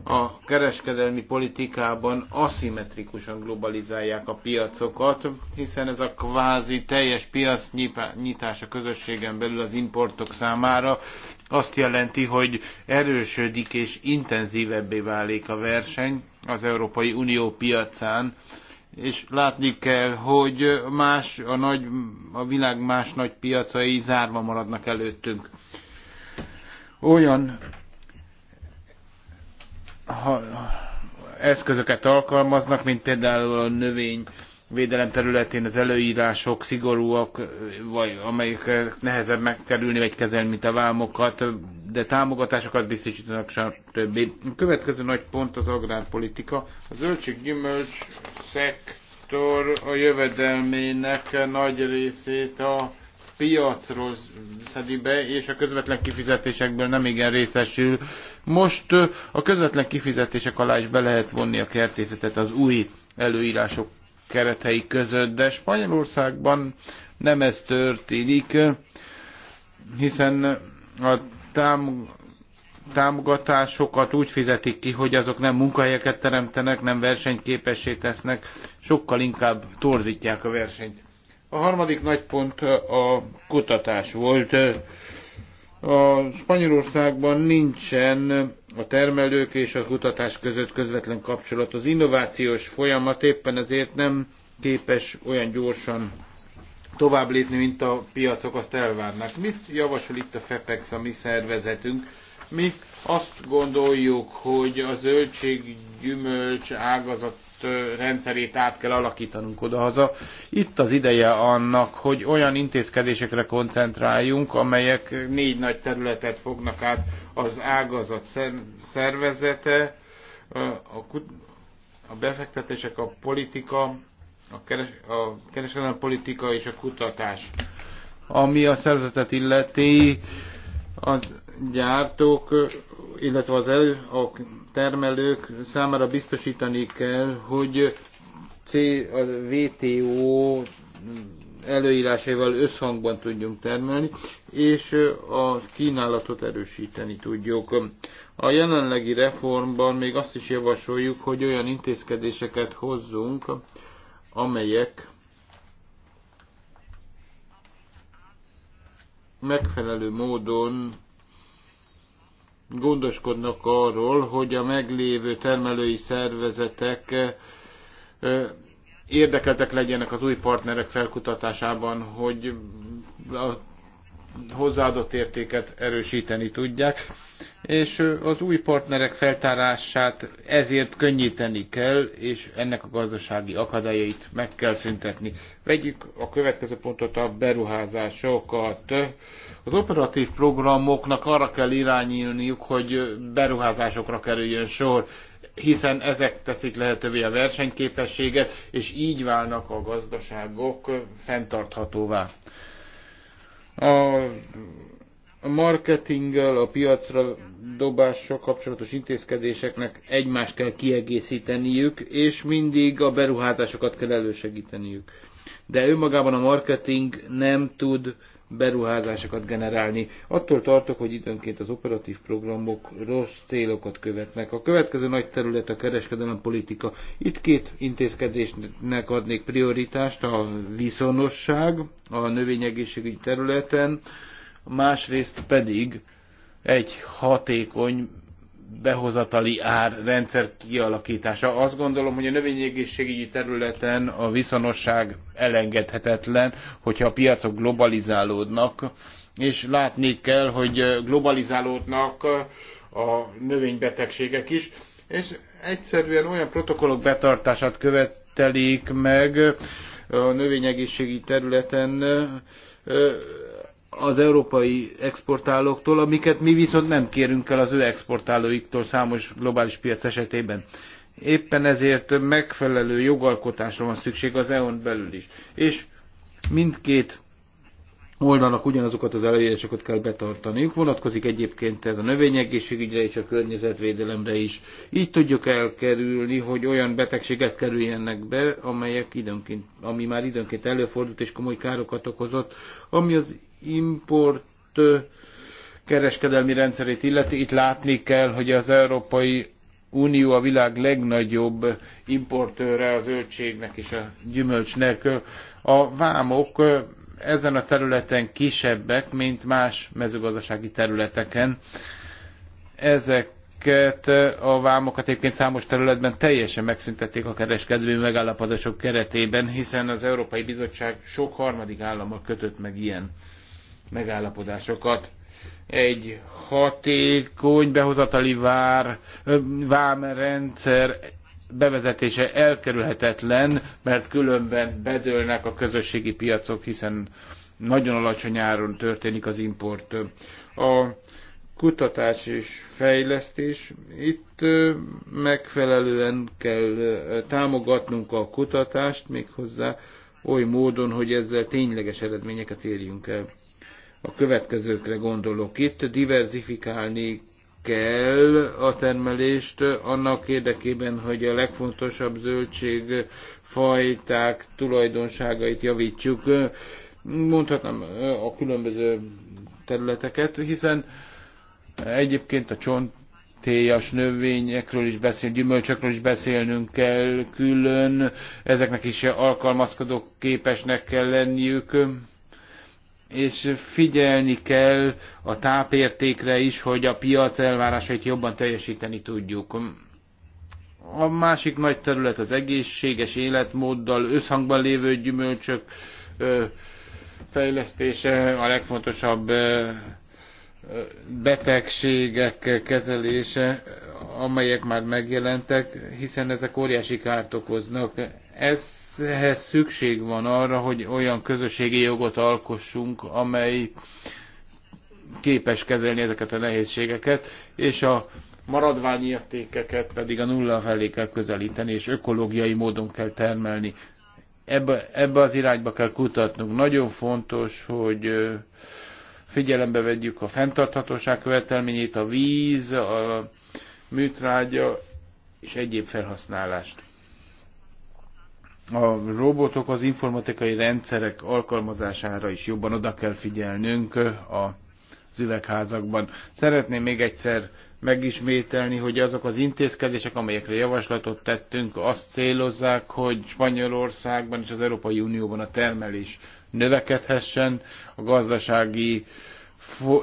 a kereskedelmi politikában aszimmetrikusan globalizálják a piacokat, hiszen ez a kvázi teljes piac nyitás a közösségen belül az importok számára azt jelenti, hogy erősödik és intenzívebbé válik a verseny az Európai Unió piacán, és látni kell, hogy más, a, nagy, a világ más nagy piacai zárva maradnak előttünk. Olyan ha, eszközöket alkalmaznak, mint például a növény védelem területén az előírások szigorúak, vagy amelyek nehezebb megkerülni vagy kezelni, mint a vámokat, de támogatásokat biztosítanak, stb. A következő nagy pont az agrárpolitika. A zöldséggyümölcs szektor a jövedelmének nagy részét a piacról szedi be, és a közvetlen kifizetésekből nem igen részesül, most a közvetlen kifizetések alá is be lehet vonni a kertészetet az új előírások keretei között, de Spanyolországban nem ez történik, hiszen a tám támogatásokat úgy fizetik ki, hogy azok nem munkahelyeket teremtenek, nem versenyképessé tesznek, sokkal inkább torzítják a versenyt. A harmadik nagy pont a kutatás volt. A Spanyolországban nincsen a termelők és a kutatás között közvetlen kapcsolat. Az innovációs folyamat éppen ezért nem képes olyan gyorsan tovább lépni, mint a piacok azt elvárnak. Mit javasol itt a FEPEX, a mi szervezetünk? Mi azt gondoljuk, hogy a zöldség, gyümölcs ágazat rendszerét át kell alakítanunk odahaza. Itt az ideje annak, hogy olyan intézkedésekre koncentráljunk, amelyek négy nagy területet fognak át az ágazat szervezete, a befektetések, a politika, a, keres, a kereskedelmi politika és a kutatás. Ami a szervezetet illeti, az gyártók, illetve az elő, a termelők számára biztosítani kell, hogy C, a VTO előírásaival összhangban tudjunk termelni, és a kínálatot erősíteni tudjuk. A jelenlegi reformban még azt is javasoljuk, hogy olyan intézkedéseket hozzunk, amelyek megfelelő módon gondoskodnak arról, hogy a meglévő termelői szervezetek érdekeltek legyenek az új partnerek felkutatásában, hogy a hozzáadott értéket erősíteni tudják, és az új partnerek feltárását ezért könnyíteni kell, és ennek a gazdasági akadályait meg kell szüntetni. Vegyük a következő pontot, a beruházásokat. Az operatív programoknak arra kell irányulniuk, hogy beruházásokra kerüljön sor, hiszen ezek teszik lehetővé a versenyképességet, és így válnak a gazdaságok fenntarthatóvá. A marketinggel, a piacra dobással kapcsolatos intézkedéseknek egymást kell kiegészíteniük, és mindig a beruházásokat kell elősegíteniük. De önmagában a marketing nem tud beruházásokat generálni. Attól tartok, hogy időnként az operatív programok rossz célokat követnek. A következő nagy terület a kereskedelem politika. Itt két intézkedésnek adnék prioritást, a viszonosság a növényegészségügyi területen, másrészt pedig egy hatékony behozatali ár rendszer kialakítása. Azt gondolom, hogy a növényegészségügyi területen a viszonosság elengedhetetlen, hogyha a piacok globalizálódnak, és látni kell, hogy globalizálódnak a növénybetegségek is, és egyszerűen olyan protokollok betartását követelik meg a növényegészségügyi területen, az európai exportálóktól, amiket mi viszont nem kérünk el az ő exportálóiktól számos globális piac esetében. Éppen ezért megfelelő jogalkotásra van szükség az EU-n belül is. És mindkét oldalnak ugyanazokat az előírásokat kell betartaniuk. Vonatkozik egyébként ez a növényegészségügyre és a környezetvédelemre is. Így tudjuk elkerülni, hogy olyan betegségek kerüljenek be, amelyek időnként, ami már időnként előfordult és komoly károkat okozott, ami az import kereskedelmi rendszerét illeti, itt látni kell, hogy az Európai Unió a világ legnagyobb importőre a zöldségnek és a gyümölcsnek. A vámok ezen a területen kisebbek, mint más mezőgazdasági területeken. Ezeket a vámokat egyébként számos területben teljesen megszüntették a kereskedelmi megállapodások keretében, hiszen az Európai Bizottság sok harmadik állammal kötött meg ilyen megállapodásokat. Egy hatékony behozatali vár, vámrendszer bevezetése elkerülhetetlen, mert különben bedőlnek a közösségi piacok, hiszen nagyon alacsony áron történik az import. A kutatás és fejlesztés. Itt megfelelően kell támogatnunk a kutatást, méghozzá oly módon, hogy ezzel tényleges eredményeket érjünk el. A következőkre gondolok itt, diverzifikálni kell a termelést annak érdekében, hogy a legfontosabb zöldségfajták tulajdonságait javítsuk. Mondhatnám a különböző területeket, hiszen egyébként a csont téjas növényekről is beszél, gyümölcsökről is beszélnünk kell külön, ezeknek is alkalmazkodó képesnek kell lenniük és figyelni kell a tápértékre is, hogy a piac elvárásait jobban teljesíteni tudjuk. A másik nagy terület az egészséges életmóddal összhangban lévő gyümölcsök fejlesztése, a legfontosabb betegségek kezelése, amelyek már megjelentek, hiszen ezek óriási kárt okoznak ezhez szükség van arra, hogy olyan közösségi jogot alkossunk, amely képes kezelni ezeket a nehézségeket, és a maradvány értékeket pedig a nulla felé kell közelíteni, és ökológiai módon kell termelni. Ebbe, ebbe az irányba kell kutatnunk. Nagyon fontos, hogy figyelembe vegyük a fenntarthatóság követelményét, a víz, a műtrágya és egyéb felhasználást a robotok, az informatikai rendszerek alkalmazására is jobban oda kell figyelnünk az üvegházakban. Szeretném még egyszer megismételni, hogy azok az intézkedések, amelyekre javaslatot tettünk, azt célozzák, hogy Spanyolországban és az Európai Unióban a termelés növekedhessen, a gazdasági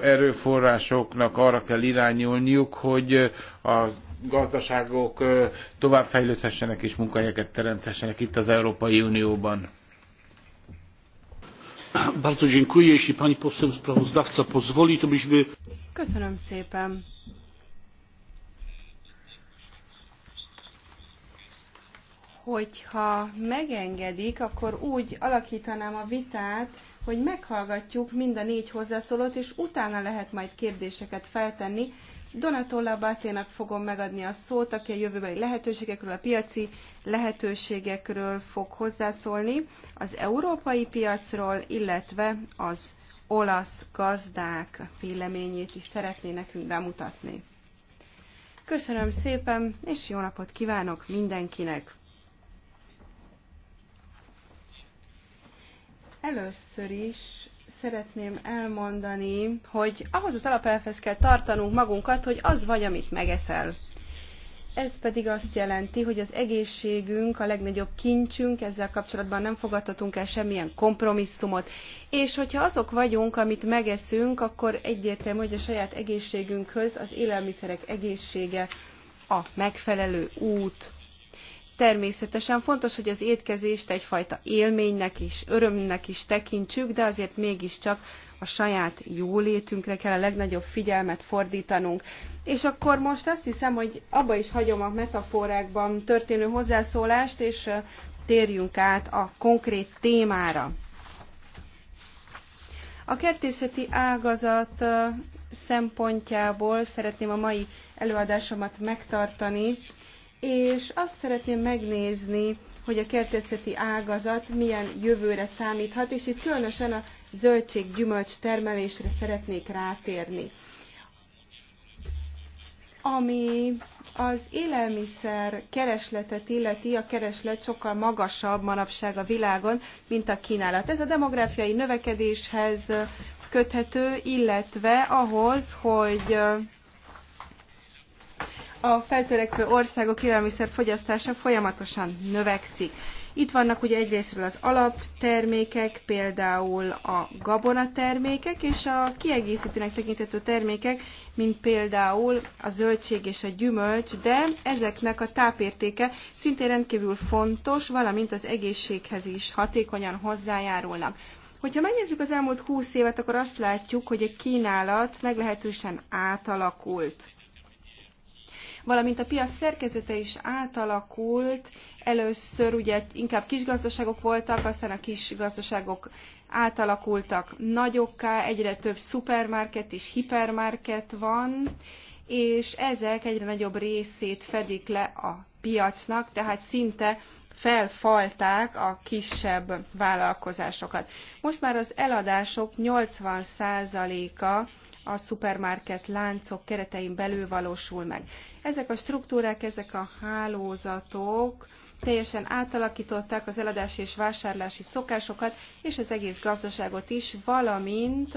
erőforrásoknak arra kell irányulniuk, hogy a gazdaságok továbbfejlődhessenek és munkahelyeket teremthessenek itt az Európai Unióban. Bardzo dziękuję. Jeśli pani poseł sprawozdawca pozwoli, to byśmy... Köszönöm szépen. Hogyha megengedik, akkor úgy alakítanám a vitát, hogy meghallgatjuk mind a négy hozzászólót, és utána lehet majd kérdéseket feltenni Donatolla Báténak fogom megadni a szót, aki a jövőbeli lehetőségekről, a piaci lehetőségekről fog hozzászólni, az európai piacról, illetve az olasz gazdák véleményét is szeretné nekünk bemutatni. Köszönöm szépen, és jó napot kívánok mindenkinek! Először is szeretném elmondani, hogy ahhoz az alapelvhez kell tartanunk magunkat, hogy az vagy, amit megeszel. Ez pedig azt jelenti, hogy az egészségünk a legnagyobb kincsünk, ezzel kapcsolatban nem fogadhatunk el semmilyen kompromisszumot. És hogyha azok vagyunk, amit megeszünk, akkor egyértelmű, hogy a saját egészségünkhöz az élelmiszerek egészsége a megfelelő út. Természetesen fontos, hogy az étkezést egyfajta élménynek és örömnek is tekintsük, de azért mégiscsak a saját jólétünkre kell a legnagyobb figyelmet fordítanunk. És akkor most azt hiszem, hogy abba is hagyom a metaforákban történő hozzászólást, és térjünk át a konkrét témára. A kertészeti ágazat szempontjából szeretném a mai előadásomat megtartani, és azt szeretném megnézni, hogy a kertészeti ágazat milyen jövőre számíthat, és itt különösen a zöldség-gyümölcs termelésre szeretnék rátérni. Ami az élelmiszer keresletet illeti, a kereslet sokkal magasabb manapság a világon, mint a kínálat. Ez a demográfiai növekedéshez köthető, illetve ahhoz, hogy a feltörekvő országok élelmiszer fogyasztása folyamatosan növekszik. Itt vannak ugye egyrésztről az alaptermékek, például a gabonatermékek, és a kiegészítőnek tekintető termékek, mint például a zöldség és a gyümölcs, de ezeknek a tápértéke szintén rendkívül fontos, valamint az egészséghez is hatékonyan hozzájárulnak. Hogyha megnézzük az elmúlt 20 évet, akkor azt látjuk, hogy a kínálat meglehetősen átalakult valamint a piac szerkezete is átalakult. Először ugye inkább kisgazdaságok voltak, aztán a kisgazdaságok átalakultak nagyokká, egyre több szupermarket és hipermarket van, és ezek egyre nagyobb részét fedik le a piacnak, tehát szinte felfalták a kisebb vállalkozásokat. Most már az eladások 80%-a a szupermarket láncok keretein belül valósul meg. Ezek a struktúrák, ezek a hálózatok teljesen átalakították az eladási és vásárlási szokásokat, és az egész gazdaságot is, valamint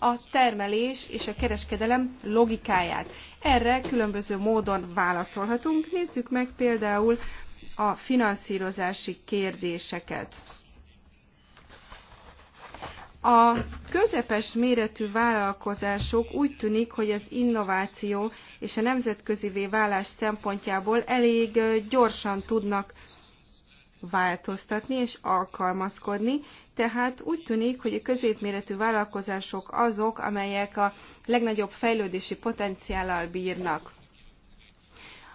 a termelés és a kereskedelem logikáját. Erre különböző módon válaszolhatunk. Nézzük meg például a finanszírozási kérdéseket. A közepes méretű vállalkozások úgy tűnik, hogy az innováció és a nemzetközivé válás szempontjából elég gyorsan tudnak változtatni és alkalmazkodni. Tehát úgy tűnik, hogy a középméretű vállalkozások azok, amelyek a legnagyobb fejlődési potenciállal bírnak.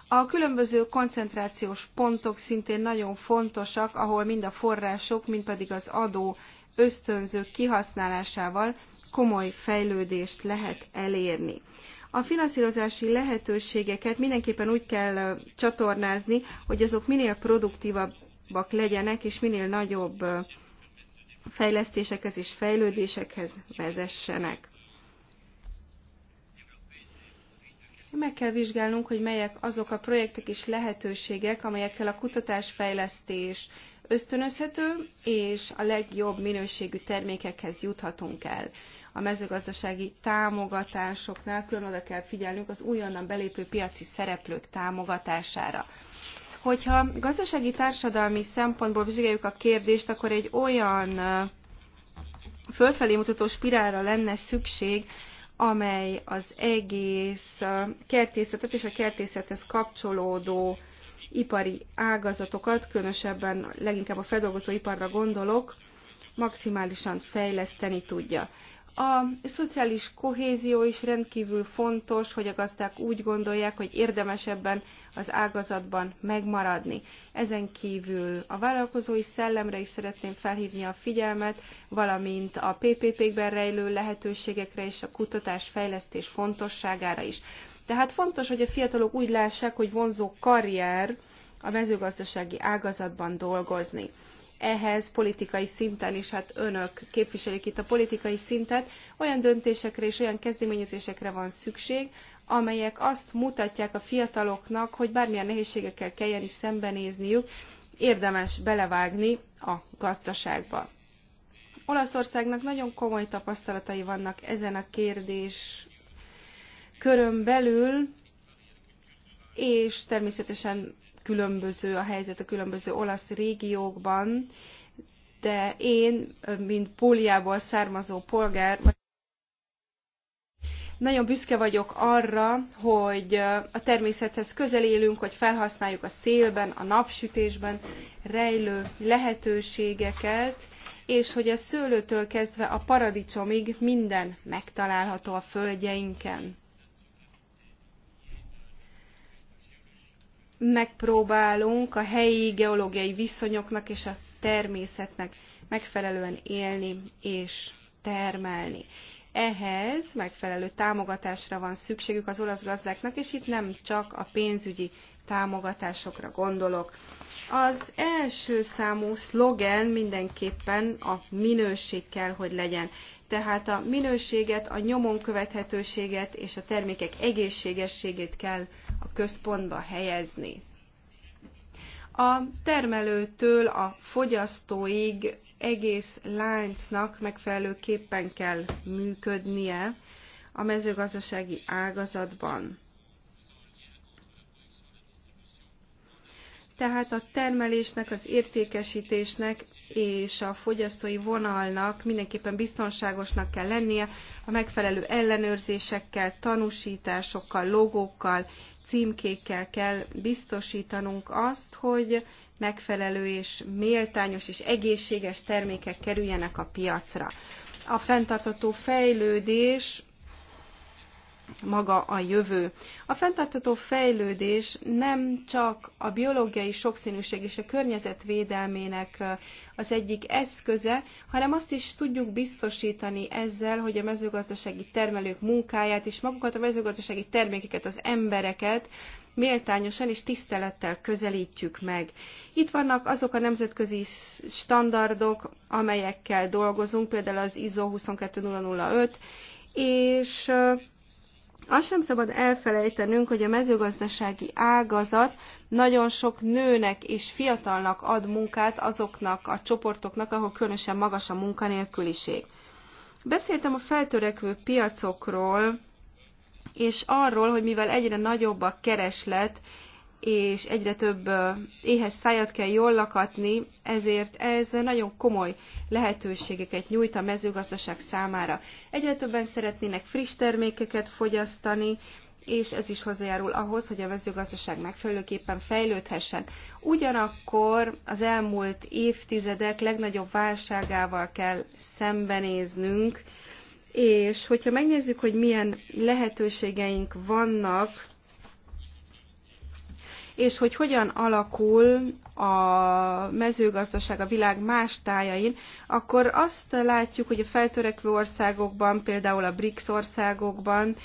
A különböző koncentrációs pontok szintén nagyon fontosak, ahol mind a források, mind pedig az adó ösztönzők kihasználásával komoly fejlődést lehet elérni. A finanszírozási lehetőségeket mindenképpen úgy kell csatornázni, hogy azok minél produktívabbak legyenek, és minél nagyobb fejlesztésekhez és fejlődésekhez vezessenek. Meg kell vizsgálnunk, hogy melyek azok a projektek és lehetőségek, amelyekkel a kutatásfejlesztés ösztönözhető, és a legjobb minőségű termékekhez juthatunk el. A mezőgazdasági támogatásoknál külön oda kell figyelnünk az újonnan belépő piaci szereplők támogatására. Hogyha gazdasági társadalmi szempontból vizsgáljuk a kérdést, akkor egy olyan fölfelé mutató spirálra lenne szükség, amely az egész kertészetet és a kertészethez kapcsolódó ipari ágazatokat, különösebben leginkább a feldolgozóiparra gondolok, maximálisan fejleszteni tudja. A szociális kohézió is rendkívül fontos, hogy a gazdák úgy gondolják, hogy érdemesebben az ágazatban megmaradni. Ezen kívül a vállalkozói szellemre is szeretném felhívni a figyelmet, valamint a PPP-kben rejlő lehetőségekre és a kutatás-fejlesztés fontosságára is. Tehát fontos, hogy a fiatalok úgy lássák, hogy vonzó karrier a mezőgazdasági ágazatban dolgozni ehhez politikai szinten, és hát önök képviselik itt a politikai szintet, olyan döntésekre és olyan kezdeményezésekre van szükség, amelyek azt mutatják a fiataloknak, hogy bármilyen nehézségekkel kelljen is szembenézniük, érdemes belevágni a gazdaságba. Olaszországnak nagyon komoly tapasztalatai vannak ezen a kérdés körön belül, és természetesen különböző a helyzet a különböző olasz régiókban, de én, mint Póliából származó polgár, nagyon büszke vagyok arra, hogy a természethez közel élünk, hogy felhasználjuk a szélben, a napsütésben rejlő lehetőségeket, és hogy a szőlőtől kezdve a paradicsomig minden megtalálható a földjeinken. megpróbálunk a helyi geológiai viszonyoknak és a természetnek megfelelően élni és termelni. Ehhez megfelelő támogatásra van szükségük az olasz gazdáknak, és itt nem csak a pénzügyi támogatásokra gondolok. Az első számú szlogen mindenképpen a minőség kell, hogy legyen. Tehát a minőséget, a nyomon követhetőséget és a termékek egészségességét kell a központba helyezni. A termelőtől a fogyasztóig egész láncnak megfelelőképpen kell működnie a mezőgazdasági ágazatban. tehát a termelésnek, az értékesítésnek és a fogyasztói vonalnak mindenképpen biztonságosnak kell lennie, a megfelelő ellenőrzésekkel, tanúsításokkal, logókkal címkékkel kell biztosítanunk azt, hogy megfelelő és méltányos és egészséges termékek kerüljenek a piacra. A fenntartató fejlődés maga a jövő. A fenntartató fejlődés nem csak a biológiai sokszínűség és a környezetvédelmének az egyik eszköze, hanem azt is tudjuk biztosítani ezzel, hogy a mezőgazdasági termelők munkáját és magukat a mezőgazdasági termékeket, az embereket méltányosan és tisztelettel közelítjük meg. Itt vannak azok a nemzetközi standardok, amelyekkel dolgozunk, például az ISO 22005, és azt sem szabad elfelejtenünk, hogy a mezőgazdasági ágazat nagyon sok nőnek és fiatalnak ad munkát azoknak a csoportoknak, ahol különösen magas a munkanélküliség. Beszéltem a feltörekvő piacokról, és arról, hogy mivel egyre nagyobb a kereslet, és egyre több éhes szájat kell jól lakatni, ezért ez nagyon komoly lehetőségeket nyújt a mezőgazdaság számára. Egyre többen szeretnének friss termékeket fogyasztani, és ez is hozzájárul ahhoz, hogy a mezőgazdaság megfelelőképpen fejlődhessen. Ugyanakkor az elmúlt évtizedek legnagyobb válságával kell szembenéznünk, és hogyha megnézzük, hogy milyen lehetőségeink vannak, és hogy hogyan alakul a mezőgazdaság a világ más tájain, akkor azt látjuk, hogy a feltörekvő országokban, például a BRICS országokban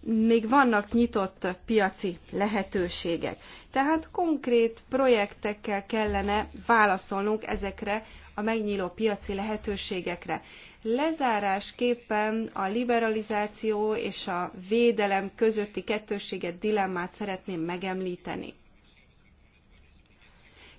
még vannak nyitott piaci lehetőségek. Tehát konkrét projektekkel kellene válaszolnunk ezekre a megnyíló piaci lehetőségekre. Lezárásképpen a liberalizáció és a védelem közötti kettősséget dilemmát szeretném megemlíteni.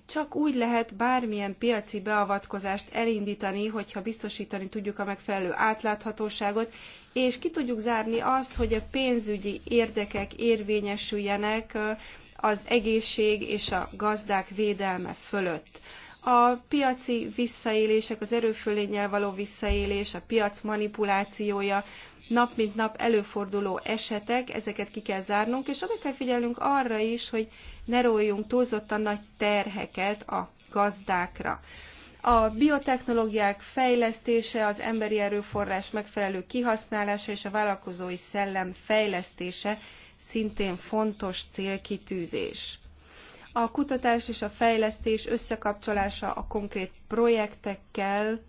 Csak úgy lehet bármilyen piaci beavatkozást elindítani, hogyha biztosítani tudjuk a megfelelő átláthatóságot, és ki tudjuk zárni azt, hogy a pénzügyi érdekek érvényesüljenek az egészség és a gazdák védelme fölött. A piaci visszaélések, az erőfölénnyel való visszaélés, a piac manipulációja, nap mint nap előforduló esetek, ezeket ki kell zárnunk, és oda kell figyelnünk arra is, hogy ne róljunk túlzottan nagy terheket a gazdákra. A biotechnológiák fejlesztése, az emberi erőforrás megfelelő kihasználása és a vállalkozói szellem fejlesztése szintén fontos célkitűzés a kutatás és a fejlesztés összekapcsolása a konkrét projektekkel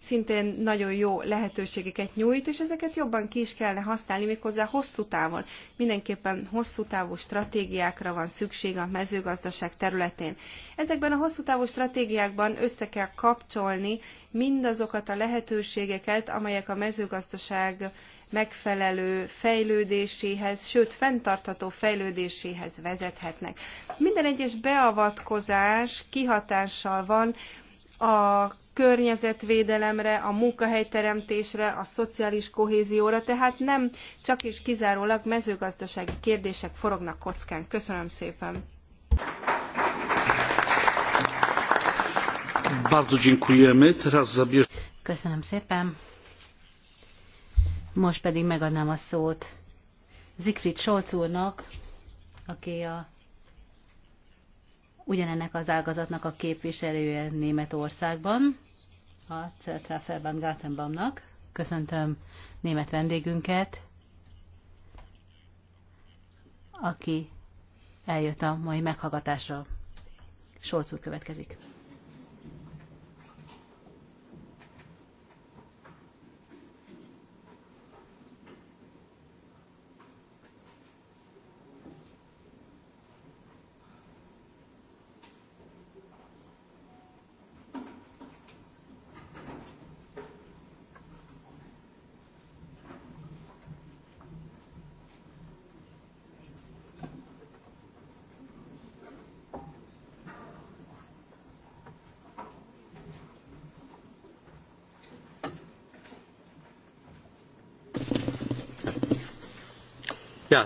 szintén nagyon jó lehetőségeket nyújt, és ezeket jobban ki is kellene használni, méghozzá hosszú távon. Mindenképpen hosszú távú stratégiákra van szükség a mezőgazdaság területén. Ezekben a hosszú távú stratégiákban össze kell kapcsolni mindazokat a lehetőségeket, amelyek a mezőgazdaság megfelelő fejlődéséhez, sőt fenntartható fejlődéséhez vezethetnek. Minden egyes beavatkozás kihatással van a környezetvédelemre, a munkahelyteremtésre, a szociális kohézióra, tehát nem csak és kizárólag mezőgazdasági kérdések forognak kockán. Köszönöm szépen! Köszönöm szépen! Most pedig megadnám a szót Zikrit Scholz úrnak, aki a, ugyanennek az ágazatnak a képviselője Németországban, a Celtrafelben Gartenbaumnak. Köszöntöm német vendégünket, aki eljött a mai meghallgatásra. Solc úr következik.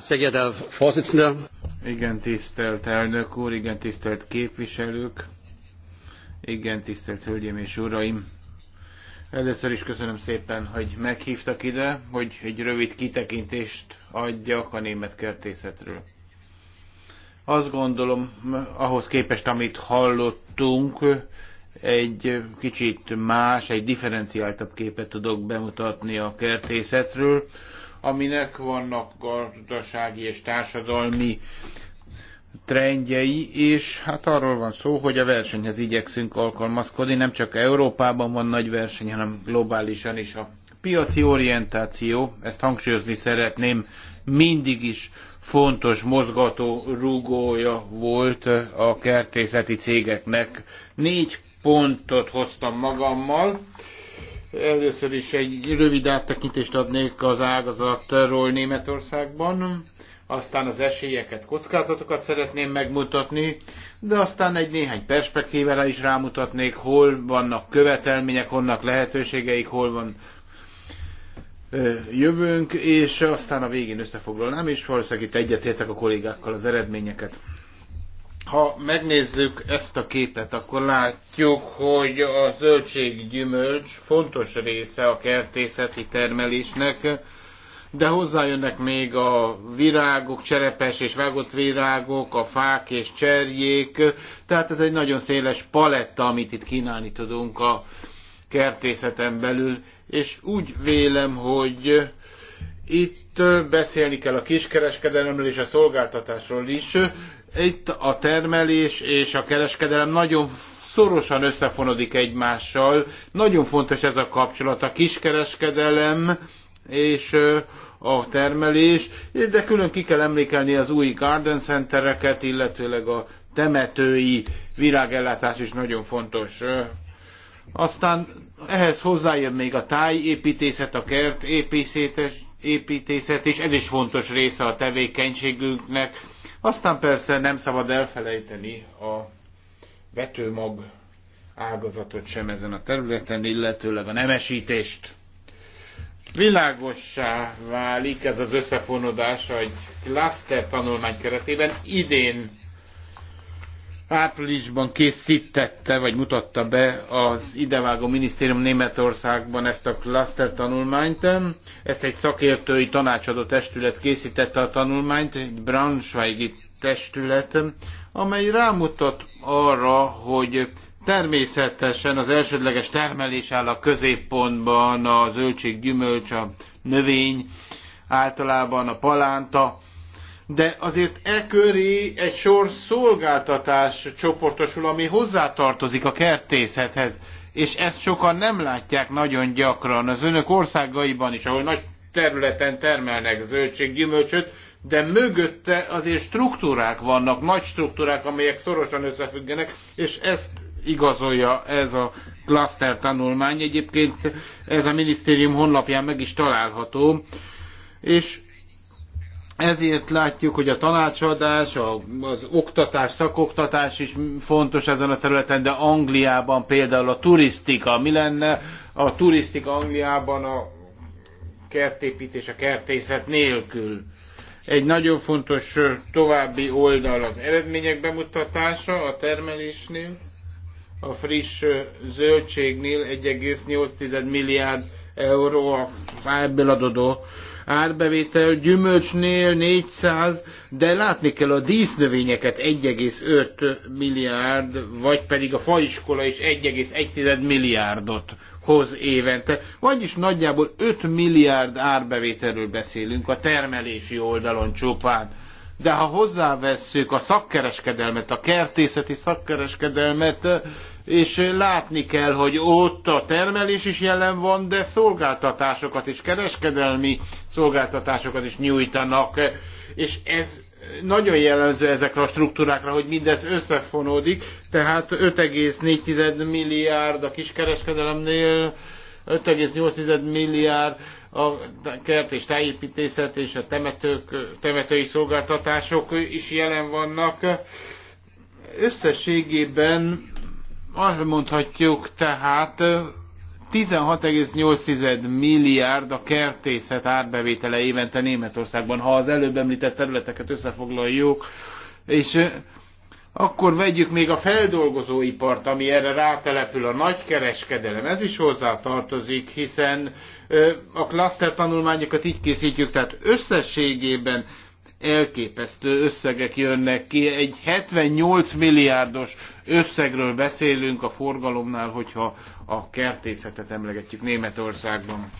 sehr geehrter Vorsitzender. Igen, tisztelt elnök úr, igen, tisztelt képviselők, igen, tisztelt hölgyeim és uraim. Először is köszönöm szépen, hogy meghívtak ide, hogy egy rövid kitekintést adjak a német kertészetről. Azt gondolom, ahhoz képest, amit hallottunk, egy kicsit más, egy differenciáltabb képet tudok bemutatni a kertészetről aminek vannak gazdasági és társadalmi trendjei, és hát arról van szó, hogy a versenyhez igyekszünk alkalmazkodni, nem csak Európában van nagy verseny, hanem globálisan is a piaci orientáció, ezt hangsúlyozni szeretném, mindig is fontos mozgató rúgója volt a kertészeti cégeknek. Négy pontot hoztam magammal, Először is egy rövid áttekintést adnék az ágazatról Németországban, aztán az esélyeket, kockázatokat szeretném megmutatni, de aztán egy néhány perspektívára is rámutatnék, hol vannak követelmények, honnak lehetőségeik, hol van jövőnk, és aztán a végén összefoglalnám, és valószínűleg itt egyetértek a kollégákkal az eredményeket. Ha megnézzük ezt a képet, akkor látjuk, hogy a zöldséggyümölcs fontos része a kertészeti termelésnek, de hozzájönnek még a virágok, cserepes és vágott virágok, a fák és cserjék, tehát ez egy nagyon széles paletta, amit itt kínálni tudunk a kertészeten belül, és úgy vélem, hogy itt beszélni kell a kiskereskedelemről és a szolgáltatásról is, itt a termelés és a kereskedelem nagyon szorosan összefonodik egymással. Nagyon fontos ez a kapcsolat, a kiskereskedelem és a termelés, de külön ki kell emlékelni az új garden centereket, illetőleg a temetői virágellátás is nagyon fontos. Aztán ehhez hozzájön még a tájépítészet, a kert építészet, építészet, és ez is fontos része a tevékenységünknek. Aztán persze nem szabad elfelejteni a vetőmag ágazatot sem ezen a területen, illetőleg a nemesítést. Világossá válik ez az összefonódás egy klaszter tanulmány keretében. Idén áprilisban készítette, vagy mutatta be az idevágó minisztérium Németországban ezt a cluster tanulmányt. Ezt egy szakértői tanácsadó testület készítette a tanulmányt, egy Braunschweigi testület, amely rámutat arra, hogy természetesen az elsődleges termelés áll a középpontban, a zöldség, gyümölcs, a növény, általában a palánta, de azért e köré egy sor szolgáltatás csoportosul, ami hozzátartozik a kertészethez, és ezt sokan nem látják nagyon gyakran. Az önök országaiban is, ahol nagy területen termelnek zöldség, gyümölcsöt, de mögötte azért struktúrák vannak, nagy struktúrák, amelyek szorosan összefüggenek, és ezt igazolja ez a cluster tanulmány. Egyébként ez a minisztérium honlapján meg is található. És ezért látjuk, hogy a tanácsadás, az oktatás, szakoktatás is fontos ezen a területen, de Angliában például a turisztika, mi lenne a turisztika Angliában a kertépítés, a kertészet nélkül? Egy nagyon fontos további oldal az eredmények bemutatása a termelésnél, a friss zöldségnél 1,8 milliárd euró az ebből adódó árbevétel, gyümölcsnél 400, de látni kell a dísznövényeket 1,5 milliárd, vagy pedig a faiskola is 1,1 milliárdot hoz évente, vagyis nagyjából 5 milliárd árbevételről beszélünk a termelési oldalon csupán. De ha hozzávesszük a szakkereskedelmet, a kertészeti szakkereskedelmet, és látni kell, hogy ott a termelés is jelen van, de szolgáltatásokat és kereskedelmi szolgáltatásokat is nyújtanak, és ez nagyon jellemző ezekre a struktúrákra, hogy mindez összefonódik, tehát 5,4 milliárd a kiskereskedelemnél, 5,8 milliárd a kert és tájépítészet és a temetők, temetői szolgáltatások is jelen vannak. Összességében azt mondhatjuk tehát, 16,8 milliárd a kertészet árbevétele évente Németországban, ha az előbb említett területeket összefoglaljuk, és akkor vegyük még a feldolgozóipart, ami erre rátelepül a nagykereskedelem, ez is hozzá tartozik, hiszen a klaszter tanulmányokat így készítjük, tehát összességében elképesztő összegek jönnek ki. Egy 78 milliárdos összegről beszélünk a forgalomnál, hogyha a kertészetet emlegetjük Németországban.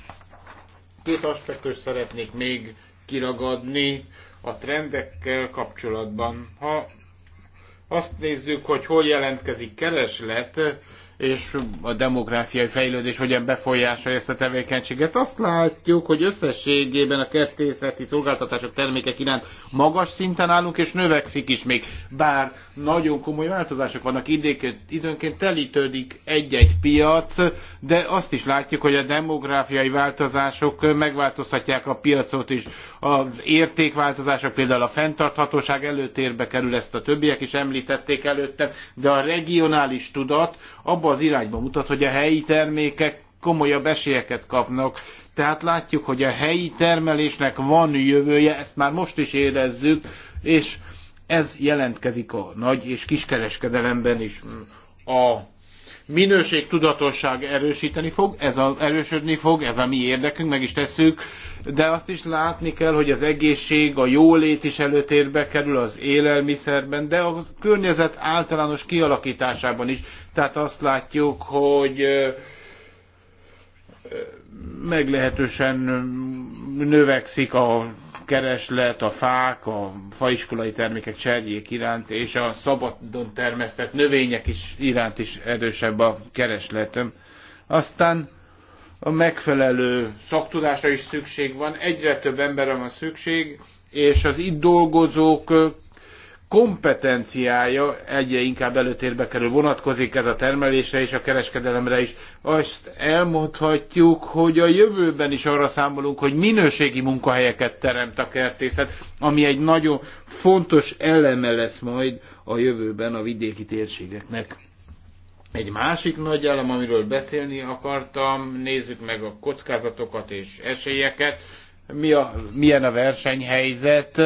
Két aspektus szeretnék még kiragadni a trendekkel kapcsolatban. Ha azt nézzük, hogy hol jelentkezik kereslet, és a demográfiai fejlődés hogyan befolyásolja ezt a tevékenységet. Azt látjuk, hogy összességében a kertészeti szolgáltatások termékek iránt magas szinten állunk, és növekszik is még. Bár nagyon komoly változások vannak, időnként, időnként telítődik egy-egy piac, de azt is látjuk, hogy a demográfiai változások megváltoztatják a piacot is. Az értékváltozások, például a fenntarthatóság előtérbe kerül, ezt a többiek is említették előtte, de a regionális tudat, abba az irányba mutat, hogy a helyi termékek komolyabb esélyeket kapnak. Tehát látjuk, hogy a helyi termelésnek van jövője, ezt már most is érezzük, és ez jelentkezik a nagy és kiskereskedelemben is. A minőségtudatosság erősíteni fog, ez a, erősödni fog, ez a mi érdekünk, meg is tesszük, de azt is látni kell, hogy az egészség, a jólét is előtérbe kerül az élelmiszerben, de a környezet általános kialakításában is. Tehát azt látjuk, hogy meglehetősen növekszik a kereslet, a fák, a faiskolai termékek cserjék iránt, és a szabadon termesztett növények is iránt is erősebb a keresletem. Aztán a megfelelő szaktudásra is szükség van, egyre több emberre van szükség, és az itt dolgozók kompetenciája egyre inkább előtérbe kerül, vonatkozik ez a termelésre és a kereskedelemre is. Azt elmondhatjuk, hogy a jövőben is arra számolunk, hogy minőségi munkahelyeket teremt a kertészet, ami egy nagyon fontos eleme lesz majd a jövőben a vidéki térségeknek. Egy másik nagy elem, amiről beszélni akartam, nézzük meg a kockázatokat és esélyeket mi a, milyen a versenyhelyzet,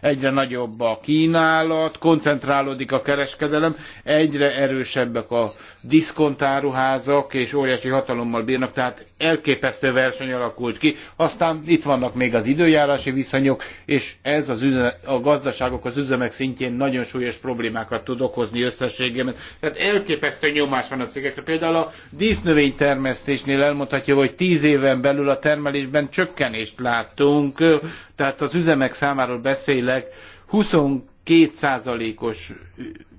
egyre nagyobb a knálat koncentrálódik a kereskedelem, egyre erősebbek a diszkontáruházak és óriási hatalommal bírnak, tehát elképesztő verseny alakult ki. Aztán itt vannak még az időjárási viszonyok, és ez az üze, a gazdaságok, az üzemek szintjén nagyon súlyos problémákat tud okozni összességében. Tehát elképesztő nyomás van a cégekre. Például a dísznövénytermesztésnél elmondhatja, hogy tíz éven belül a termelésben csökkenést láttunk, tehát az üzemek számáról beszélek, kétszázalékos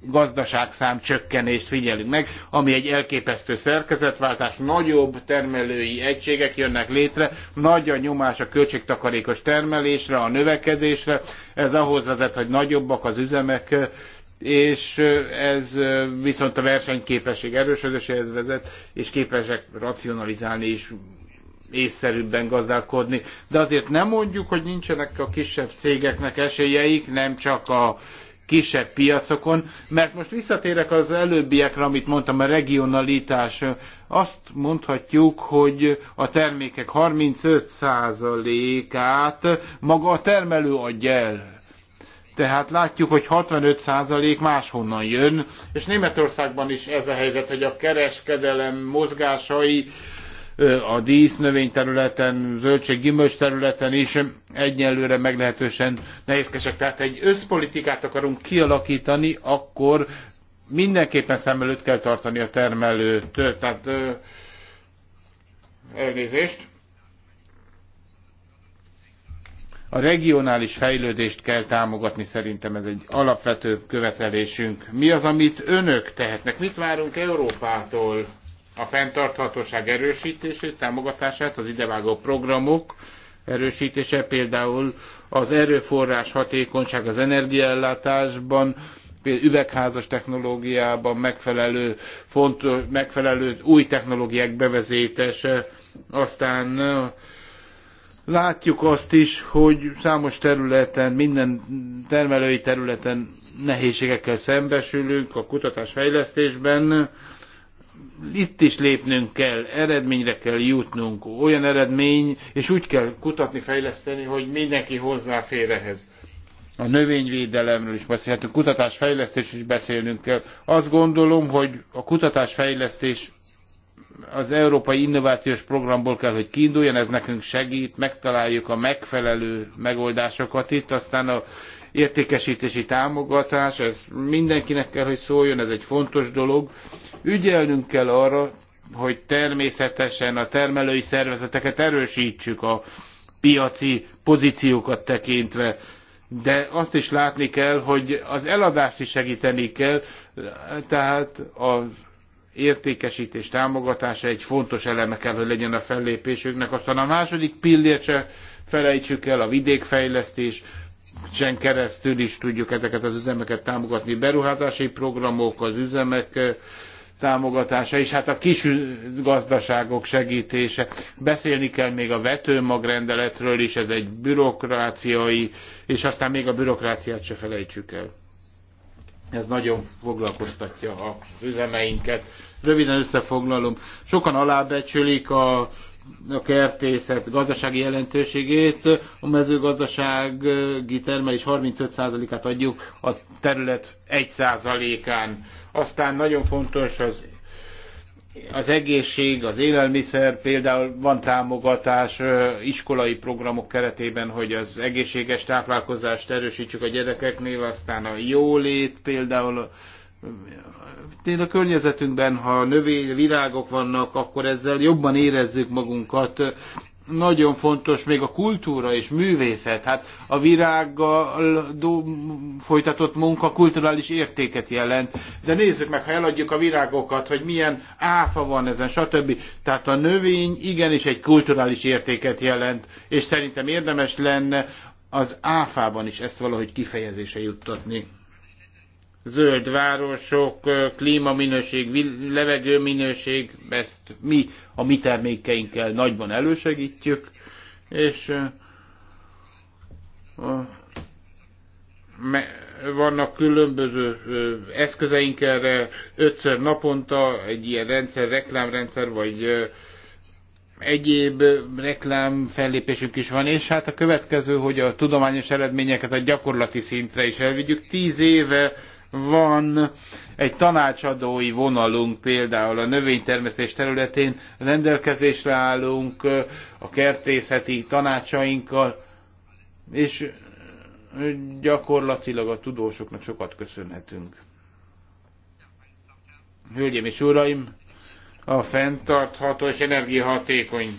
gazdaságszám csökkenést figyelünk meg, ami egy elképesztő szerkezetváltás, nagyobb termelői egységek jönnek létre, nagy a nyomás a költségtakarékos termelésre, a növekedésre, ez ahhoz vezet, hogy nagyobbak az üzemek, és ez viszont a versenyképesség erősödéséhez vezet, és képesek racionalizálni is észszerűbben gazdálkodni. De azért nem mondjuk, hogy nincsenek a kisebb cégeknek esélyeik, nem csak a kisebb piacokon, mert most visszatérek az előbbiekre, amit mondtam, a regionalitás. Azt mondhatjuk, hogy a termékek 35%-át maga a termelő adja el. Tehát látjuk, hogy 65% máshonnan jön, és Németországban is ez a helyzet, hogy a kereskedelem mozgásai a dísznövény területen, zöldség, gyümölcs területen is egyelőre meglehetősen nehézkesek. Tehát egy összpolitikát akarunk kialakítani, akkor mindenképpen szem előtt kell tartani a termelőt. Tehát elnézést. A regionális fejlődést kell támogatni, szerintem ez egy alapvető követelésünk. Mi az, amit önök tehetnek? Mit várunk Európától? a fenntarthatóság erősítését, támogatását, az idevágó programok erősítése, például az erőforrás hatékonyság az energiaellátásban, üvegházas technológiában megfelelő, font, megfelelő új technológiák bevezetése, aztán látjuk azt is, hogy számos területen, minden termelői területen nehézségekkel szembesülünk a kutatásfejlesztésben, fejlesztésben, itt is lépnünk kell, eredményre kell jutnunk, olyan eredmény, és úgy kell kutatni, fejleszteni, hogy mindenki hozzáfér ehhez. A növényvédelemről is beszélhetünk, kutatásfejlesztés is beszélnünk kell. Azt gondolom, hogy a kutatásfejlesztés az Európai Innovációs Programból kell, hogy kiinduljon, ez nekünk segít, megtaláljuk a megfelelő megoldásokat itt, aztán a értékesítési támogatás, ez mindenkinek kell, hogy szóljon, ez egy fontos dolog. Ügyelnünk kell arra, hogy természetesen a termelői szervezeteket erősítsük a piaci pozíciókat tekintve, de azt is látni kell, hogy az eladást is segíteni kell, tehát az értékesítés támogatása egy fontos eleme kell, hogy legyen a fellépésünknek. Aztán a második pillért se felejtsük el, a vidékfejlesztés, sen keresztül is tudjuk ezeket az üzemeket támogatni. Beruházási programok, az üzemek támogatása, és hát a kis gazdaságok segítése. Beszélni kell még a vetőmagrendeletről is, ez egy bürokráciai, és aztán még a bürokráciát se felejtsük el. Ez nagyon foglalkoztatja az üzemeinket. Röviden összefoglalom. Sokan alábecsülik a a kertészet gazdasági jelentőségét, a mezőgazdasági termelés 35%-át adjuk a terület 1%-án. Aztán nagyon fontos az, az egészség, az élelmiszer, például van támogatás iskolai programok keretében, hogy az egészséges táplálkozást erősítsük a gyerekeknél, aztán a jólét például a környezetünkben, ha növény, virágok vannak, akkor ezzel jobban érezzük magunkat. Nagyon fontos még a kultúra és művészet. Hát a virággal folytatott munka kulturális értéket jelent. De nézzük meg, ha eladjuk a virágokat, hogy milyen áfa van ezen, stb. Tehát a növény igenis egy kulturális értéket jelent, és szerintem érdemes lenne az áfában is ezt valahogy kifejezése juttatni zöld városok, klímaminőség, levegőminőség, ezt mi a mi termékeinkkel nagyban elősegítjük, és vannak különböző eszközeink erre, ötször naponta egy ilyen rendszer, reklámrendszer, vagy egyéb reklám fellépésünk is van, és hát a következő, hogy a tudományos eredményeket a gyakorlati szintre is elvigyük. Tíz éve van egy tanácsadói vonalunk például a növénytermesztés területén, rendelkezésre állunk a kertészeti tanácsainkkal, és gyakorlatilag a tudósoknak sokat köszönhetünk. Hölgyeim és uraim, a fenntartható és energiahatékony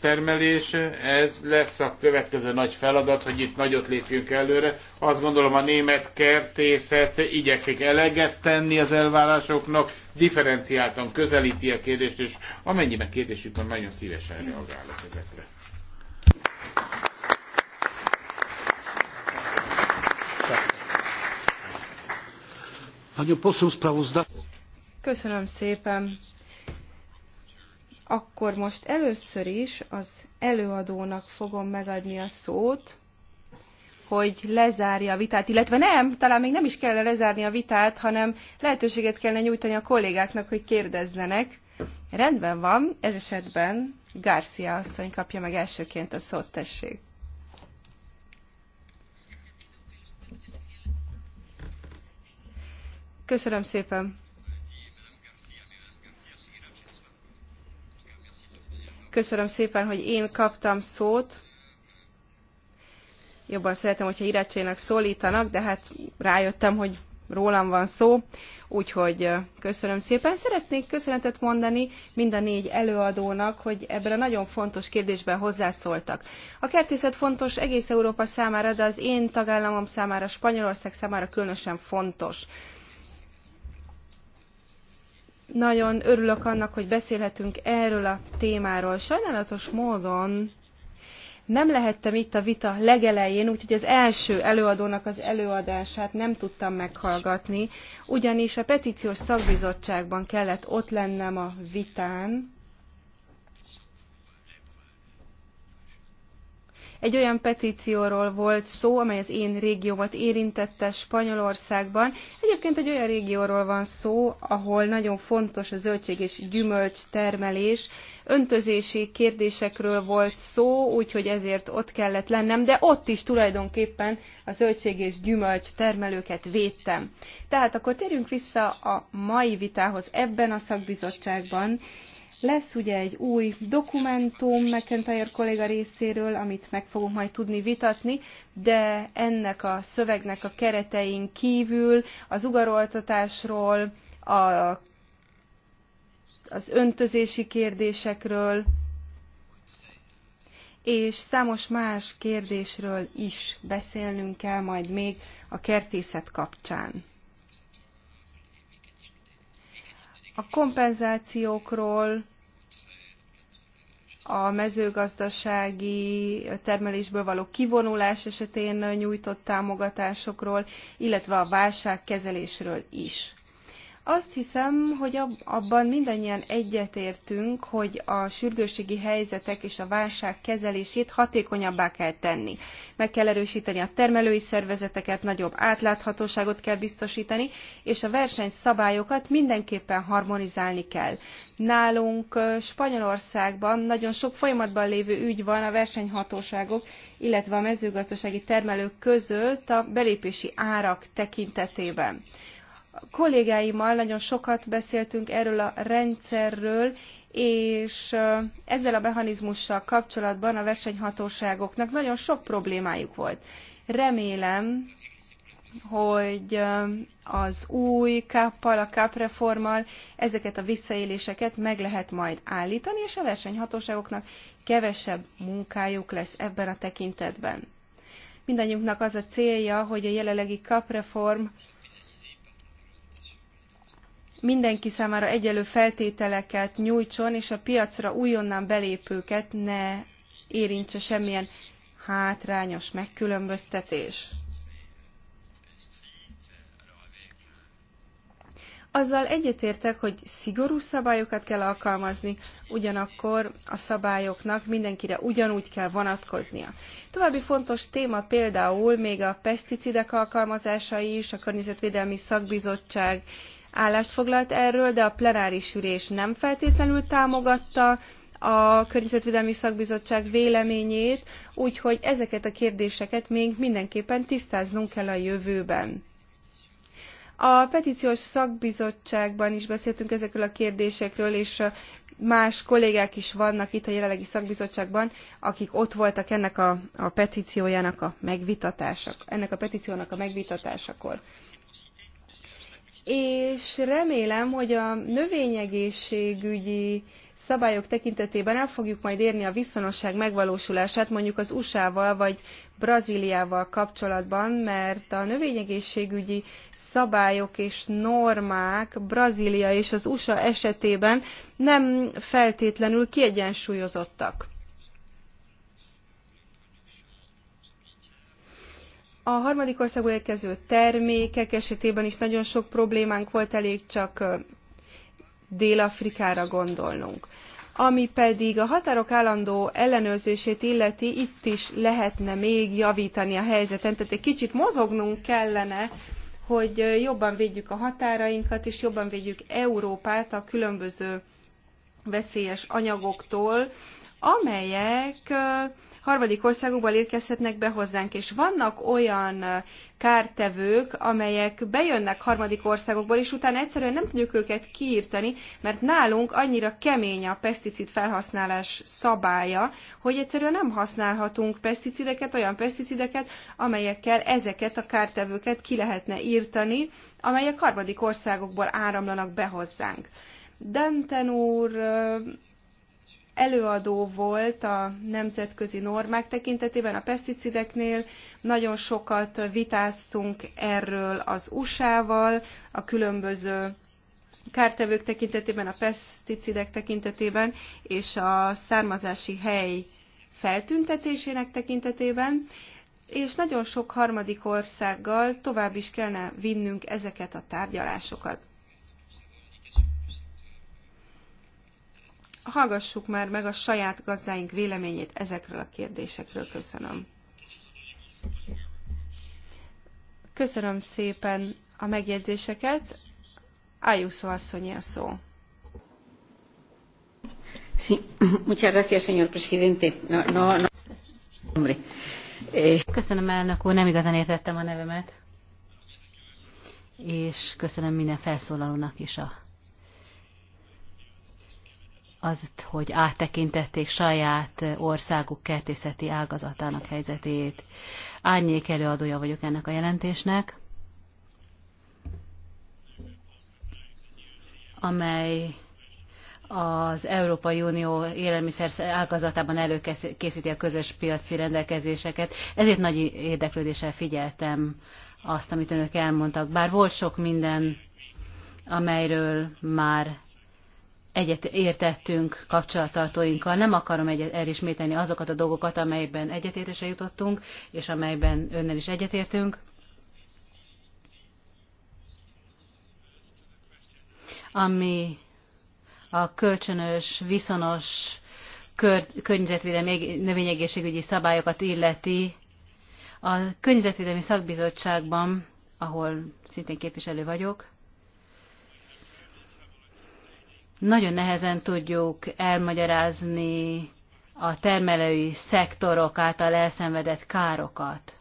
termelés, ez lesz a következő nagy feladat, hogy itt nagyot lépjünk előre. Azt gondolom a német kertészet igyekszik eleget tenni az elvárásoknak, differenciáltan közelíti a kérdést, és amennyiben kérdésük van, nagyon szívesen reagálok ezekre. Köszönöm szépen akkor most először is az előadónak fogom megadni a szót, hogy lezárja a vitát, illetve nem, talán még nem is kellene lezárni a vitát, hanem lehetőséget kellene nyújtani a kollégáknak, hogy kérdezzenek. Rendben van, ez esetben Garcia asszony kapja meg elsőként a szót, tessék. Köszönöm szépen. Köszönöm szépen, hogy én kaptam szót. Jobban szeretem, hogyha irácsének szólítanak, de hát rájöttem, hogy rólam van szó, úgyhogy köszönöm szépen. Szeretnék köszönetet mondani mind a négy előadónak, hogy ebben a nagyon fontos kérdésben hozzászóltak. A kertészet fontos egész Európa számára, de az én tagállamom számára, Spanyolország számára különösen fontos. Nagyon örülök annak, hogy beszélhetünk erről a témáról. Sajnálatos módon nem lehettem itt a vita legelején, úgyhogy az első előadónak az előadását nem tudtam meghallgatni, ugyanis a petíciós szakbizottságban kellett ott lennem a vitán, Egy olyan petícióról volt szó, amely az én régiómat érintette Spanyolországban. Egyébként egy olyan régióról van szó, ahol nagyon fontos a zöldség és gyümölcs termelés. Öntözési kérdésekről volt szó, úgyhogy ezért ott kellett lennem, de ott is tulajdonképpen a zöldség és gyümölcs termelőket védtem. Tehát akkor térjünk vissza a mai vitához ebben a szakbizottságban, lesz ugye egy új dokumentum McIntyre kolléga részéről, amit meg fogunk majd tudni vitatni, de ennek a szövegnek a keretein kívül az ugaroltatásról, a, az öntözési kérdésekről, és számos más kérdésről is beszélnünk kell majd még a kertészet kapcsán. a kompenzációkról, a mezőgazdasági termelésből való kivonulás esetén nyújtott támogatásokról, illetve a válságkezelésről is. Azt hiszem, hogy abban mindannyian egyetértünk, hogy a sürgőségi helyzetek és a válság kezelését hatékonyabbá kell tenni. Meg kell erősíteni a termelői szervezeteket, nagyobb átláthatóságot kell biztosítani, és a versenyszabályokat mindenképpen harmonizálni kell. Nálunk Spanyolországban nagyon sok folyamatban lévő ügy van a versenyhatóságok, illetve a mezőgazdasági termelők között a belépési árak tekintetében kollégáimmal nagyon sokat beszéltünk erről a rendszerről, és ezzel a mechanizmussal kapcsolatban a versenyhatóságoknak nagyon sok problémájuk volt. Remélem, hogy az új káppal, a kápreformmal ezeket a visszaéléseket meg lehet majd állítani, és a versenyhatóságoknak kevesebb munkájuk lesz ebben a tekintetben. Mindannyiunknak az a célja, hogy a jelenlegi kapreform reform mindenki számára egyelő feltételeket nyújtson, és a piacra újonnan belépőket ne érintse semmilyen hátrányos megkülönböztetés. Azzal egyetértek, hogy szigorú szabályokat kell alkalmazni, ugyanakkor a szabályoknak mindenkire ugyanúgy kell vonatkoznia. További fontos téma például még a peszticidek alkalmazása is, a Környezetvédelmi Szakbizottság állást foglalt erről, de a plenáris ülés nem feltétlenül támogatta a Környezetvédelmi Szakbizottság véleményét, úgyhogy ezeket a kérdéseket még mindenképpen tisztáznunk kell a jövőben. A petíciós szakbizottságban is beszéltünk ezekről a kérdésekről, és más kollégák is vannak itt a jelenlegi szakbizottságban, akik ott voltak ennek a, a petíciójának a megvitatásakor, ennek a petíciónak a megvitatásakor és remélem, hogy a növényegészségügyi szabályok tekintetében el fogjuk majd érni a viszonosság megvalósulását mondjuk az USA-val vagy Brazíliával kapcsolatban, mert a növényegészségügyi szabályok és normák Brazília és az USA esetében nem feltétlenül kiegyensúlyozottak. A harmadik országból érkező termékek esetében is nagyon sok problémánk volt, elég csak Dél-Afrikára gondolnunk. Ami pedig a határok állandó ellenőrzését illeti, itt is lehetne még javítani a helyzeten, tehát egy kicsit mozognunk kellene, hogy jobban védjük a határainkat, és jobban védjük Európát a különböző veszélyes anyagoktól, amelyek harmadik országokból érkezhetnek be hozzánk, és vannak olyan kártevők, amelyek bejönnek harmadik országokból, és utána egyszerűen nem tudjuk őket kiírtani, mert nálunk annyira kemény a peszticid felhasználás szabálya, hogy egyszerűen nem használhatunk peszticideket, olyan peszticideket, amelyekkel ezeket a kártevőket ki lehetne írtani, amelyek harmadik országokból áramlanak be hozzánk. Denten úr előadó volt a nemzetközi normák tekintetében a peszticideknél. Nagyon sokat vitáztunk erről az USA-val, a különböző kártevők tekintetében, a peszticidek tekintetében és a származási hely feltüntetésének tekintetében, és nagyon sok harmadik országgal tovább is kellene vinnünk ezeket a tárgyalásokat. hallgassuk már meg a saját gazdáink véleményét ezekről a kérdésekről. Köszönöm. Köszönöm szépen a megjegyzéseket. Ájuszó asszonyi a szó. Sí, muchas gracias, señor presidente. No, no, no. Hombre. Eh. Köszönöm, elnök úr, nem igazán értettem a nevemet. És köszönöm minden felszólalónak is a azt, hogy áttekintették saját országuk kertészeti ágazatának helyzetét. Árnyék előadója vagyok ennek a jelentésnek, amely az Európai Unió élelmiszer ágazatában előkészíti a közös piaci rendelkezéseket. Ezért nagy érdeklődéssel figyeltem azt, amit önök elmondtak. Bár volt sok minden, amelyről már egyet értettünk kapcsolattartóinkkal. Nem akarom egyet, elismételni azokat a dolgokat, amelyben egyetértésre jutottunk, és amelyben önnel is egyetértünk. Ami a kölcsönös, viszonos kör, környezetvédelmi növényegészségügyi szabályokat illeti, a Környezetvédelmi Szakbizottságban, ahol szintén képviselő vagyok, nagyon nehezen tudjuk elmagyarázni a termelői szektorok által elszenvedett károkat.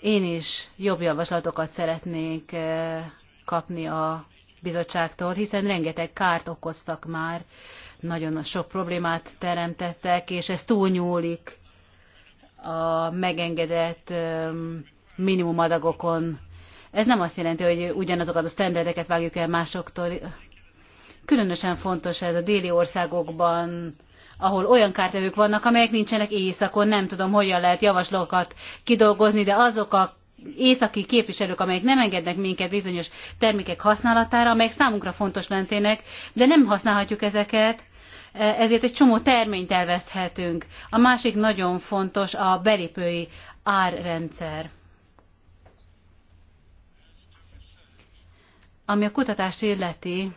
Én is jobb javaslatokat szeretnék eh, kapni a bizottságtól, hiszen rengeteg kárt okoztak már, nagyon sok problémát teremtettek, és ez túlnyúlik a megengedett eh, minimumadagokon. Ez nem azt jelenti, hogy ugyanazokat a standardeket vágjuk el másoktól. Különösen fontos ez a déli országokban, ahol olyan kártevők vannak, amelyek nincsenek éjszakon, nem tudom, hogyan lehet javaslókat kidolgozni, de azok a északi képviselők, amelyek nem engednek minket bizonyos termékek használatára, amelyek számunkra fontos lentének, de nem használhatjuk ezeket, ezért egy csomó terményt elveszthetünk. A másik nagyon fontos a belépői árrendszer. Ami a kutatást illeti,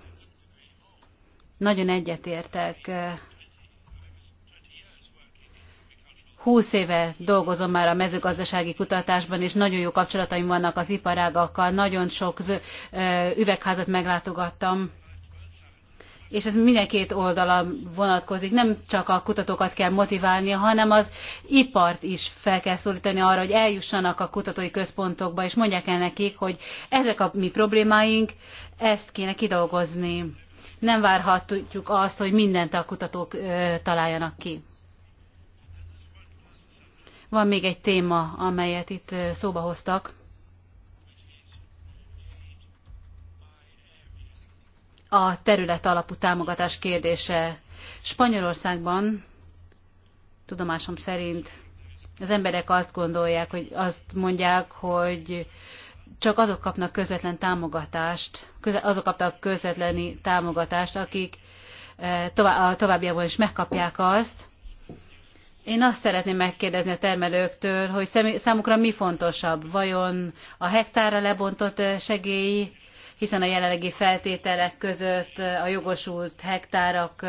nagyon egyetértek. Húsz éve dolgozom már a mezőgazdasági kutatásban, és nagyon jó kapcsolataim vannak az iparágakkal. Nagyon sok üvegházat meglátogattam és ez minden két oldala vonatkozik. Nem csak a kutatókat kell motiválni, hanem az ipart is fel kell szólítani arra, hogy eljussanak a kutatói központokba, és mondják el nekik, hogy ezek a mi problémáink, ezt kéne kidolgozni. Nem várhatjuk azt, hogy mindent a kutatók ö, találjanak ki. Van még egy téma, amelyet itt szóba hoztak. a terület alapú támogatás kérdése. Spanyolországban tudomásom szerint az emberek azt gondolják, hogy azt mondják, hogy csak azok kapnak közvetlen támogatást, azok kaptak közvetleni támogatást, akik eh, a továbbiakban is megkapják azt. Én azt szeretném megkérdezni a termelőktől, hogy számukra mi fontosabb, vajon a hektára lebontott eh, segély, hiszen a jelenlegi feltételek között a jogosult hektárak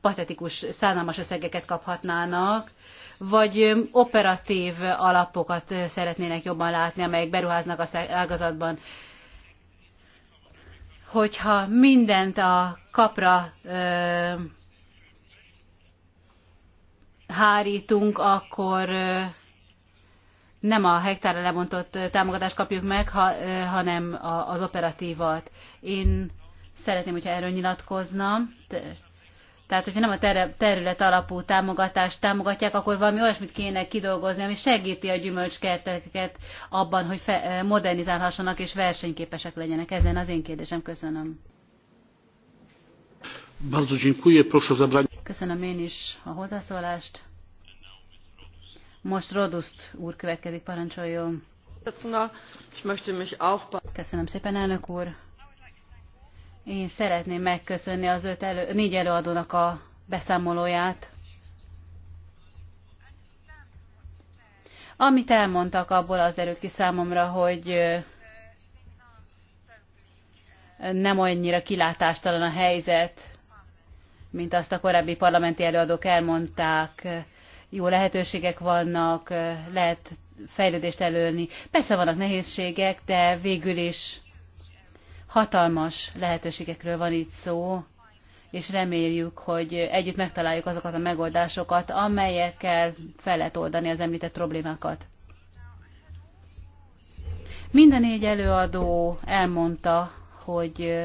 patetikus, szánalmas összegeket kaphatnának, vagy operatív alapokat szeretnének jobban látni, amelyek beruháznak a ágazatban. Hogyha mindent a kapra ö, hárítunk, akkor ö, nem a hektára lebontott támogatást kapjuk meg, ha, hanem a, az operatívat. Én szeretném, hogyha erről nyilatkozna. Tehát, hogyha nem a terület alapú támogatást támogatják, akkor valami olyasmit kéne kidolgozni, ami segíti a gyümölcskerteket abban, hogy modernizálhassanak és versenyképesek legyenek. Ez lenne az én kérdésem. Köszönöm. Köszönöm én is a hozzászólást. Most Roduszt úr következik, parancsoljon. Köszönöm szépen, elnök úr. Én szeretném megköszönni az öt elő, négy előadónak a beszámolóját. Amit elmondtak, abból az derül ki számomra, hogy nem annyira kilátástalan a helyzet, mint azt a korábbi parlamenti előadók elmondták jó lehetőségek vannak, lehet fejlődést előni. Persze vannak nehézségek, de végül is hatalmas lehetőségekről van itt szó, és reméljük, hogy együtt megtaláljuk azokat a megoldásokat, amelyekkel fel lehet oldani az említett problémákat. Minden négy előadó elmondta, hogy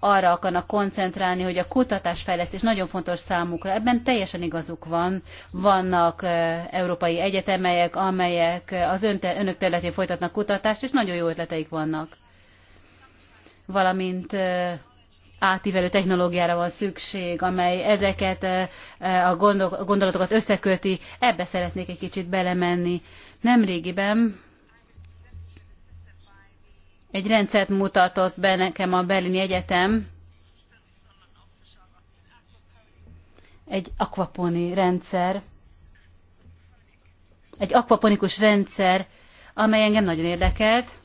arra akarnak koncentrálni, hogy a kutatásfejlesztés nagyon fontos számukra. Ebben teljesen igazuk van. Vannak európai egyetemek, amelyek az te, önök területén folytatnak kutatást, és nagyon jó ötleteik vannak. Valamint átívelő technológiára van szükség, amely ezeket a gondolatokat összeköti. Ebbe szeretnék egy kicsit belemenni. Nemrégiben egy rendszert mutatott be nekem a Berlini Egyetem, egy akvaponi rendszer, egy akvaponikus rendszer, amely engem nagyon érdekelt.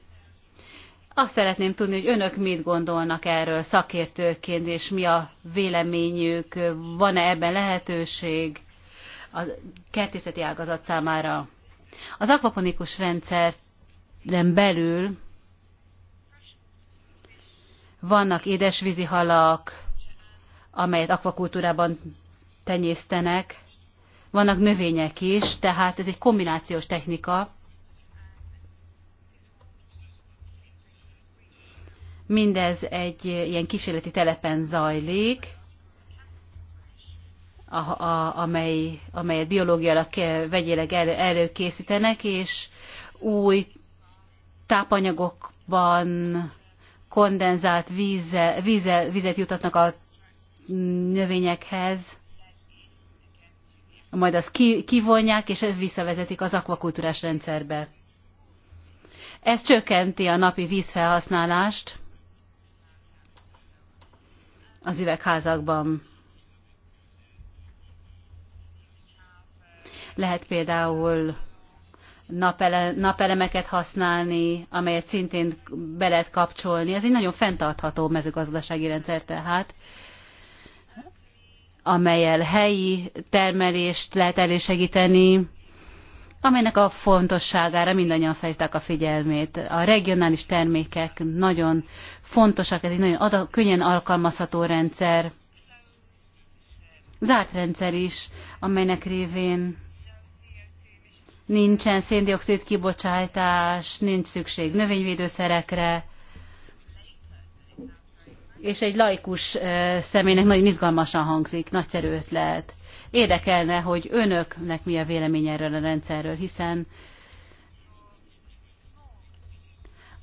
Azt szeretném tudni, hogy önök mit gondolnak erről szakértőként, és mi a véleményük, van-e ebben lehetőség a kertészeti ágazat számára. Az akvaponikus rendszeren belül vannak édesvízi halak, amelyet akvakultúrában tenyésztenek, vannak növények is, tehát ez egy kombinációs technika. Mindez egy ilyen kísérleti telepen zajlik, a, a, amely, amelyet biológiailag vegyileg elő, előkészítenek, és új tápanyagokban kondenzált vízzel, vízzel, vizet jutatnak a növényekhez, majd azt kivonják, és ezt visszavezetik az akvakultúrás rendszerbe. Ez csökkenti a napi vízfelhasználást az üvegházakban. Lehet például napele, napelemeket használni, amelyet szintén be lehet kapcsolni. Ez egy nagyon fenntartható mezőgazdasági rendszer tehát, amelyel helyi termelést lehet elősegíteni, amelynek a fontosságára mindannyian felhívták a figyelmét. A regionális termékek nagyon fontosak, ez egy nagyon ad- könnyen alkalmazható rendszer, zárt rendszer is, amelynek révén nincsen széndiokszid kibocsátás, nincs szükség növényvédőszerekre, és egy laikus személynek nagyon izgalmasan hangzik, nagyszerű ötlet. Érdekelne, hogy önöknek mi a vélemény erről a rendszerről, hiszen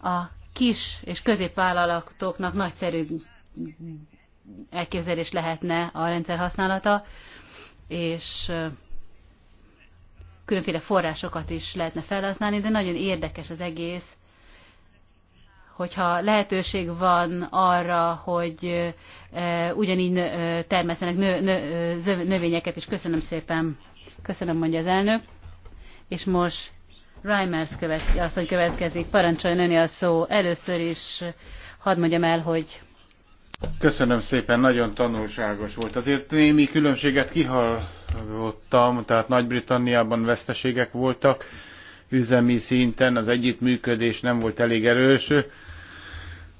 a kis és középvállalatoknak nagyszerű elképzelés lehetne a rendszer használata, és különféle forrásokat is lehetne felhasználni, de nagyon érdekes az egész, hogyha lehetőség van arra, hogy ugyanígy termesztenek nö, nö, növényeket, és köszönöm szépen, köszönöm, mondja az elnök. És most Reimers követ, asszony következik, parancsoljon öni a szó. Először is hadd mondjam el, hogy Köszönöm szépen, nagyon tanulságos volt. Azért némi különbséget kihallottam, tehát Nagy-Britanniában veszteségek voltak, üzemi szinten az együttműködés nem volt elég erős,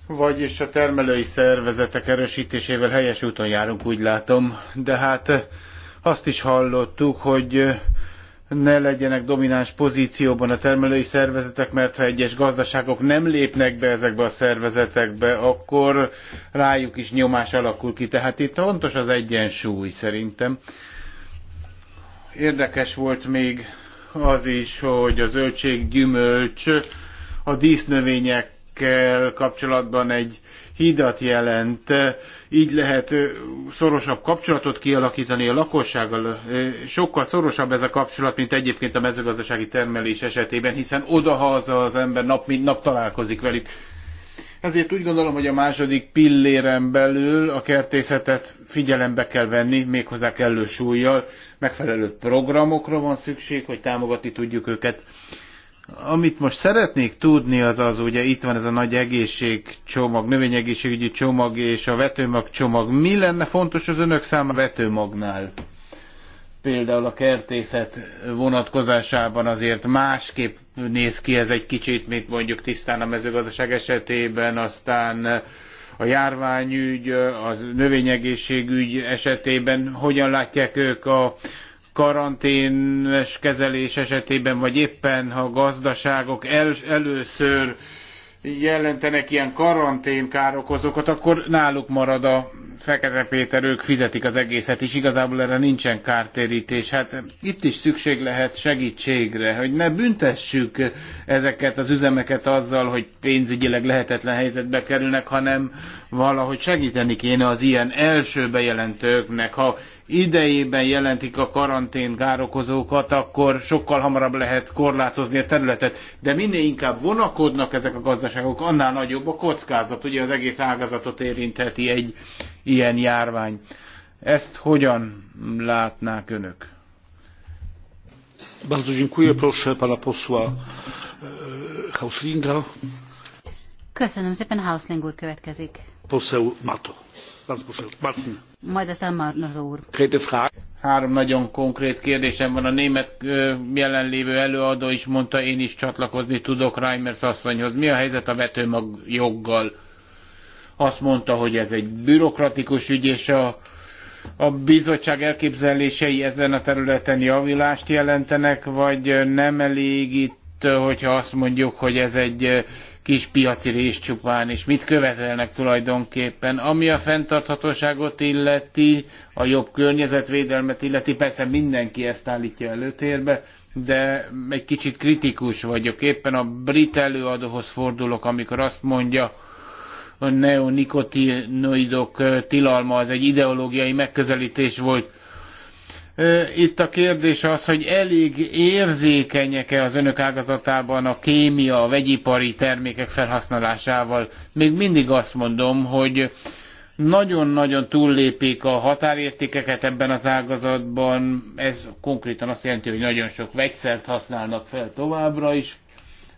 vagyis a termelői szervezetek erősítésével helyes úton járunk, úgy látom. De hát azt is hallottuk, hogy ne legyenek domináns pozícióban a termelői szervezetek, mert ha egyes gazdaságok nem lépnek be ezekbe a szervezetekbe, akkor rájuk is nyomás alakul ki. Tehát itt fontos az egyensúly szerintem. Érdekes volt még az is, hogy a gyümölcs a dísznövényekkel kapcsolatban egy hidat jelent, így lehet szorosabb kapcsolatot kialakítani a lakossággal. Sokkal szorosabb ez a kapcsolat, mint egyébként a mezőgazdasági termelés esetében, hiszen odahaza az ember nap mint nap találkozik velük. Ezért úgy gondolom, hogy a második pilléren belül a kertészetet figyelembe kell venni, méghozzá kellő súlyjal, megfelelő programokra van szükség, hogy támogatni tudjuk őket. Amit most szeretnék tudni, az az, ugye itt van ez a nagy egészségcsomag, növényegészségügyi csomag és a vetőmag csomag. Mi lenne fontos az önök számára vetőmagnál? Például a kertészet vonatkozásában azért másképp néz ki ez egy kicsit, mint mondjuk tisztán a mezőgazdaság esetében, aztán a járványügy, az növényegészségügy esetében hogyan látják ők a karanténes kezelés esetében, vagy éppen ha gazdaságok el, először jelentenek ilyen karanténkárokozókat, akkor náluk marad a Fekete Péter, ők fizetik az egészet, és igazából erre nincsen kártérítés. Hát itt is szükség lehet segítségre, hogy ne büntessük ezeket az üzemeket azzal, hogy pénzügyileg lehetetlen helyzetbe kerülnek, hanem valahogy segíteni kéne az ilyen első bejelentőknek. Ha idejében jelentik a karantén károkozókat, akkor sokkal hamarabb lehet korlátozni a területet. De minél inkább vonakodnak ezek a gazdaságok, annál nagyobb a kockázat. Ugye az egész ágazatot érintheti egy ilyen járvány. Ezt hogyan látnák önök? Bardzo dziękuję. Proszę pana posła e, Hauslinga. Köszönöm szépen, Hausling úr következik. Poseł Mato majd Három nagyon konkrét kérdésem van. A német jelenlévő előadó is mondta, én is csatlakozni tudok Reimers asszonyhoz. Mi a helyzet a vetőmag joggal? Azt mondta, hogy ez egy bürokratikus ügy, és a, a bizottság elképzelései ezen a területen javulást jelentenek, vagy nem elég itt, hogyha azt mondjuk, hogy ez egy kis piaci rész csupán, és mit követelnek tulajdonképpen. Ami a fenntarthatóságot illeti, a jobb környezetvédelmet illeti, persze mindenki ezt állítja előtérbe, de egy kicsit kritikus vagyok. Éppen a brit előadóhoz fordulok, amikor azt mondja, a neonikotinoidok tilalma az egy ideológiai megközelítés volt. Itt a kérdés az, hogy elég érzékenyek-e az önök ágazatában a kémia, a vegyipari termékek felhasználásával. Még mindig azt mondom, hogy nagyon-nagyon túllépik a határértékeket ebben az ágazatban. Ez konkrétan azt jelenti, hogy nagyon sok vegyszert használnak fel továbbra is.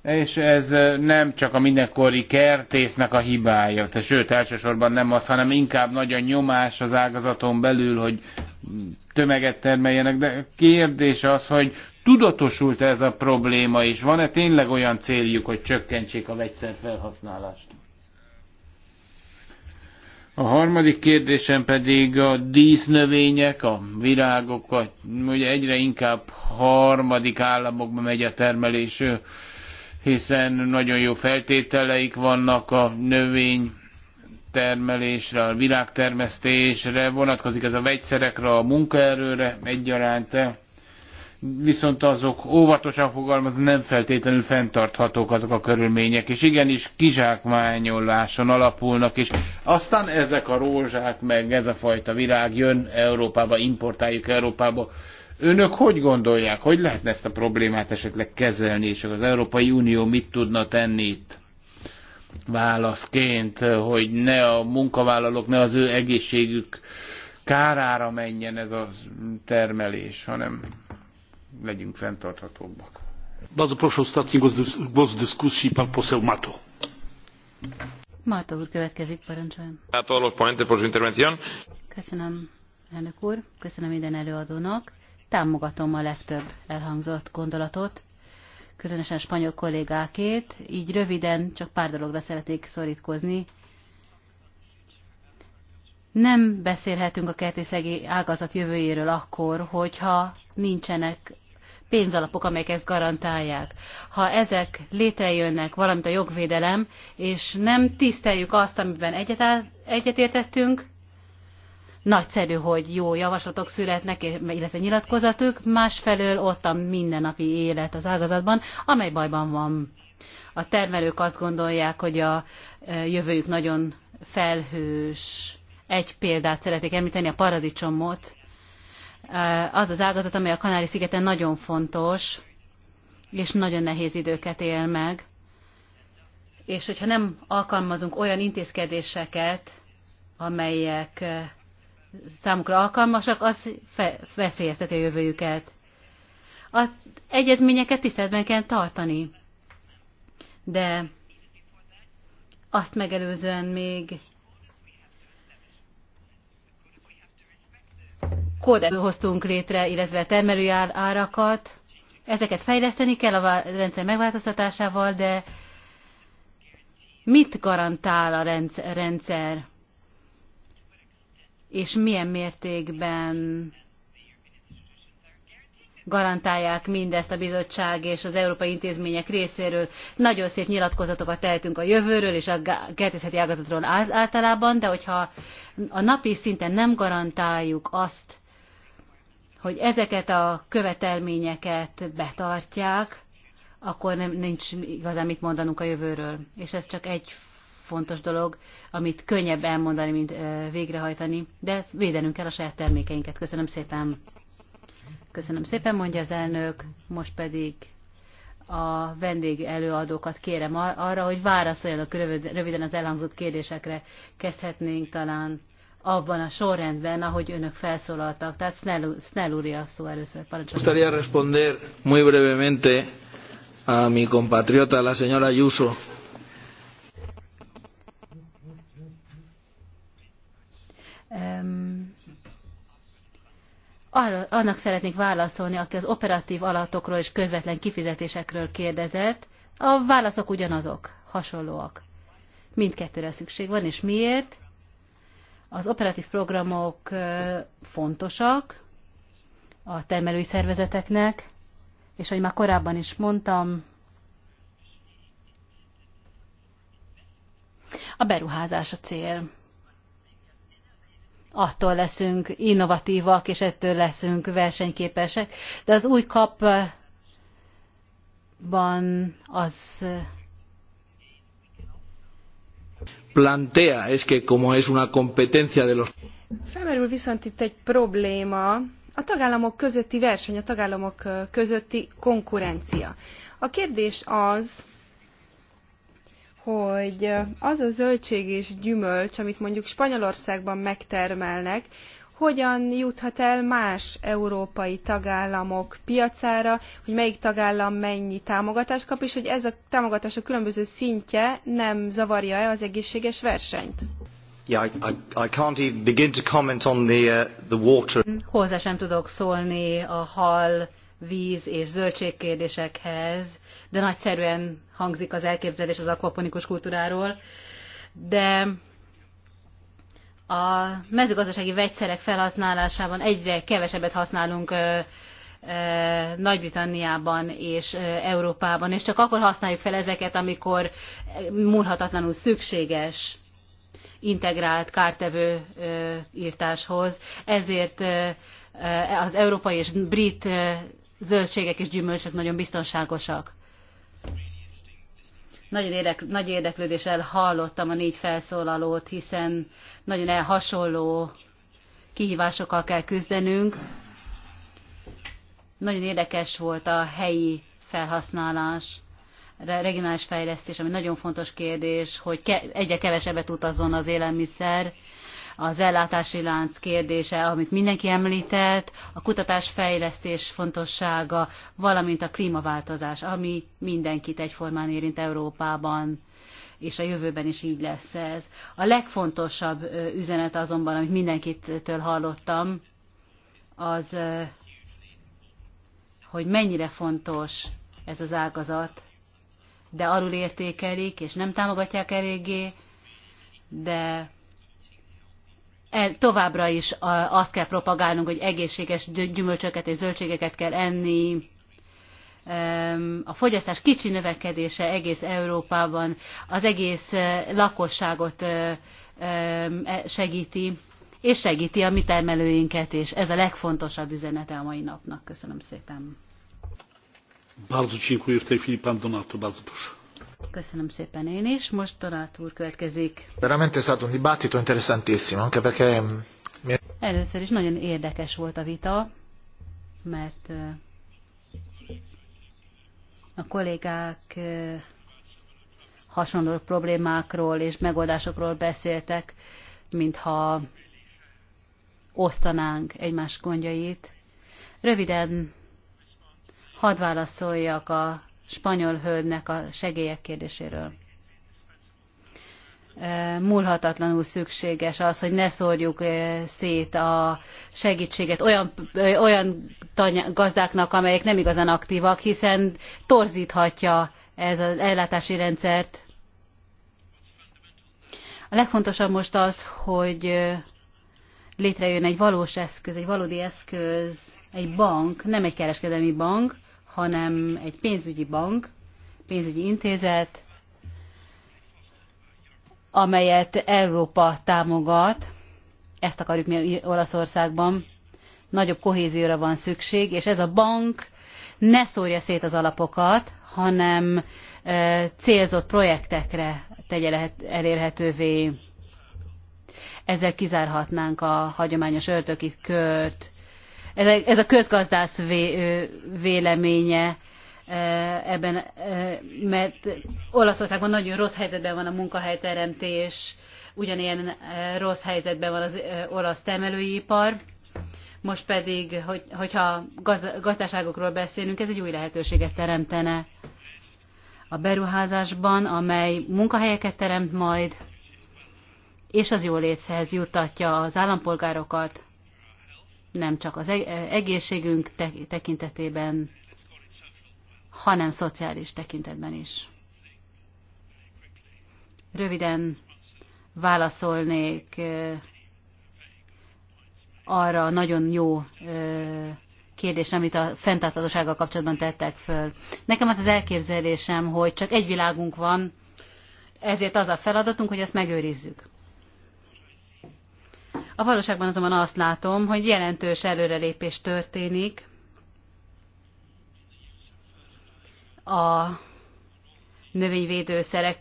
És ez nem csak a mindenkori kertésznek a hibája, tehát sőt elsősorban nem az, hanem inkább nagy a nyomás az ágazaton belül, hogy tömeget termeljenek, de kérdés az, hogy tudatosult ez a probléma, és van-e tényleg olyan céljuk, hogy csökkentsék a vegyszer felhasználást? A harmadik kérdésem pedig a dísznövények, a virágok, ugye egyre inkább harmadik államokba megy a termelés, hiszen nagyon jó feltételeik vannak a növény termelésre, a világtermesztésre, vonatkozik ez a vegyszerekre, a munkaerőre egyaránt, viszont azok óvatosan fogalmazva nem feltétlenül fenntarthatók azok a körülmények, és igenis kizsákmányoláson alapulnak, és aztán ezek a rózsák, meg ez a fajta virág jön Európába, importáljuk Európába. Önök hogy gondolják, hogy lehetne ezt a problémát esetleg kezelni, és az Európai Unió mit tudna tenni itt? válaszként, hogy ne a munkavállalók, ne az ő egészségük kárára menjen ez a termelés, hanem legyünk fenntarthatóbbak. Bardzo proszę ostatni głos w dyskusji, pan poseł Mato. Mato úr következik, parancsoljon. A todos los ponentes Köszönöm, elnök úr, köszönöm minden előadónak. Támogatom a legtöbb elhangzott gondolatot különösen a spanyol kollégákét, így röviden csak pár dologra szeretnék szorítkozni. Nem beszélhetünk a kertészegi ágazat jövőjéről akkor, hogyha nincsenek pénzalapok, amelyek ezt garantálják. Ha ezek létrejönnek, valamint a jogvédelem, és nem tiszteljük azt, amiben egyetértettünk, nagyszerű, hogy jó javaslatok születnek, illetve nyilatkozatuk, másfelől ott a mindennapi élet az ágazatban, amely bajban van. A termelők azt gondolják, hogy a e, jövőjük nagyon felhős. Egy példát szeretnék említeni, a paradicsomot. E, az az ágazat, amely a Kanári-szigeten nagyon fontos, és nagyon nehéz időket él meg. És hogyha nem alkalmazunk olyan intézkedéseket, amelyek e, számukra alkalmasak, az veszélyezteti a jövőjüket. Az egyezményeket tiszteletben kell tartani. De azt megelőzően még kódet hoztunk létre, illetve termelői árakat. Ezeket fejleszteni kell a rendszer megváltoztatásával, de mit garantál a rendszer? és milyen mértékben garantálják mindezt a bizottság és az európai intézmények részéről. Nagyon szép nyilatkozatokat tehetünk a jövőről és a kertészeti ágazatról általában, de hogyha a napi szinten nem garantáljuk azt, hogy ezeket a követelményeket betartják, akkor nem, nincs igazán mit mondanunk a jövőről. És ez csak egy fontos dolog, amit könnyebb elmondani, mint végrehajtani, de védenünk kell a saját termékeinket. Köszönöm szépen. Köszönöm szépen, mondja az elnök, most pedig a vendég előadókat kérem arra, hogy válaszoljanak röviden az elhangzott kérdésekre. Kezdhetnénk talán abban a sorrendben, ahogy önök felszólaltak. Tehát Snell, Snell úr a szó először. Parancsoljon. responder muy brevemente a mi compatriota, la señora Ayuso. arra, annak szeretnék válaszolni, aki az operatív alatokról és közvetlen kifizetésekről kérdezett. A válaszok ugyanazok, hasonlóak. Mindkettőre szükség van, és miért? Az operatív programok fontosak a termelői szervezeteknek, és ahogy már korábban is mondtam, a beruházás a cél attól leszünk innovatívak, és ettől leszünk versenyképesek. De az új kapban az plantea es que como es una competencia de los Felmerül viszont itt egy probléma, a tagállamok közötti verseny, a tagállamok közötti konkurencia. A kérdés az, hogy az a zöldség és gyümölcs, amit mondjuk Spanyolországban megtermelnek, hogyan juthat el más európai tagállamok piacára, hogy melyik tagállam mennyi támogatást kap, és hogy ez a támogatás a különböző szintje nem zavarja-e az egészséges versenyt? Yeah, I, I, I can't even begin to comment on the, uh, the water. Hozzá sem tudok szólni a hal, víz és kérdésekhez de nagyszerűen hangzik az elképzelés az akvaponikus kultúráról. De a mezőgazdasági vegyszerek felhasználásában egyre kevesebbet használunk nagy-Britanniában és Európában, és csak akkor használjuk fel ezeket, amikor múlhatatlanul szükséges integrált kártevő írtáshoz. Ezért az európai és brit zöldségek és gyümölcsök nagyon biztonságosak. Nagyon érdek, nagy érdeklődéssel hallottam a négy felszólalót, hiszen nagyon elhasonló kihívásokkal kell küzdenünk. Nagyon érdekes volt a helyi felhasználás, regionális fejlesztés, ami nagyon fontos kérdés, hogy ke- egyre kevesebbet utazzon az élelmiszer, az ellátási lánc kérdése, amit mindenki említett, a kutatásfejlesztés fontossága, valamint a klímaváltozás, ami mindenkit egyformán érint Európában és a jövőben is így lesz ez. A legfontosabb üzenet azonban, amit mindenkitől hallottam, az, hogy mennyire fontos ez az ágazat, de alul értékelik, és nem támogatják eléggé, de E, továbbra is azt kell propagálnunk, hogy egészséges gyümölcsöket és zöldségeket kell enni. A fogyasztás kicsi növekedése egész Európában az egész e, lakosságot e, segíti, és segíti a mi termelőinket, és ez a legfontosabb üzenete a mai napnak. Köszönöm szépen. Bardzo dziękuję w tej chwili pan Donato, bardzo proszę. Köszönöm szépen én is. Most Donát úr következik. Veramente stato un dibattito interessantissimo, anche perché... Eh, Először is nagyon érdekes volt a vita, mert eh, a kollégák eh, hasonló problémákról és megoldásokról beszéltek, mintha osztanánk egymás gondjait. Röviden hadd válaszoljak a spanyol hölgynek a segélyek kérdéséről. Múlhatatlanul szükséges az, hogy ne szórjuk szét a segítséget olyan, olyan gazdáknak, amelyek nem igazán aktívak, hiszen torzíthatja ez az ellátási rendszert. A legfontosabb most az, hogy létrejön egy valós eszköz, egy valódi eszköz, egy bank, nem egy kereskedelmi bank, hanem egy pénzügyi bank, pénzügyi intézet, amelyet Európa támogat, ezt akarjuk mi Olaszországban, nagyobb kohézióra van szükség, és ez a bank ne szórja szét az alapokat, hanem célzott projektekre tegye lehet, elérhetővé. Ezzel kizárhatnánk a hagyományos öltöki kört, ez a közgazdász véleménye ebben, mert Olaszországban nagyon rossz helyzetben van a munkahelyteremtés, ugyanilyen rossz helyzetben van az olasz termelőipar. Most pedig, hogy, hogyha gazdaságokról beszélünk, ez egy új lehetőséget teremtene a beruházásban, amely munkahelyeket teremt majd, és az jó léthez juttatja az állampolgárokat nem csak az egészségünk tekintetében, hanem szociális tekintetben is. Röviden válaszolnék arra a nagyon jó kérdésre, amit a fenntarthatósággal kapcsolatban tettek föl. Nekem az az elképzelésem, hogy csak egy világunk van, ezért az a feladatunk, hogy ezt megőrizzük. A valóságban azonban azt látom, hogy jelentős előrelépés történik a növényvédőszerek,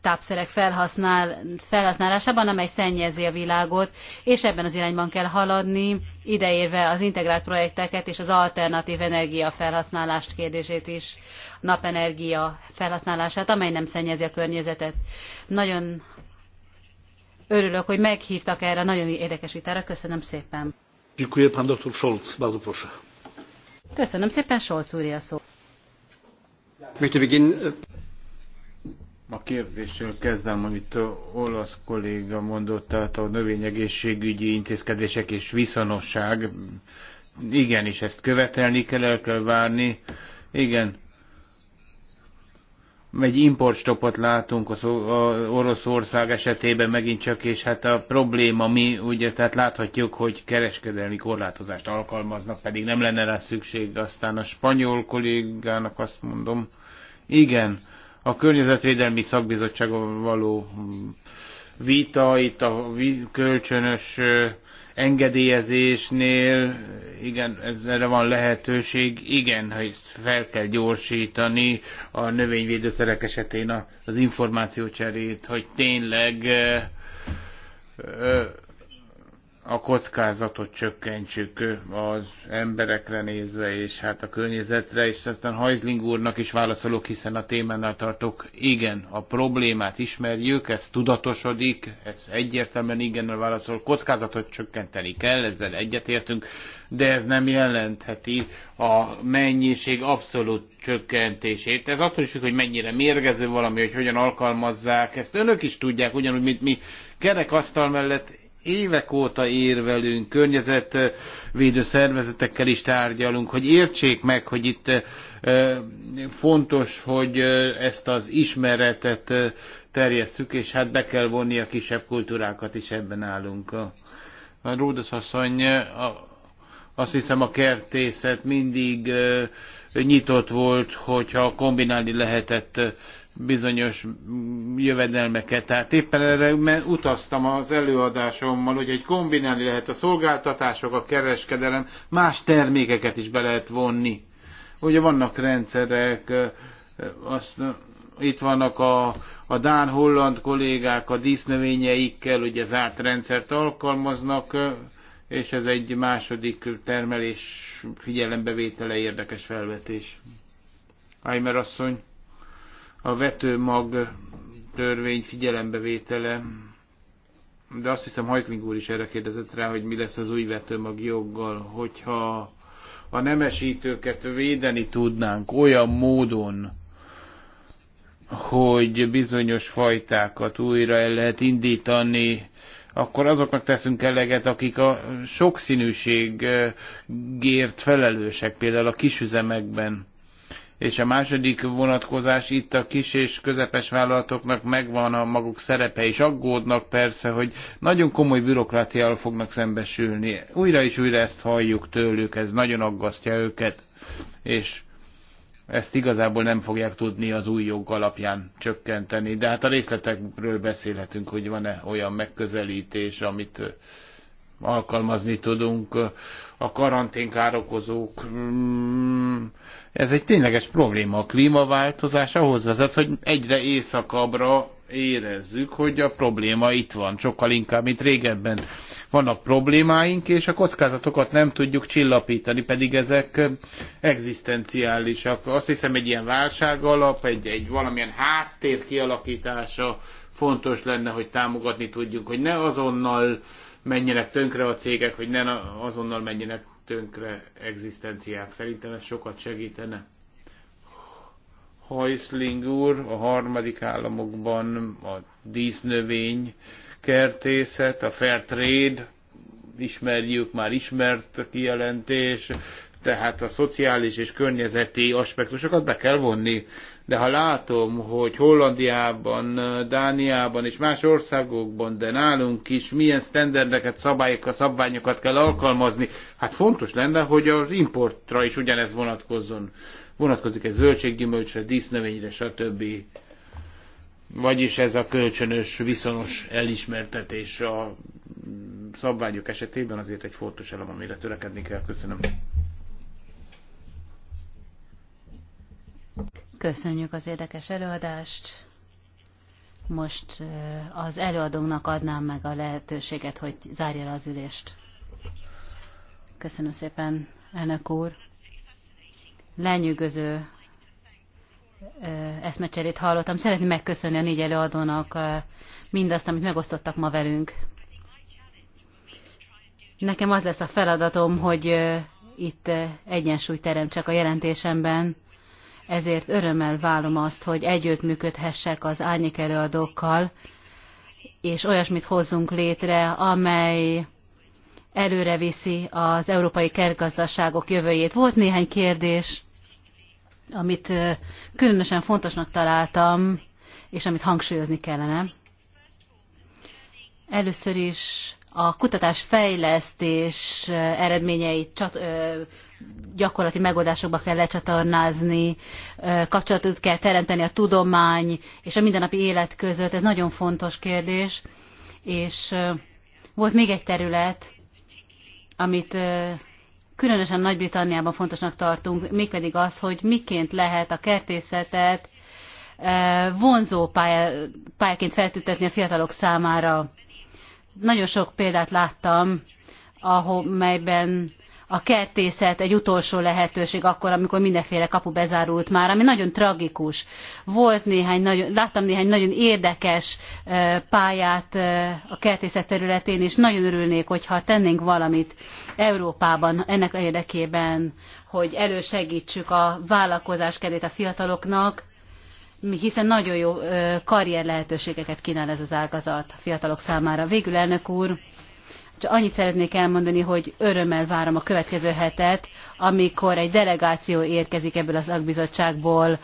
tápszerek felhasznál, felhasználásában, amely szennyezi a világot, és ebben az irányban kell haladni, ideérve az integrált projekteket és az alternatív energia felhasználást kérdését is, napenergia felhasználását, amely nem szennyezi a környezetet. Nagyon örülök, hogy meghívtak erre a nagyon érdekes vitára. Köszönöm szépen. dr. Scholz. Köszönöm szépen, Scholz úr, a szó. Uh, a kérdéssel kezdem, amit a olasz kolléga mondott, tehát a növényegészségügyi intézkedések és viszonosság. és ezt követelni kell, el kell várni. Igen, egy importstopot látunk az Oroszország esetében megint csak, és hát a probléma mi, ugye, tehát láthatjuk, hogy kereskedelmi korlátozást alkalmaznak, pedig nem lenne rá szükség. Aztán a spanyol kollégának azt mondom, igen, a környezetvédelmi szakbizottságon való vita, itt a kölcsönös engedélyezésnél, igen, ez, erre van lehetőség, igen, ha ezt fel kell gyorsítani a növényvédőszerek esetén az információcserét, hogy tényleg a kockázatot csökkentsük az emberekre nézve, és hát a környezetre, és aztán Hajzling úrnak is válaszolok, hiszen a témánál tartok. Igen, a problémát ismerjük, ez tudatosodik, ez egyértelműen igen a válaszol, kockázatot csökkenteni kell, ezzel egyetértünk, de ez nem jelentheti a mennyiség abszolút csökkentését. Ez attól is függ, hogy mennyire mérgező valami, hogy hogyan alkalmazzák, ezt önök is tudják, ugyanúgy, mint mi kerekasztal mellett évek óta érvelünk, környezetvédő szervezetekkel is tárgyalunk, hogy értsék meg, hogy itt fontos, hogy ezt az ismeretet terjesszük, és hát be kell vonni a kisebb kultúrákat is, ebben állunk. A Ródasz asszony, azt hiszem a kertészet mindig nyitott volt, hogyha kombinálni lehetett bizonyos jövedelmeket. Tehát éppen erre utaztam az előadásommal, hogy egy kombinálni lehet a szolgáltatások, a kereskedelem, más termékeket is be lehet vonni. Ugye vannak rendszerek, azt, itt vannak a, a Dán-Holland kollégák a dísznövényeikkel, ugye zárt rendszert alkalmaznak, és ez egy második termelés figyelembevétele érdekes felvetés. Aimer asszony a vetőmag törvény figyelembevétele, de azt hiszem Hajzling úr is erre kérdezett rá, hogy mi lesz az új vetőmag joggal, hogyha a nemesítőket védeni tudnánk olyan módon, hogy bizonyos fajtákat újra el lehet indítani, akkor azoknak teszünk eleget, akik a sokszínűség eh, gért felelősek, például a kisüzemekben. És a második vonatkozás itt a kis és közepes vállalatoknak megvan a maguk szerepe, és aggódnak persze, hogy nagyon komoly bürokráciával fognak szembesülni. Újra és újra ezt halljuk tőlük, ez nagyon aggasztja őket, és ezt igazából nem fogják tudni az új jog alapján csökkenteni. De hát a részletekről beszélhetünk, hogy van-e olyan megközelítés, amit alkalmazni tudunk. A karanténkárokozók. károkozók mm, ez egy tényleges probléma. A klímaváltozás ahhoz vezet, hogy egyre éjszakabbra érezzük, hogy a probléma itt van, sokkal inkább, mint régebben. Vannak problémáink, és a kockázatokat nem tudjuk csillapítani, pedig ezek egzisztenciálisak. Azt hiszem, egy ilyen válság alap, egy, egy valamilyen háttér kialakítása fontos lenne, hogy támogatni tudjuk, hogy ne azonnal menjenek tönkre a cégek, hogy ne azonnal menjenek tönkre egzisztenciák. Szerintem ez sokat segítene. Heusling úr, a harmadik államokban a dísznövény, kertészet, a fair trade, ismerjük, már ismert a kijelentés, tehát a szociális és környezeti aspektusokat be kell vonni de ha látom, hogy Hollandiában, Dániában és más országokban, de nálunk is milyen sztenderdeket, szabályokat, szabványokat kell alkalmazni, hát fontos lenne, hogy az importra is ugyanez vonatkozzon. Vonatkozik ez zöldséggyümölcsre, dísznövényre, stb. Vagyis ez a kölcsönös, viszonos elismertetés a szabványok esetében azért egy fontos elem, amire törekedni kell. Köszönöm. Köszönjük az érdekes előadást. Most az előadónak adnám meg a lehetőséget, hogy zárja le az ülést. Köszönöm szépen, elnök úr. Lenyűgöző eszmecserét hallottam. Szeretném megköszönni a négy előadónak mindazt, amit megosztottak ma velünk. Nekem az lesz a feladatom, hogy itt egyensúlyt teremtsek a jelentésemben ezért örömmel válom azt, hogy együttműködhessek az árnyék előadókkal, és olyasmit hozzunk létre, amely előre viszi az európai kertgazdaságok jövőjét. Volt néhány kérdés, amit különösen fontosnak találtam, és amit hangsúlyozni kellene. Először is a kutatás fejlesztés eh, eredményeit csat, ö, gyakorlati megoldásokba kell lecsatornázni, ö, kapcsolatot kell teremteni a tudomány és a mindennapi élet között. Ez nagyon fontos kérdés. És ö, volt még egy terület, amit ö, különösen Nagy-Britanniában fontosnak tartunk, mégpedig az, hogy miként lehet a kertészetet vonzó pályá, pályaként feltüntetni a fiatalok számára nagyon sok példát láttam, ahol, melyben a kertészet egy utolsó lehetőség akkor, amikor mindenféle kapu bezárult már, ami nagyon tragikus. Volt néhány, nagyon, láttam néhány nagyon érdekes pályát a kertészet területén, és nagyon örülnék, hogyha tennénk valamit Európában ennek érdekében, hogy elősegítsük a vállalkozás kedét a fiataloknak, hiszen nagyon jó karrier lehetőségeket kínál ez az ágazat a fiatalok számára. Végül, elnök úr, csak annyit szeretnék elmondani, hogy örömmel várom a következő hetet, amikor egy delegáció érkezik ebből az agbizottságból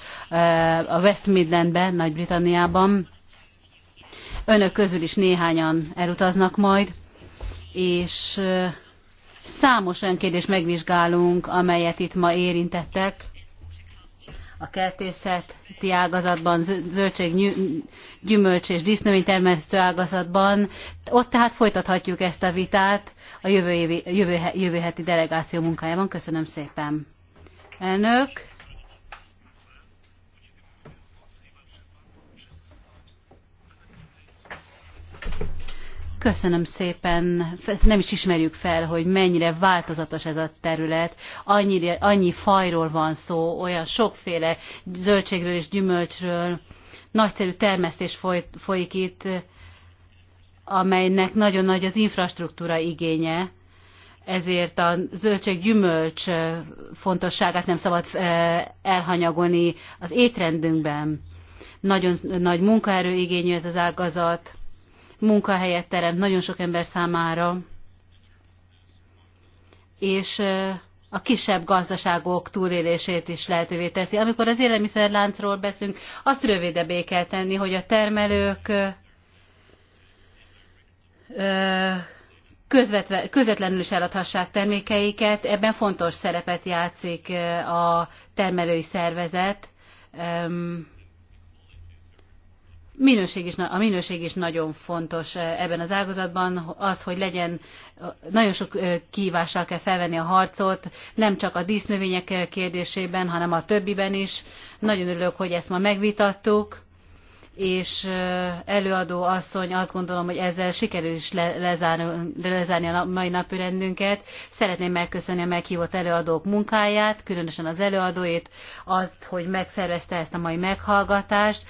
a West Midlandbe, Nagy-Britanniában. Önök közül is néhányan elutaznak majd, és számos olyan kérdést megvizsgálunk, amelyet itt ma érintettek a kertészeti ágazatban, zöldség, gyümölcs és disznövénytermesztő ágazatban. Ott tehát folytathatjuk ezt a vitát a jövő, évi, jövő, jövő heti delegáció munkájában. Köszönöm szépen. Elnök. Köszönöm szépen. Nem is ismerjük fel, hogy mennyire változatos ez a terület. Annyi, annyi fajról van szó, olyan sokféle zöldségről és gyümölcsről. Nagyszerű termesztés foly, folyik itt, amelynek nagyon nagy az infrastruktúra igénye, ezért a zöldség-gyümölcs fontosságát nem szabad eh, elhanyagolni az étrendünkben. Nagyon nagy munkaerő igényű ez az ágazat munkahelyet teremt nagyon sok ember számára, és a kisebb gazdaságok túlélését is lehetővé teszi. Amikor az élelmiszerláncról beszünk, azt rövidebbé kell tenni, hogy a termelők közvetlenül is eladhassák termékeiket. Ebben fontos szerepet játszik a termelői szervezet minőség is, a minőség is nagyon fontos eh, ebben az ágazatban, az, hogy legyen, eh, nagyon sok eh, kívással kell felvenni a harcot, nem csak a dísznövények kérdésében, hanem a többiben is. Nagyon örülök, hogy ezt ma megvitattuk és előadó asszony azt gondolom, hogy ezzel sikerül is le, lezárni, lezárni a mai napirendünket. Szeretném megköszönni a meghívott előadók munkáját, különösen az előadóit, azt, hogy megszervezte ezt a mai meghallgatást.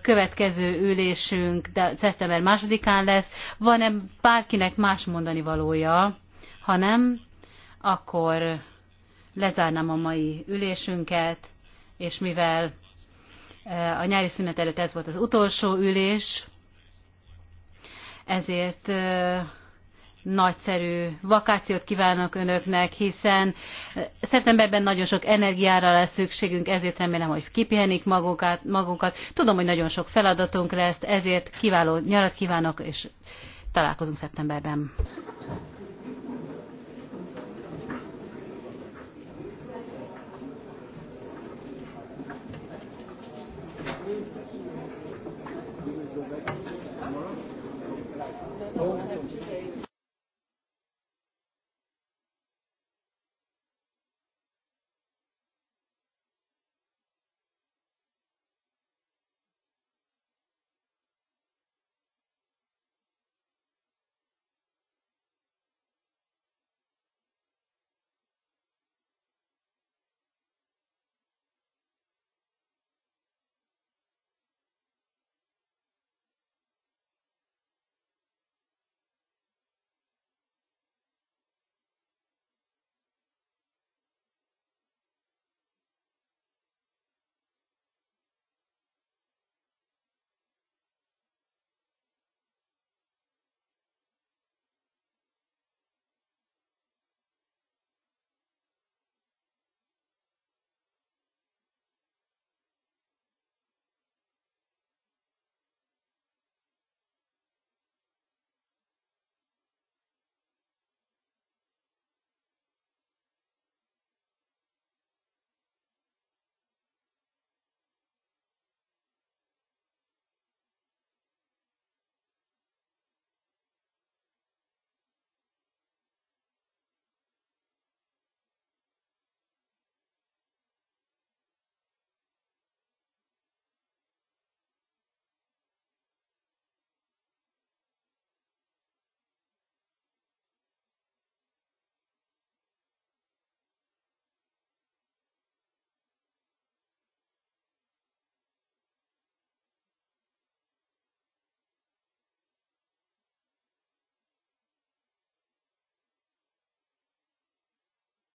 Következő ülésünk de szeptember másodikán lesz. Van-e bárkinek más mondani valója? Ha nem, akkor lezárnám a mai ülésünket, és mivel Eh, a nyári szünet előtt ez volt az utolsó ülés, ezért eh, nagyszerű vakációt kívánok önöknek, hiszen eh, szeptemberben nagyon sok energiára lesz szükségünk, ezért remélem, hogy kipihenik magukat, magunkat. Tudom, hogy nagyon sok feladatunk lesz, ezért kiváló nyarat kívánok, és találkozunk szeptemberben.